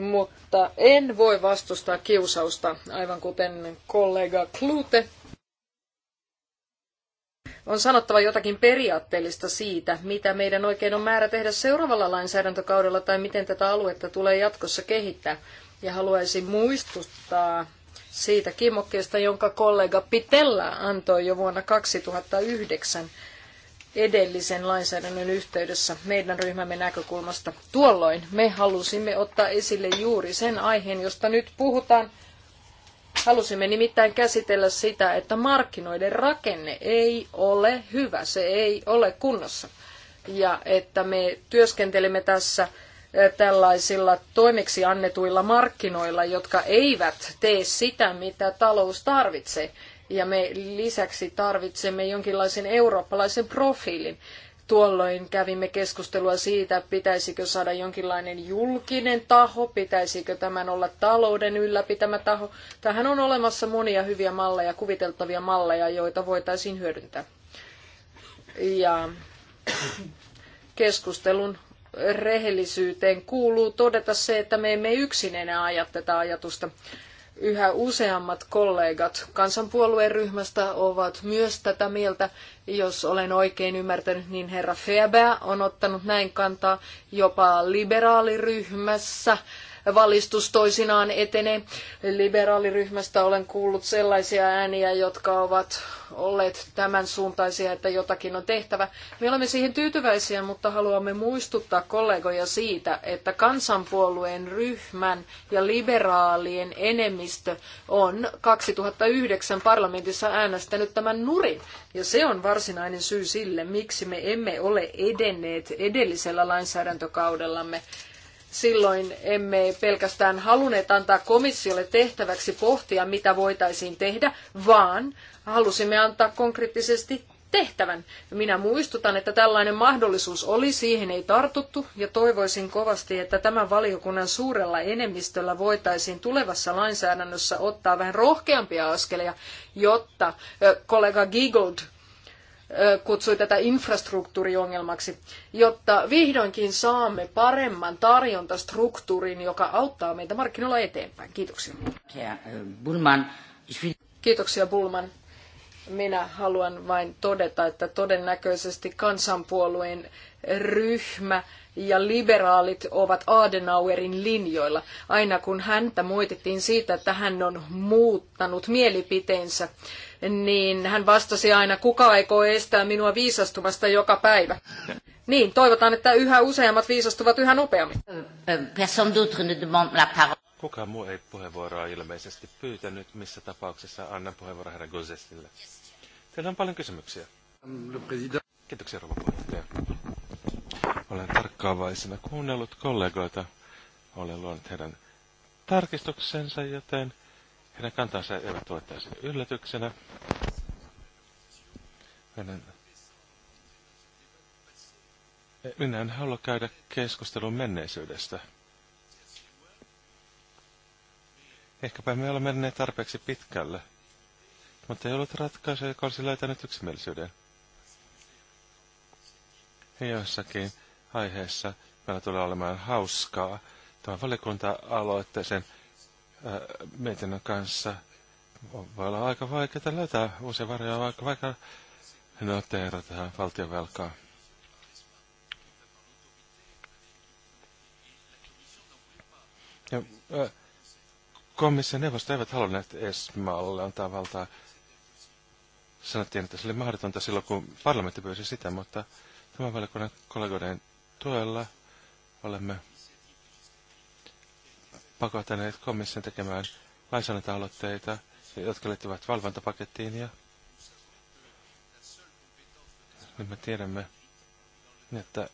mutta en voi vastustaa kiusausta, aivan kuten kollega Klute. On sanottava jotakin periaatteellista siitä, mitä meidän oikein on määrä tehdä seuraavalla lainsäädäntökaudella tai miten tätä aluetta tulee jatkossa kehittää. Ja haluaisin muistuttaa siitä kimmokkeesta, jonka kollega Pitella antoi jo vuonna 2009 edellisen lainsäädännön yhteydessä meidän ryhmämme näkökulmasta. Tuolloin me halusimme ottaa esille juuri sen aiheen, josta nyt puhutaan. Halusimme nimittäin käsitellä sitä, että markkinoiden rakenne ei ole hyvä, se ei ole kunnossa. Ja että me työskentelemme tässä eh, tällaisilla toimeksi annetuilla markkinoilla, jotka eivät tee sitä, mitä talous tarvitsee ja me lisäksi tarvitsemme jonkinlaisen eurooppalaisen profiilin. Tuolloin kävimme keskustelua siitä, pitäisikö saada jonkinlainen julkinen taho, pitäisikö tämän olla talouden ylläpitämä taho. Tähän on olemassa monia hyviä malleja, kuviteltavia malleja, joita voitaisiin hyödyntää. Ja keskustelun rehellisyyteen kuuluu todeta se, että me emme yksin enää aja tätä ajatusta. Yhä useammat kollegat kansanpuolueen ryhmästä ovat myös tätä mieltä. Jos olen oikein ymmärtänyt, niin herra Feber on ottanut näin kantaa jopa liberaaliryhmässä valistus toisinaan etene. Liberaaliryhmästä olen kuullut sellaisia ääniä, jotka ovat olleet tämän suuntaisia, että jotakin on tehtävä. Me olemme siihen tyytyväisiä, mutta haluamme muistuttaa kollegoja siitä, että kansanpuolueen ryhmän ja liberaalien enemmistö on 2009 parlamentissa äänestänyt tämän nurin. Ja se on varsinainen syy sille, miksi me emme ole edenneet edellisellä lainsäädäntökaudellamme Silloin emme pelkästään halunneet antaa komissiolle tehtäväksi pohtia, mitä voitaisiin tehdä, vaan halusimme antaa konkreettisesti tehtävän. Minä muistutan, että tällainen mahdollisuus oli, siihen ei tartuttu, ja toivoisin kovasti, että tämän valiokunnan suurella enemmistöllä voitaisiin tulevassa lainsäädännössä ottaa vähän rohkeampia askelia, jotta kollega Giggold kutsui tätä infrastruktuuriongelmaksi, jotta vihdoinkin saamme paremman tarjontastruktuurin, joka auttaa meitä markkinoilla eteenpäin. Kiitoksia. Kiitoksia Bulman. Minä haluan vain todeta, että todennäköisesti kansanpuolueen ryhmä ja liberaalit ovat Adenauerin linjoilla, aina kun häntä moitittiin siitä, että hän on muuttanut mielipiteensä niin hän vastasi aina, kuka aikoo estää minua viisastumasta joka päivä. Niin, toivotaan, että yhä useammat viisastuvat yhä nopeammin. Kuka muu ei puheenvuoroa ilmeisesti pyytänyt, missä tapauksessa annan puheenvuoro herra Gozesille. Teillä on paljon kysymyksiä. Kiitoksia, rouva puheenjohtaja. Olen tarkkaavaisena kuunnellut kollegoita. Olen luonut heidän tarkistuksensa, joten heidän kantansa eivät ole täysin yllätyksenä. Heidän minä en halua käydä keskustelun menneisyydestä. Ehkäpä me olemme menneet tarpeeksi pitkälle, mutta ei ollut ratkaisu, joka olisi löytänyt yksimielisyyden. Joissakin aiheessa meillä tulee olemaan hauskaa tämän valikunta-aloitteeseen Äh, mietinnön kanssa. Voi olla aika vaikeaa löytää uusia varoja, vaikka vaikka tähän valtionvelkaa. Ja, äh, komission neuvosto eivät halunneet Esmalle antaa valtaa. Sanottiin, että se oli mahdotonta silloin, kun parlamentti pyysi sitä, mutta tämän valiokunnan kollegoiden tuella olemme pakottaneet komission tekemään lainsäädäntöaloitteita, jotka liittyvät valvontapakettiin ja nyt me tiedämme, että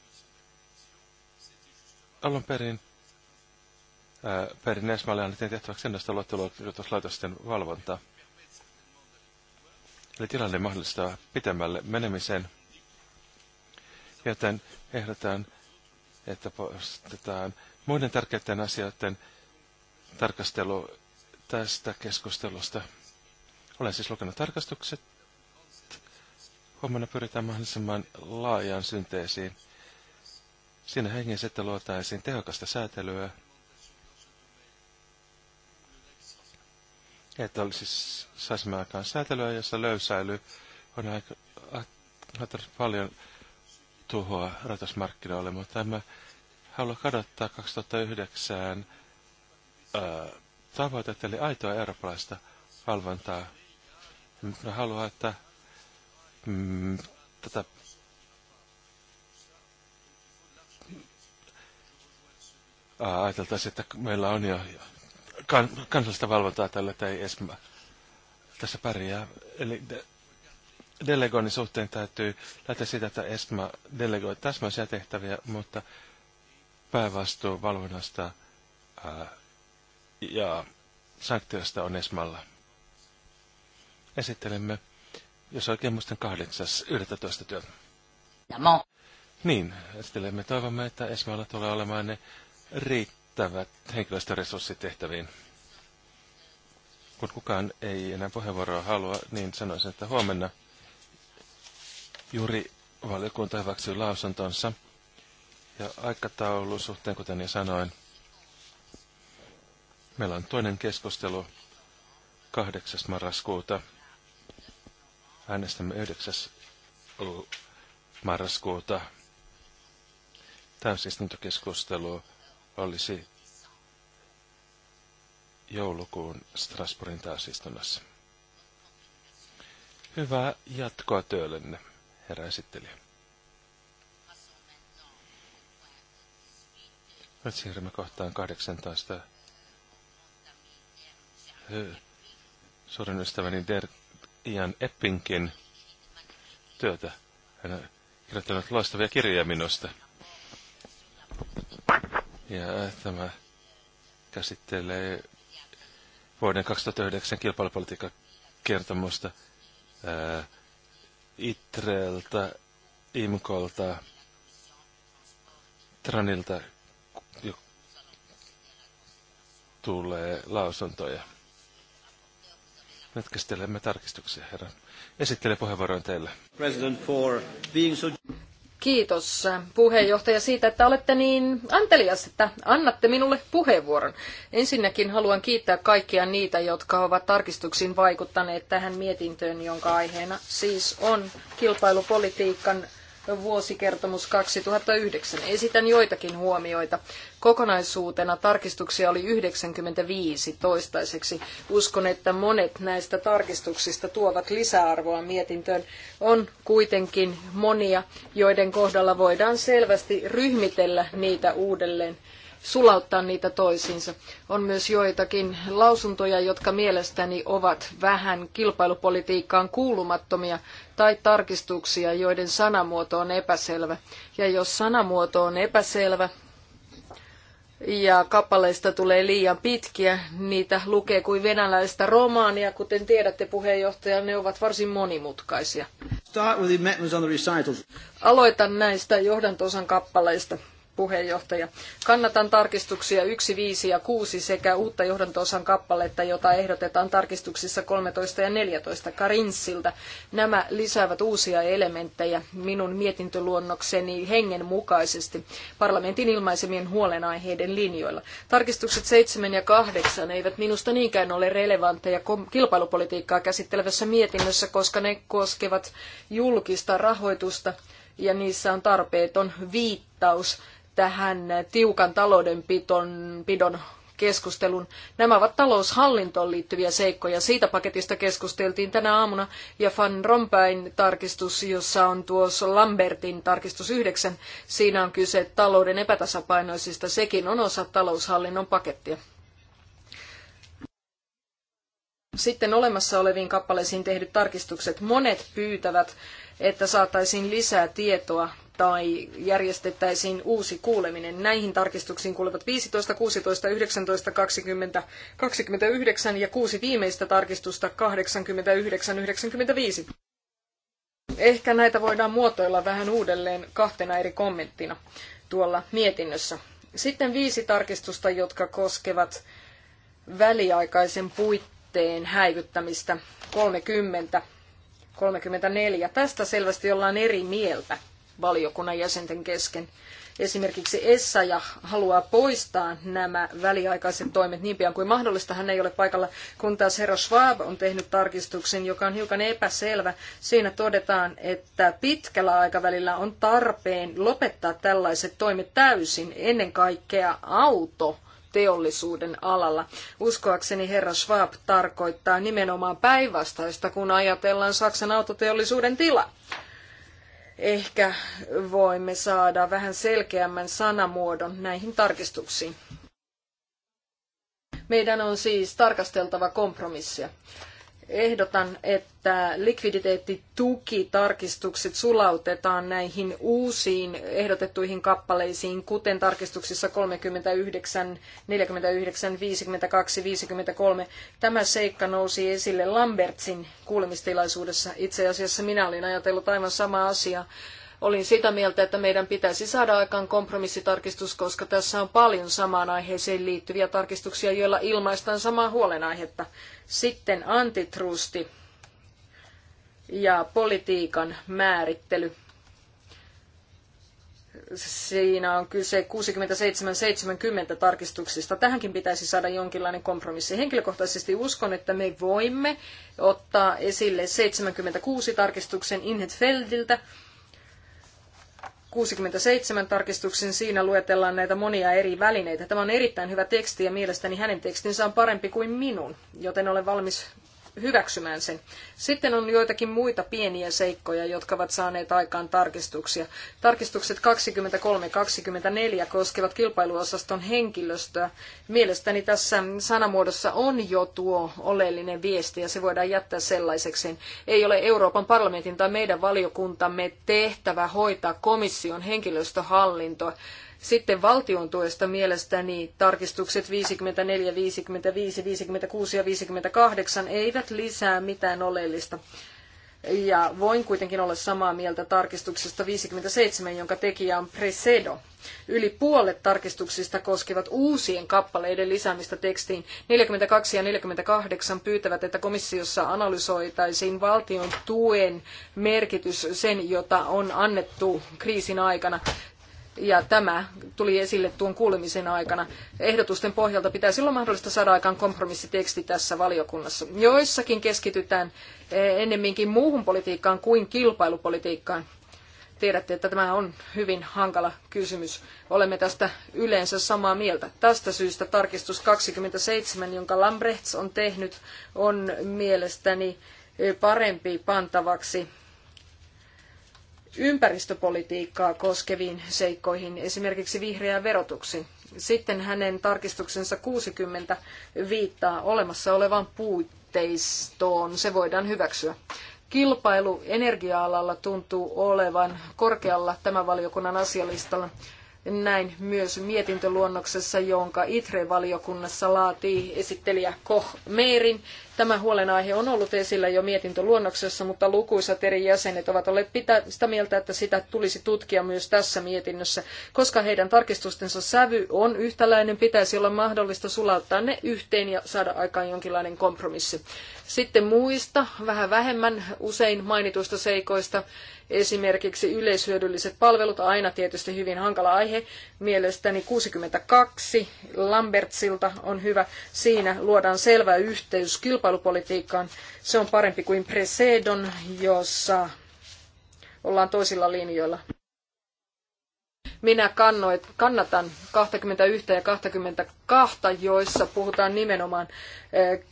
alun perin ää, perin Esmalle annettiin tehtäväksi ennästä luottoluokituslaitosten valvonta. Eli tilanne mahdollistaa pitemmälle menemisen, joten ehdotan, että poistetaan muiden tärkeiden asioiden tarkastelu tästä keskustelusta. Olen siis lukenut tarkastukset. Huomenna pyritään mahdollisimman laajaan synteesiin. Siinä hengessä, että luotaisiin tehokasta säätelyä, että olisi saisimme aikaan säätelyä, jossa löysäily on aika, aika paljon tuhoa ratasmarkkinoille, mutta en mä halua kadottaa 2009 Äh, tavoite tavoitetta, eli aitoa eurooppalaista valvontaa. Mä haluan, että mm, tätä äh, ajateltaisiin, että meillä on jo kan, kansallista valvontaa tällä, että ei esmä tässä pärjää. Eli de, delegoinnin suhteen täytyy lähteä siitä, että ESMA delegoi täsmäisiä tehtäviä, mutta päävastuu valvonnasta ää, äh, ja sanktioista on Esmalla. Esittelemme, jos oikein muistan, 8.11. työtä. Jamo. Niin, esittelemme. Toivomme, että Esmalla tulee olemaan ne riittävät henkilöstöresurssit tehtäviin. Kun kukaan ei enää puheenvuoroa halua, niin sanoisin, että huomenna juuri valiokunta hyväksyy lausuntonsa. Ja aikataulu suhteen, kuten jo sanoin, Meillä on toinen keskustelu 8. marraskuuta. Äänestämme 9. marraskuuta. Täysistuntokeskustelu olisi joulukuun Strasbourgin täysistunnassa. Hyvää jatkoa työllenne, herra esittelijä. Nyt siirrymme kohtaan 18 suuren ystäväni Der Ian Eppinkin työtä. Hän on kirjoittanut loistavia kirjoja minusta. Ja tämä käsittelee vuoden 2009 kilpailupolitiikan kertomusta Itreltä, Imkolta, Tranilta tulee lausuntoja. Metkästelemme tarkistuksia, herra. Esittele puheenvuoron teille. Kiitos äh, puheenjohtaja siitä, että olette niin antelias, että annatte minulle puheenvuoron. Ensinnäkin haluan kiittää kaikkia niitä, jotka ovat tarkistuksiin vaikuttaneet tähän mietintöön, jonka aiheena siis on kilpailupolitiikan vuosikertomus 2009. Esitän joitakin huomioita. Kokonaisuutena tarkistuksia oli 95 toistaiseksi. Uskon, että monet näistä tarkistuksista tuovat lisäarvoa mietintöön. On kuitenkin monia, joiden kohdalla voidaan selvästi ryhmitellä niitä uudelleen sulauttaa niitä toisiinsa. On myös joitakin lausuntoja, jotka mielestäni ovat vähän kilpailupolitiikkaan kuulumattomia tai tarkistuksia, joiden sanamuoto on epäselvä. Ja jos sanamuoto on epäselvä, ja kappaleista tulee liian pitkiä. Niitä lukee kuin venäläistä romaania. Kuten tiedätte puheenjohtaja, ne ovat varsin monimutkaisia. Aloitan näistä johdantosan kappaleista puheenjohtaja. Kannatan tarkistuksia 1, 5 ja 6 sekä uutta johdantoosan kappaletta, jota ehdotetaan tarkistuksissa 13 ja 14 Karinssilta. Nämä lisäävät uusia elementtejä minun mietintöluonnokseni hengen mukaisesti parlamentin ilmaisemien huolenaiheiden linjoilla. Tarkistukset 7 ja 8 eivät minusta niinkään ole relevantteja kilpailupolitiikkaa käsittelevässä mietinnössä, koska ne koskevat julkista rahoitusta ja niissä on tarpeeton viittaus tähän tiukan taloudenpidon keskustelun. Nämä ovat taloushallintoon liittyviä seikkoja. Siitä paketista keskusteltiin tänä aamuna ja Van Rompäin tarkistus, jossa on tuossa Lambertin tarkistus 9. Siinä on kyse talouden epätasapainoisista. Sekin on osa taloushallinnon pakettia. Sitten olemassa oleviin kappaleisiin tehdyt tarkistukset. Monet pyytävät, että saataisiin lisää tietoa tai järjestettäisiin uusi kuuleminen. Näihin tarkistuksiin kuuluvat 15, 16, 19, 20, 29 ja kuusi viimeistä tarkistusta 89, 95. Ehkä näitä voidaan muotoilla vähän uudelleen kahtena eri kommenttina tuolla mietinnössä. Sitten viisi tarkistusta, jotka koskevat väliaikaisen puitteen häivyttämistä 30, 34. Tästä selvästi ollaan eri mieltä valiokunnan jäsenten kesken. Esimerkiksi Essaja haluaa poistaa nämä väliaikaiset toimet niin pian kuin mahdollista. Hän ei ole paikalla, kun taas herra Schwab on tehnyt tarkistuksen, joka on hiukan epäselvä. Siinä todetaan, että pitkällä aikavälillä on tarpeen lopettaa tällaiset toimet täysin, ennen kaikkea auto teollisuuden alalla. Uskoakseni herra Schwab tarkoittaa nimenomaan päinvastaista, kun ajatellaan Saksan autoteollisuuden tilaa ehkä voimme saada vähän selkeämmän sanamuodon näihin tarkistuksiin. Meidän on siis tarkasteltava kompromissia ehdotan, että likviditeettitukitarkistukset sulautetaan näihin uusiin ehdotettuihin kappaleisiin, kuten tarkistuksissa 39, 49, 52, 53. Tämä seikka nousi esille Lambertsin kuulemistilaisuudessa. Itse asiassa minä olin ajatellut aivan sama asia olin sitä mieltä, että meidän pitäisi saada aikaan kompromissitarkistus, koska tässä on paljon samaan aiheeseen liittyviä tarkistuksia, joilla ilmaistaan samaa huolenaihetta. Sitten antitrusti ja politiikan määrittely. Siinä on kyse 67-70 tarkistuksista. Tähänkin pitäisi saada jonkinlainen kompromissi. Henkilökohtaisesti uskon, että me voimme ottaa esille 76 tarkistuksen Inhetfeldiltä. Feldiltä 67 tarkistuksen. Siinä luetellaan näitä monia eri välineitä. Tämä on erittäin hyvä teksti ja mielestäni hänen tekstinsä on parempi kuin minun, joten olen valmis hyväksymään sen. Sitten on joitakin muita pieniä seikkoja, jotka ovat saaneet aikaan tarkistuksia. Tarkistukset 23-24 koskevat kilpailuosaston henkilöstöä. Mielestäni tässä sanamuodossa on jo tuo oleellinen viesti ja se voidaan jättää sellaiseksi. Ei ole Euroopan parlamentin tai meidän valiokuntamme tehtävä hoitaa komission henkilöstöhallintoa sitten valtion tuesta mielestäni tarkistukset 54, 55, 56 ja 58 eivät lisää mitään oleellista. Ja voin kuitenkin olla samaa mieltä tarkistuksesta 57, jonka tekijä on Presedo. Yli puolet tarkistuksista koskevat uusien kappaleiden lisäämistä tekstiin. 42 ja 48 pyytävät, että komissiossa analysoitaisiin valtion tuen merkitys sen, jota on annettu kriisin aikana ja tämä tuli esille tuon kuulemisen aikana. Ehdotusten pohjalta pitäisi olla mahdollista saada aikaan kompromissiteksti tässä valiokunnassa. Joissakin keskitytään ennemminkin muuhun politiikkaan kuin kilpailupolitiikkaan. Tiedätte, että tämä on hyvin hankala kysymys. Olemme tästä yleensä samaa mieltä. Tästä syystä tarkistus 27, jonka Lambrechts on tehnyt, on mielestäni parempi pantavaksi ympäristöpolitiikkaa koskeviin seikkoihin, esimerkiksi vihreään verotuksiin. Sitten hänen tarkistuksensa 60 viittaa olemassa olevaan puitteistoon. Se voidaan hyväksyä. Kilpailu energia-alalla tuntuu olevan korkealla tämän valiokunnan asialistalla. Näin myös mietintöluonnoksessa, jonka ITRE-valiokunnassa laatii esittelijä Koch Meerin Tämä huolenaihe on ollut esillä jo mietintöluonnoksessa, mutta lukuisat eri jäsenet ovat olleet pitä- sitä mieltä, että sitä tulisi tutkia myös tässä mietinnössä. Koska heidän tarkistustensa sävy on yhtäläinen, pitäisi olla mahdollista sulauttaa ne yhteen ja saada aikaan jonkinlainen kompromissi. Sitten muista, vähän vähemmän usein mainituista seikoista, esimerkiksi yleishyödylliset palvelut, aina tietysti hyvin hankala aihe. Mielestäni 62 Lambertsilta on hyvä. Siinä luodaan selvä yhteys kilpailupolitiikkaan. Se on parempi kuin Presedon, jossa ollaan toisilla linjoilla. Minä kannoit, kannatan 21 ja 22, joissa puhutaan nimenomaan eh,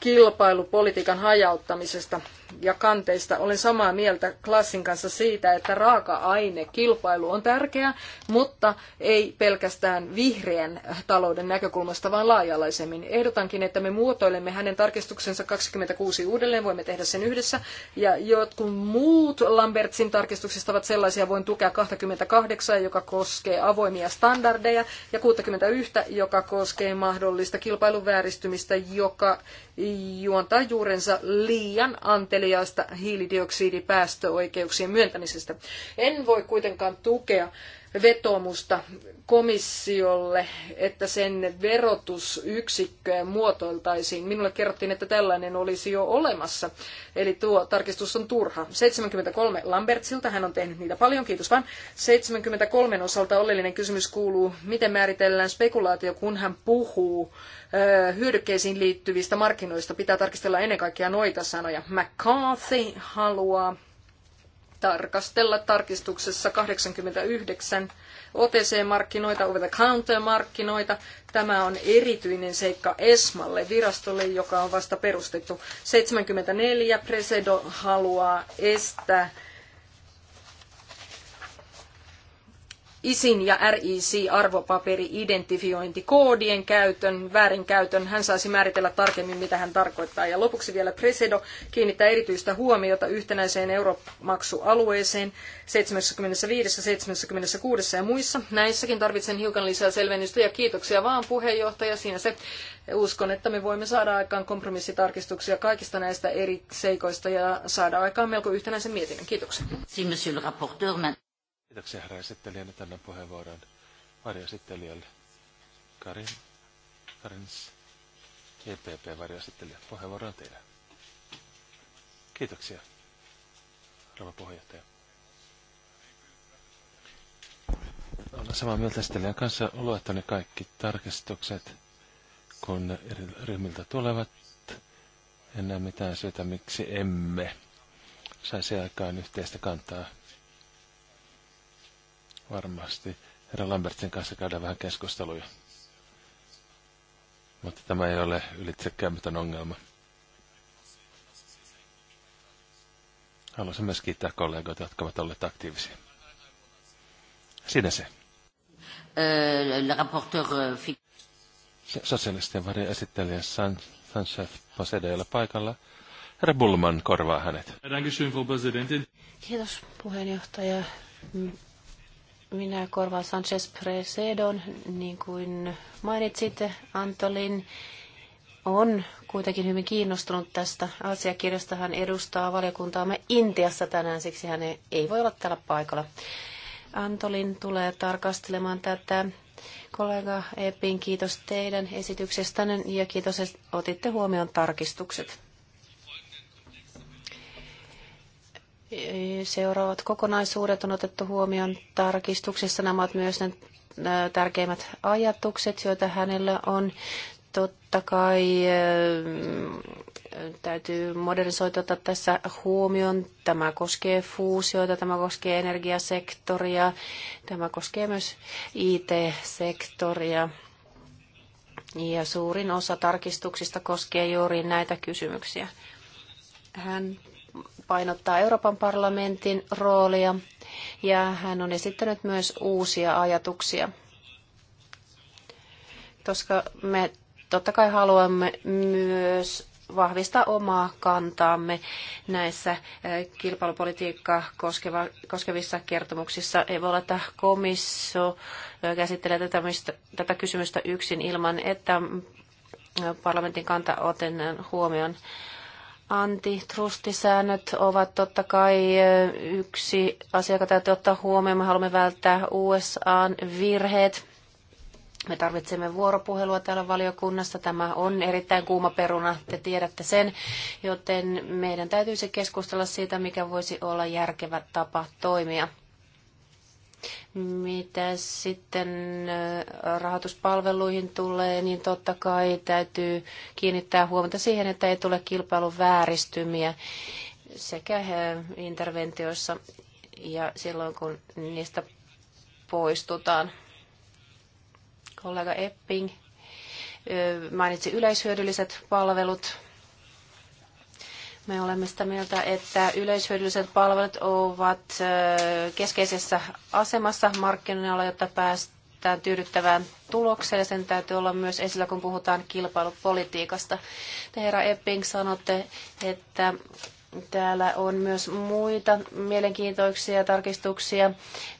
kilpailupolitiikan hajauttamisesta ja kanteista. Olen samaa mieltä Klassin kanssa siitä, että raaka-ainekilpailu on tärkeä, mutta ei pelkästään vihreän talouden näkökulmasta, vaan laajalaisemmin. Ehdotankin, että me muotoilemme hänen tarkistuksensa 26 uudelleen, voimme tehdä sen yhdessä. Ja jotkut muut Lambertsin tarkistuksista ovat sellaisia, voin tukea 28, joka koskee avoimia standardeja, ja 61, joka koskee mahdollista kilpailun vääristymistä, joka juontaa juurensa liian anteeksi kohteliaasta hiilidioksidipäästöoikeuksien myöntämisestä. En voi kuitenkaan tukea vetoomusta komissiolle, että sen verotusyksikköä muotoiltaisiin. Minulle kerrottiin, että tällainen olisi jo olemassa, eli tuo tarkistus on turha. 73 Lambertsilta, hän on tehnyt niitä paljon, kiitos vaan. 73 osalta oleellinen kysymys kuuluu, miten määritellään spekulaatio, kun hän puhuu hyödykkeisiin liittyvistä markkinoista. Pitää tarkistella ennen kaikkea noita sanoja. McCarthy haluaa tarkastella tarkistuksessa 89 OTC-markkinoita, over-the-counter-markkinoita. Tämä on erityinen seikka ESMalle, virastolle, joka on vasta perustettu. 74 Presedo haluaa estää ISIN ja RIC-arvopaperi-identifiointikoodien käytön, väärinkäytön. Hän saisi määritellä tarkemmin, mitä hän tarkoittaa. Ja lopuksi vielä Presedo kiinnittää erityistä huomiota yhtenäiseen euromaksualueeseen 75, 76 ja muissa. Näissäkin tarvitsen hiukan lisää selvennystä ja kiitoksia vaan puheenjohtaja. Siinä se uskon, että me voimme saada aikaan kompromissitarkistuksia kaikista näistä eri seikoista ja saada aikaan melko yhtenäisen mietinnön. Kiitoksia. Kiitoksia herra esittelijä. Nyt annan puheenvuoron varjoesittelijälle. Karin, Karins, EPP-varjoesittelijä. Puheenvuoro on teidän. Kiitoksia, rouva puheenjohtaja. Olen samaa mieltä esittelijän kanssa ne kaikki tarkistukset, kun eri ryhmiltä tulevat. En näe mitään syytä, miksi emme saisi aikaan yhteistä kantaa Varmasti herra Lambertsin kanssa käydään vähän keskusteluja. Mutta tämä ei ole ylitsekäämätön ongelma. Haluaisin myös kiittää kollegoita, jotka ovat olleet aktiivisia. Siinä se. Euh, euh, sosialistien varjon esittelijä San, Sanchez Posede ei ole paikalla. Herra Bullman korvaa hänet. Kiitos puheenjohtaja. Minä korvaan Sanchez Presedon, niin kuin mainitsit, Antolin on kuitenkin hyvin kiinnostunut tästä asiakirjasta. Hän edustaa valiokuntaamme Intiassa tänään, siksi hän ei voi olla täällä paikalla. Antolin tulee tarkastelemaan tätä. Kollega Epin, kiitos teidän esityksestänne ja kiitos, että otitte huomioon tarkistukset. Seuraavat kokonaisuudet on otettu huomioon tarkistuksessa. Nämä ovat myös ne tärkeimmät ajatukset, joita hänellä on. Totta kai täytyy modernisoitua tässä huomioon. Tämä koskee fuusioita, tämä koskee energiasektoria, tämä koskee myös IT-sektoria. Ja suurin osa tarkistuksista koskee juuri näitä kysymyksiä. Hän painottaa Euroopan parlamentin roolia ja hän on esittänyt myös uusia ajatuksia, koska me totta kai haluamme myös vahvistaa omaa kantaamme näissä eh, kilpailupolitiikkaa koskeva, koskevissa kertomuksissa. Ei voi olla, että komissio eh, käsittelee tätä, tätä kysymystä yksin ilman, että mm, eh, parlamentin kanta otetaan huomioon. Antitrustisäännöt ovat totta kai yksi asia, joka täytyy ottaa huomioon. Me haluamme välttää USAn virheet. Me tarvitsemme vuoropuhelua täällä valiokunnassa. Tämä on erittäin kuuma peruna, te tiedätte sen, joten meidän täytyisi keskustella siitä, mikä voisi olla järkevä tapa toimia. Mitä sitten rahoituspalveluihin tulee, niin totta kai täytyy kiinnittää huomiota siihen, että ei tule kilpailun vääristymiä sekä interventioissa ja silloin, kun niistä poistutaan. Kollega Epping mainitsi yleishyödylliset palvelut. Me olemme sitä mieltä, että yleishyödylliset palvelut ovat keskeisessä asemassa markkinoilla, jotta päästään tyydyttävään tulokseen. Sen täytyy olla myös esillä, kun puhutaan kilpailupolitiikasta. Te herra Epping sanotte, että täällä on myös muita mielenkiintoisia tarkistuksia.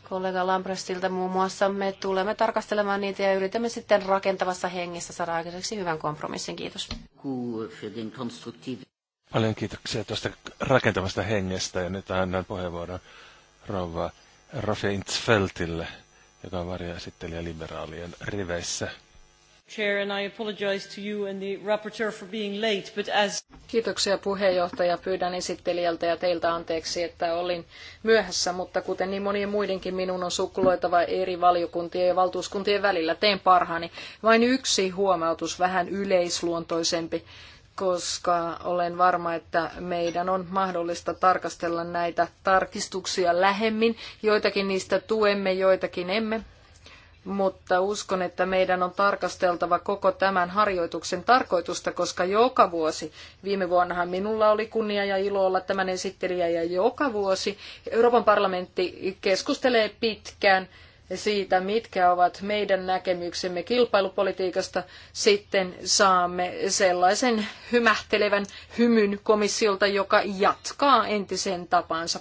Kollega Lamprestilta muun muassa me tulemme tarkastelemaan niitä ja yritämme sitten rakentavassa hengessä saada aikaiseksi hyvän kompromissin. Kiitos. Paljon kiitoksia tuosta rakentavasta hengestä ja nyt annan puheenvuoron rouva Rafi Intzfeltille, joka on varjaesittelijä liberaalien riveissä. Chair, and I apologize to you and the rapporteur for being late, but as... Kiitoksia puheenjohtaja. Pyydän esittelijältä ja teiltä anteeksi, että olin myöhässä, mutta kuten niin monien muidenkin minun on sukkuloitava eri valiokuntien ja valtuuskuntien välillä. Teen parhaani. Vain yksi huomautus, vähän yleisluontoisempi koska olen varma, että meidän on mahdollista tarkastella näitä tarkistuksia lähemmin. Joitakin niistä tuemme, joitakin emme. Mutta uskon, että meidän on tarkasteltava koko tämän harjoituksen tarkoitusta, koska joka vuosi, viime vuonnahan minulla oli kunnia ja ilo olla tämän esittelijä, ja joka vuosi Euroopan parlamentti keskustelee pitkään – siitä, mitkä ovat meidän näkemyksemme kilpailupolitiikasta, sitten saamme sellaisen hymähtelevän hymyn komissiolta, joka jatkaa entisen tapansa.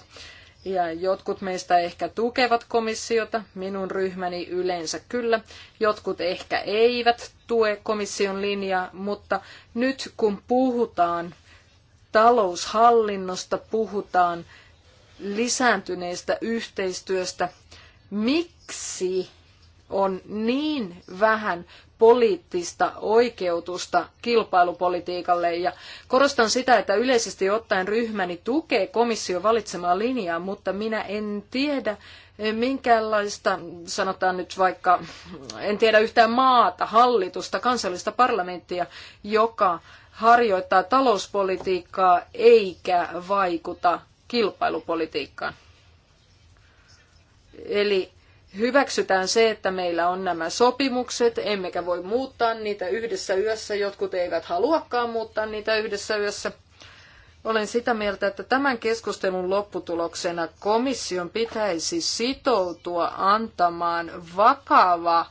Ja jotkut meistä ehkä tukevat komissiota, minun ryhmäni yleensä kyllä. Jotkut ehkä eivät tue komission linjaa, mutta nyt kun puhutaan taloushallinnosta, puhutaan lisääntyneestä yhteistyöstä miksi on niin vähän poliittista oikeutusta kilpailupolitiikalle ja korostan sitä, että yleisesti ottaen ryhmäni tukee komission valitsemaa linjaa, mutta minä en tiedä eh, minkäänlaista, sanotaan nyt vaikka, en tiedä yhtään maata, hallitusta, kansallista parlamenttia, joka harjoittaa talouspolitiikkaa eikä vaikuta kilpailupolitiikkaan. Eli hyväksytään se, että meillä on nämä sopimukset, emmekä voi muuttaa niitä yhdessä yössä. Jotkut eivät haluakaan muuttaa niitä yhdessä yössä. Olen sitä mieltä, että tämän keskustelun lopputuloksena komission pitäisi sitoutua antamaan vakava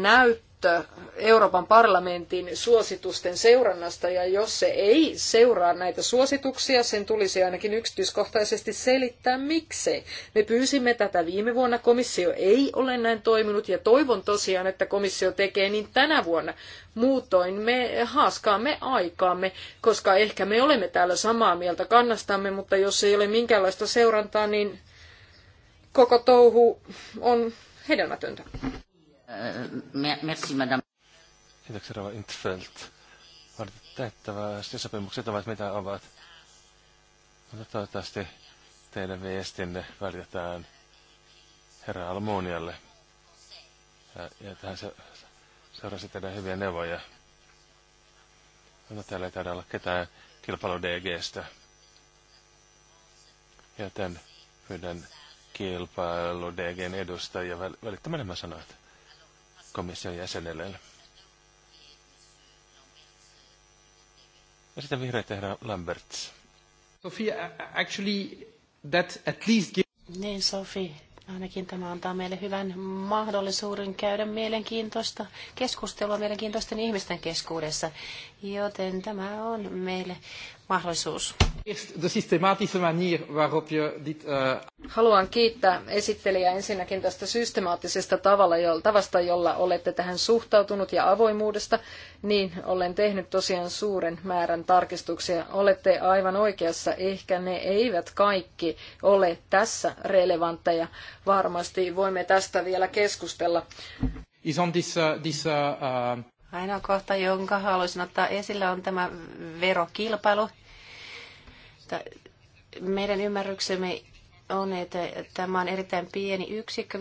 näyttö Äh, Euroopan parlamentin suositusten seurannasta, ja jos se ei seuraa näitä suosituksia, sen tulisi ainakin yksityiskohtaisesti selittää miksei. Me pyysimme tätä viime vuonna, komissio ei ole näin toiminut, ja toivon tosiaan, että komissio tekee niin tänä vuonna. Muutoin me haaskaamme aikaamme, koska ehkä me olemme täällä samaa mieltä kannastamme, mutta jos ei ole minkäänlaista seurantaa, niin koko touhu on hedelmätöntä. Merci, madame. Kiitoksia, Rova Intfeld. Valitettavasti siis sopimukset ovat mitä ovat. Mutta no, toivottavasti teidän viestinne välitetään herra Almonialle. Ja, ja tähän se, seurasi teidän hyviä neuvoja. No täällä ei taida olla ketään kilpailu DGstä. Joten pyydän kilpailu DGn edustajia välittämään nämä sanat komission jäsenelle. Ja sitten vihreä herra Lamberts. Sofia, actually that at least gives... Niin, Sofi, ainakin tämä antaa meille hyvän mahdollisuuden käydä mielenkiintoista keskustelua mielenkiintoisten ihmisten keskuudessa, joten tämä on meille mahdollisuus. Eh, Haluan kiittää esittelijää ensinnäkin tästä systemaattisesta tavalla, tavasta, jolla olette tähän suhtautunut ja avoimuudesta. Niin, olen tehnyt tosiaan suuren määrän tarkistuksia. Olette aivan oikeassa, ehkä ne eivät kaikki ole tässä relevantteja. Varmasti voimme tästä vielä keskustella. Eh, eh, Ainoa kohta, jonka haluaisin ottaa esille, on tämä verokilpailu. Meidän ymmärryksemme on, että tämä on erittäin pieni yksikkö,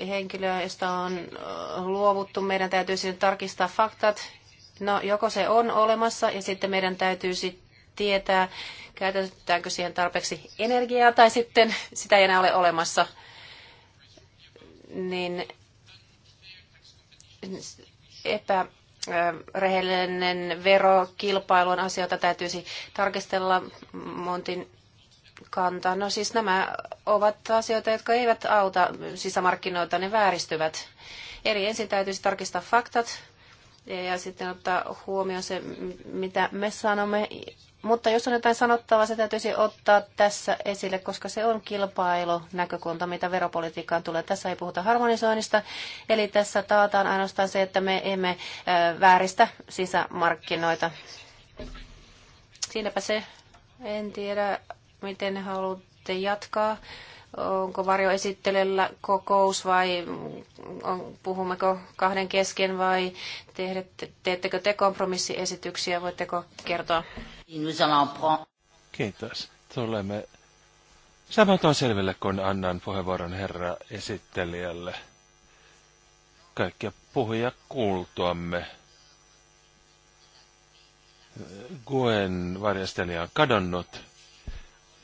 5-6 henkilöä, josta on äh, luovuttu. Meidän täytyy sinne siis tarkistaa faktat. No, joko se on olemassa ja sitten meidän täytyy sitten tietää, käytetäänkö siihen tarpeeksi energiaa tai sitten sitä ei enää ole olemassa. Niin epä rehellinen verokilpailu on asia, jota täytyisi tarkistella Montin kantaa. No siis nämä ovat asioita, jotka eivät auta sisämarkkinoita, ne vääristyvät. Eli ensin täytyisi tarkistaa faktat ja sitten ottaa huomioon se, mitä me sanomme mutta jos on jotain sanottavaa, se täytyisi ottaa tässä esille, koska se on kilpailunäkökunta, mitä veropolitiikkaan tulee. Tässä ei puhuta harmonisoinnista, eli tässä taataan ainoastaan se, että me emme vääristä sisämarkkinoita. Siinäpä se. En tiedä, miten haluatte jatkaa onko varjo esittelellä kokous vai on, puhummeko kahden kesken vai tehdette, teettekö te kompromissiesityksiä, voitteko kertoa? Kiitos. Tulemme samaltaan selville, kun annan puheenvuoron herra esittelijälle. Kaikkia puhuja kuultuamme. Guen varjastelija on kadonnut,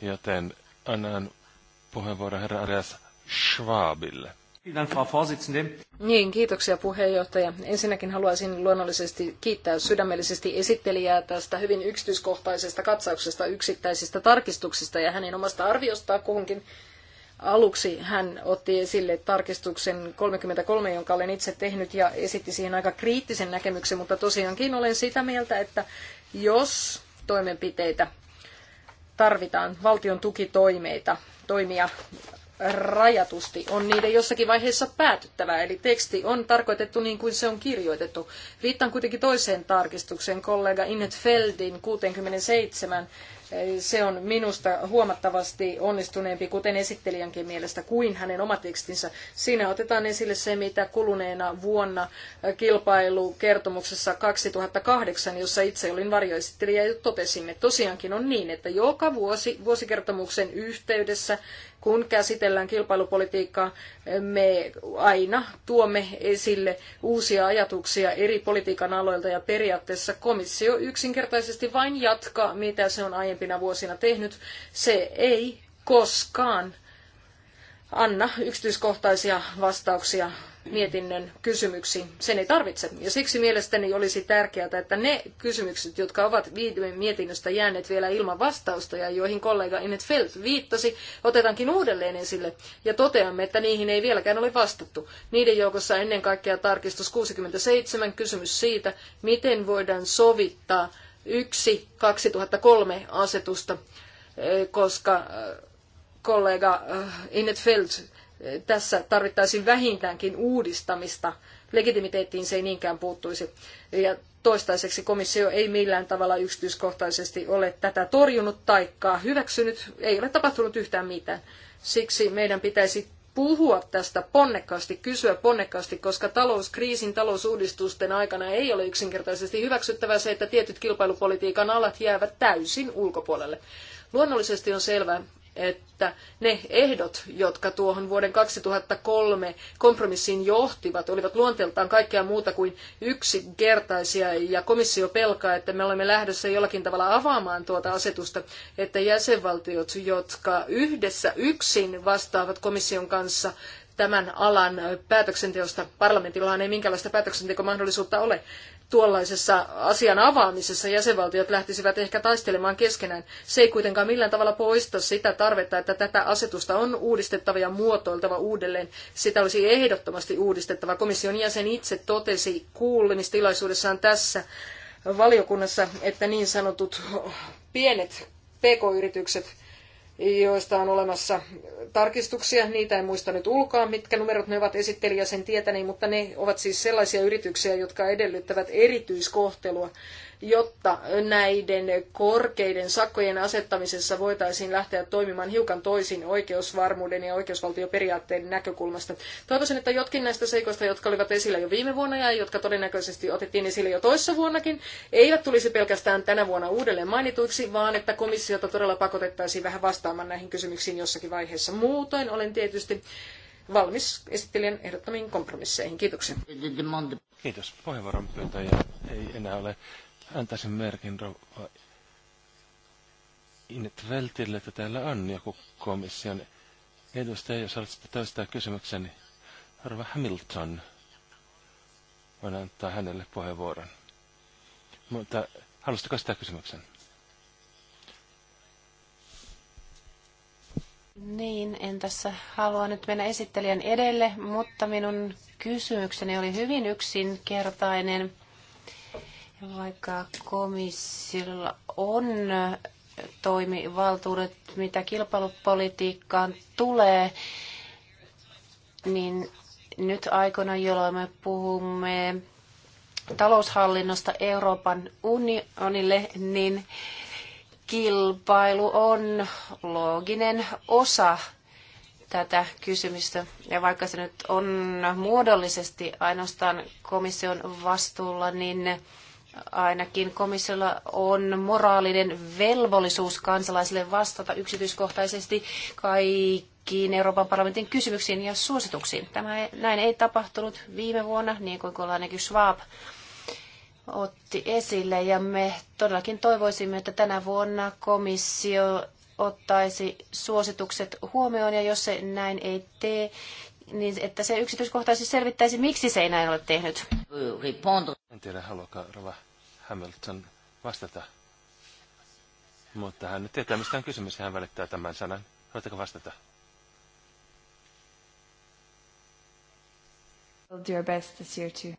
joten annan puheenvuoro herra Arias Schwabille. Niin, kiitoksia puheenjohtaja. Ensinnäkin haluaisin luonnollisesti kiittää sydämellisesti esittelijää tästä hyvin yksityiskohtaisesta katsauksesta yksittäisistä tarkistuksista ja hänen omasta arviostaan kuhunkin. Aluksi hän otti esille tarkistuksen 33, jonka olen itse tehnyt ja esitti siihen aika kriittisen näkemyksen, mutta tosiaankin olen sitä mieltä, että jos toimenpiteitä tarvitaan, valtion tukitoimeita, toimia rajatusti, on niiden jossakin vaiheessa päätyttävä. Eli teksti on tarkoitettu niin kuin se on kirjoitettu. Viittaan kuitenkin toiseen tarkistukseen kollega Innet Feldin 67 se on minusta huomattavasti onnistuneempi, kuten esittelijänkin mielestä, kuin hänen oma tekstinsä. Siinä otetaan esille se, mitä kuluneena vuonna kilpailukertomuksessa 2008, jossa itse olin varjoesittelijä, totesimme. Tosiaankin on niin, että joka vuosi vuosikertomuksen yhteydessä kun käsitellään kilpailupolitiikkaa, me aina tuomme esille uusia ajatuksia eri politiikan aloilta ja periaatteessa komissio yksinkertaisesti vain jatkaa, mitä se on aiempina vuosina tehnyt. Se ei koskaan anna yksityiskohtaisia vastauksia mietinnön kysymyksiin. Sen ei tarvitse. Ja siksi mielestäni olisi tärkeää, että ne kysymykset, jotka ovat viidemen mietinnöstä jääneet vielä ilman vastausta ja joihin kollega Inet Felt viittasi, otetaankin uudelleen esille ja toteamme, että niihin ei vieläkään ole vastattu. Niiden joukossa ennen kaikkea tarkistus 67 kysymys siitä, miten voidaan sovittaa yksi 2003 asetusta, eh, koska eh, kollega eh, Inet Feld tässä tarvittaisiin vähintäänkin uudistamista. Legitimiteettiin se ei niinkään puuttuisi. Ja toistaiseksi komissio ei millään tavalla yksityiskohtaisesti ole tätä torjunut taikkaa hyväksynyt. Ei ole tapahtunut yhtään mitään. Siksi meidän pitäisi puhua tästä ponnekkaasti, kysyä ponnekkaasti, koska talouskriisin, talousuudistusten aikana ei ole yksinkertaisesti hyväksyttävää se, että tietyt kilpailupolitiikan alat jäävät täysin ulkopuolelle. Luonnollisesti on selvää, että ne ehdot, jotka tuohon vuoden 2003 kompromissiin johtivat, olivat luonteeltaan kaikkea muuta kuin yksinkertaisia, ja komissio pelkää, että me olemme lähdössä jollakin tavalla avaamaan tuota asetusta, että jäsenvaltiot, jotka yhdessä yksin vastaavat komission kanssa tämän alan päätöksenteosta. Parlamentillahan ei minkäänlaista päätöksentekomahdollisuutta ole tuollaisessa asian avaamisessa jäsenvaltiot lähtisivät ehkä taistelemaan keskenään. Se ei kuitenkaan millään tavalla poista sitä tarvetta, että tätä asetusta on uudistettava ja muotoiltava uudelleen. Sitä olisi ehdottomasti uudistettava. Komission jäsen itse totesi kuulemistilaisuudessaan tässä valiokunnassa, että niin sanotut pienet pk-yritykset – joista on olemassa tarkistuksia. Niitä en muista nyt ulkoa, mitkä numerot ne ovat esittelijä sen tietäni, mutta ne ovat siis sellaisia yrityksiä, jotka edellyttävät erityiskohtelua jotta näiden korkeiden sakkojen asettamisessa voitaisiin lähteä toimimaan hiukan toisin oikeusvarmuuden ja oikeusvaltioperiaatteen näkökulmasta. Toivoisin, että jotkin näistä seikoista, jotka olivat esillä jo viime vuonna ja jotka todennäköisesti otettiin esille jo toissa vuonnakin, eivät tulisi pelkästään tänä vuonna uudelleen mainituiksi, vaan että komissiota todella pakotettaisiin vähän vastaamaan näihin kysymyksiin jossakin vaiheessa. Muutoin olen tietysti valmis esittelijän ehdottamiin kompromisseihin. Kiitoksia. Kiitos. Puheenvuoron pyytäjä ei enää ole sen merkin rouva Inetveltille, että täällä on joku komission edustaja, jos haluaisitte toistaa kysymykseni. Rouva Hamilton, voin antaa hänelle puheenvuoron. Mutta haluaisitko sitä kysymyksen? Niin, en tässä halua nyt mennä esittelijän edelle, mutta minun kysymykseni oli hyvin yksinkertainen. Vaikka komissiolla on toimivaltuudet, mitä kilpailupolitiikkaan tulee, niin nyt aikana, jolloin me puhumme taloushallinnosta Euroopan unionille, niin kilpailu on looginen osa tätä kysymystä. Ja vaikka se nyt on muodollisesti ainoastaan komission vastuulla, niin ainakin komissiolla on moraalinen velvollisuus kansalaisille vastata yksityiskohtaisesti kaikkiin Euroopan parlamentin kysymyksiin ja suosituksiin. Tämä ei, näin ei tapahtunut viime vuonna, niin kuin ainakin Schwab otti esille, ja me todellakin toivoisimme, että tänä vuonna komissio ottaisi suositukset huomioon, ja jos se näin ei tee, niin että se yksityiskohtaisesti selvittäisi, miksi se ei näin ole tehnyt. En tiedä, haluaako Rova Hamilton vastata. Mutta hän nyt tietää, mistä on kysymys, ja hän välittää tämän sanan. Haluatteko vastata? We'll do our best this year too.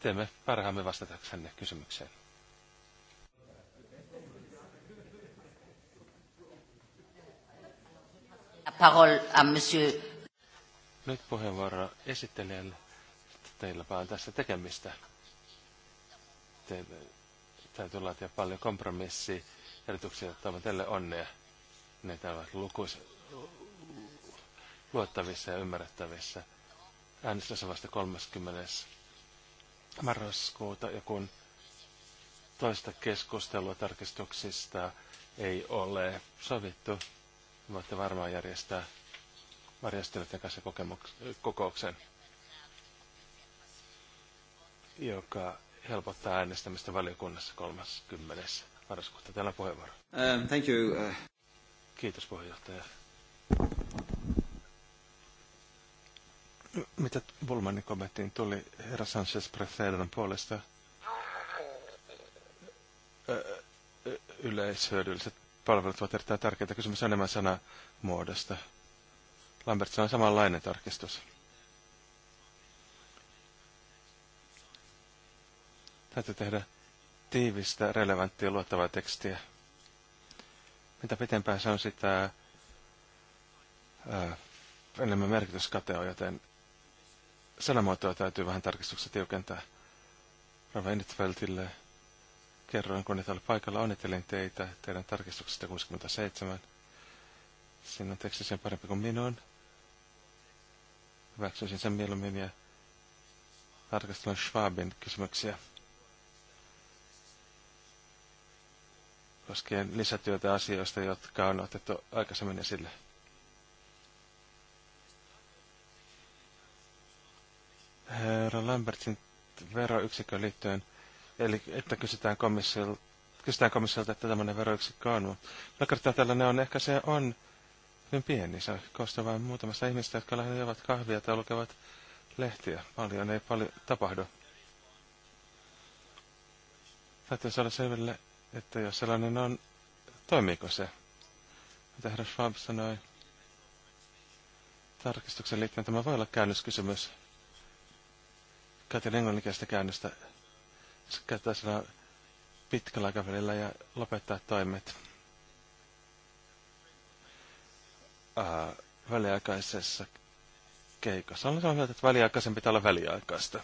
Teemme parhaamme vastataksenne kysymykseen. Parole à monsieur. Nyt puheenvuoro esittelijälle teilläpä on tässä tekemistä. Te, täytyy laatia paljon kompromissia. Erityksiä toivon teille onnea. Ne ovat lukuisia luottavissa ja ymmärrettävissä. Äänestys on vasta 30. marraskuuta ja kun toista keskustelua tarkistuksista ei ole sovittu, voitte varmaan järjestää varjastelijoiden kanssa kokouksen joka helpottaa äänestämistä valiokunnassa 30. marraskuuta. Täällä on puheenvuoro. Um, thank you. Uh... Kiitos puheenjohtaja. Mitä Bulmanin kommenttiin tuli herra Sanchez Presedan puolesta? Yleishyödylliset palvelut ovat erittäin tärkeitä. Kysymys on enemmän sanamuodosta. Lambert on samanlainen tarkistus. Täytyy tehdä tiivistä, relevanttia, luottavaa tekstiä. Mitä pitempään se on sitä ää, enemmän merkityskateo, joten sanamuotoa täytyy vähän tarkistuksessa tiukentaa. Rava Enitfeltille kerroin, kun et ole paikalla, onnittelin teitä teidän tarkistuksesta 67. Sinun teksti sen parempi kuin minun. Hyväksyisin sen mieluummin ja tarkastelen Schwabin kysymyksiä. koskien lisätyötä asioista, jotka on otettu aikaisemmin esille. Herra Lambertin veroyksikön liittyen, eli että kysytään komissiolta, kysytään komissiolta, että tämmöinen veroyksikkö on. Mutta kertaa tällainen on, ehkä se on hyvin pieni. Se koostuu vain muutamasta ihmistä, jotka lähinnä juovat kahvia tai lukevat lehtiä. Paljon ei paljon tapahdu. Täytyy saada selville, että jos sellainen on, toimiiko se? Mitä herra Schwab sanoi tarkistuksen liittyen, tämä voi olla käännöskysymys. Käytin englanninkielistä käännöstä. Se käyttää sanaa pitkällä aikavälillä ja lopettaa toimet. Ää, väliaikaisessa keikassa. Olen samaa että väliaikaisen pitää olla väliaikaista.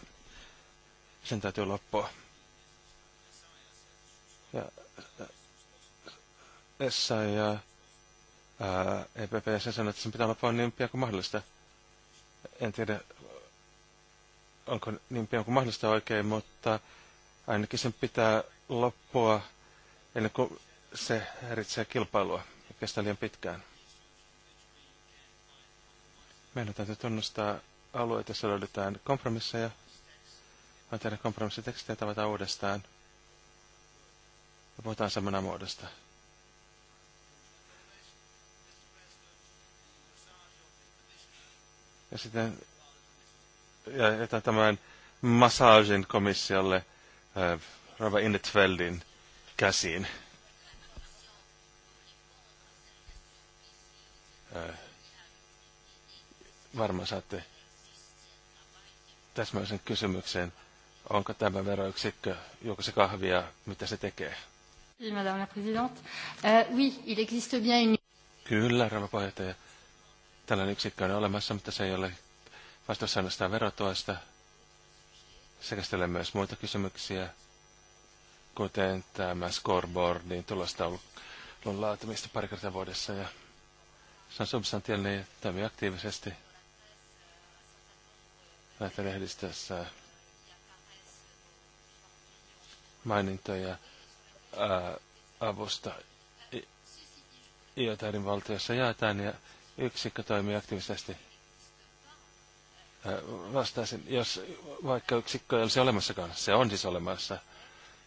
Sen täytyy loppua ja Essa ja EPP ja sanoi, että sen pitää olla niin pian kuin mahdollista. En tiedä, onko niin pian kuin mahdollista oikein, mutta ainakin sen pitää loppua ennen kuin se häiritsee kilpailua ja kestää liian pitkään. Meidän täytyy tunnustaa alueet, joissa löydetään kompromisseja. Voin tehdä kompromissitekstejä tavataan uudestaan ja puhutaan samana muodosta. Ja sitten ja jätän tämän massaajin komissiolle äh, Rava Innetfeldin käsiin. Äh, varmaan saatte täsmällisen kysymyksen, onko tämä veroyksikkö, juoko se kahvia, mitä se tekee. Madame la euh, Kyllä, rouva puheenjohtaja. Tällainen yksikkö on olemassa, mutta se ei ole vastuussa ainoastaan verotuesta. Se käsittelee myös muita kysymyksiä, kuten tämä scoreboardin tulostaulun laatimista pari kertaa vuodessa. Ja se on substantiaalinen ja toimii aktiivisesti näitä lehdistössä mainintoja ää, avusta, jota valtiossa valtioissa jaetaan, ja yksikkö toimii aktiivisesti vastaisin, jos vaikka yksikkö ei olisi olemassakaan, se on siis olemassa,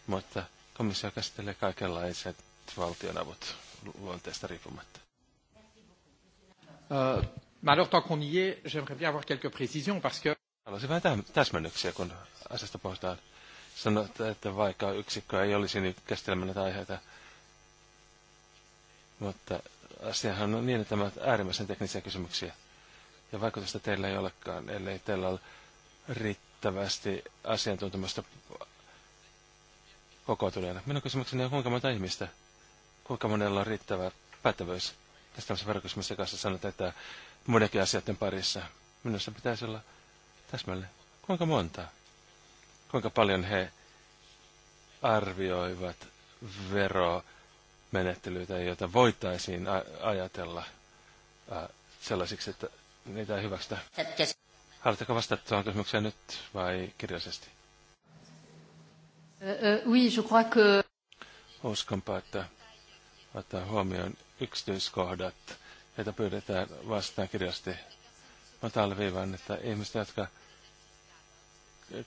mutta komissio käsittelee kaikenlaiset valtionavut luonteesta riippumatta. Euh, j'aimerais bien avoir quelques précisions, parce que... Haluaisin vähän täsmennyksiä, kun asiasta puhutaan sanoa että vaikka yksikkö ei olisi niin käsittelemään näitä aiheita, mutta asiahan on niin, että nämä äärimmäisen teknisiä kysymyksiä. Ja vaikutusta teillä ei olekaan, ellei teillä ole riittävästi asiantuntemusta kokoontuneena. Minun kysymykseni on, kuinka monta ihmistä, kuinka monella on riittävä pätevyys. Tästä tämmöisen verokysymyksen kanssa sanot, että muidenkin asioiden parissa. Minusta pitäisi olla täsmälleen. Kuinka monta? kuinka paljon he arvioivat veromenettelyitä, joita voitaisiin ajatella sellaisiksi, että niitä ei hyväksytä. Haluatteko vastata tuohon kysymykseen nyt vai kirjallisesti? Oui, je crois que... Uskonpa, että ottaa huomioon yksityiskohdat, joita pyydetään vastaan kirjasti. Mä talviivan, että ihmiset, jotka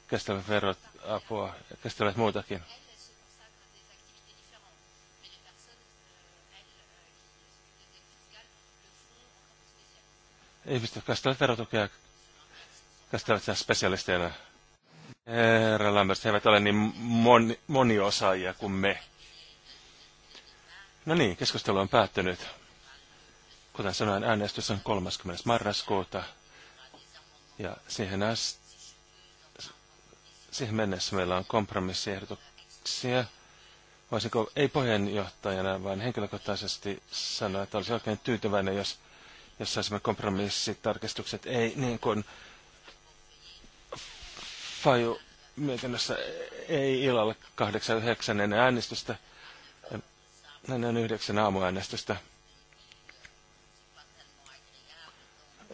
kestävät verot, apua, kestävät muutakin. Ihmiset, jotka käsittelevät verotukea, käsittelevät sitä spesialisteina. Herra Lambert, he eivät ole niin moni, moniosaajia kuin me. No niin, keskustelu on päättynyt. Kuten sanoin, äänestys on 30. marraskuuta. Ja siihen asti siihen mennessä meillä on kompromissiehdotuksia. Voisinko, ei puheenjohtajana, vaan henkilökohtaisesti sanoa, että olisi oikein tyytyväinen, jos, jos saisimme kompromissitarkistukset. Ei niin kuin Faju mietinnössä ei illalla kahdeksan yhdeksän ennen äänestystä, ennen yhdeksän aamuäänestystä.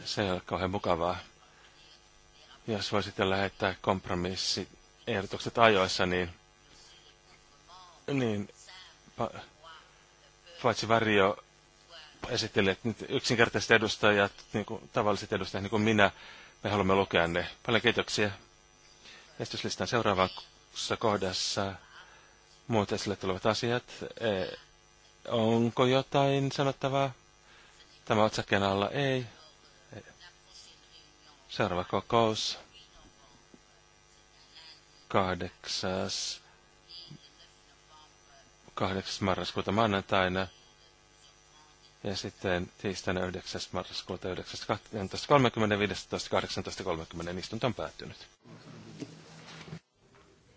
Se ei ole kauhean mukavaa. Jos voisitte lähettää kompromissiehdotukset ajoissa, niin, niin pa, paitsi Varjo esitteli, että nyt yksinkertaiset edustajat, niin kuin tavalliset edustajat, niin kuin minä, me haluamme lukea ne. Paljon kiitoksia. Estyslistan seuraavassa kohdassa muut esille tulevat asiat. E, onko jotain sanottavaa? Tämä otsakkeen alla ei. Seuraava kokous 8. 8. marraskuuta maanantaina ja sitten tiistaina 9. marraskuuta 9.12.30 15.18.30 istunto on päättynyt.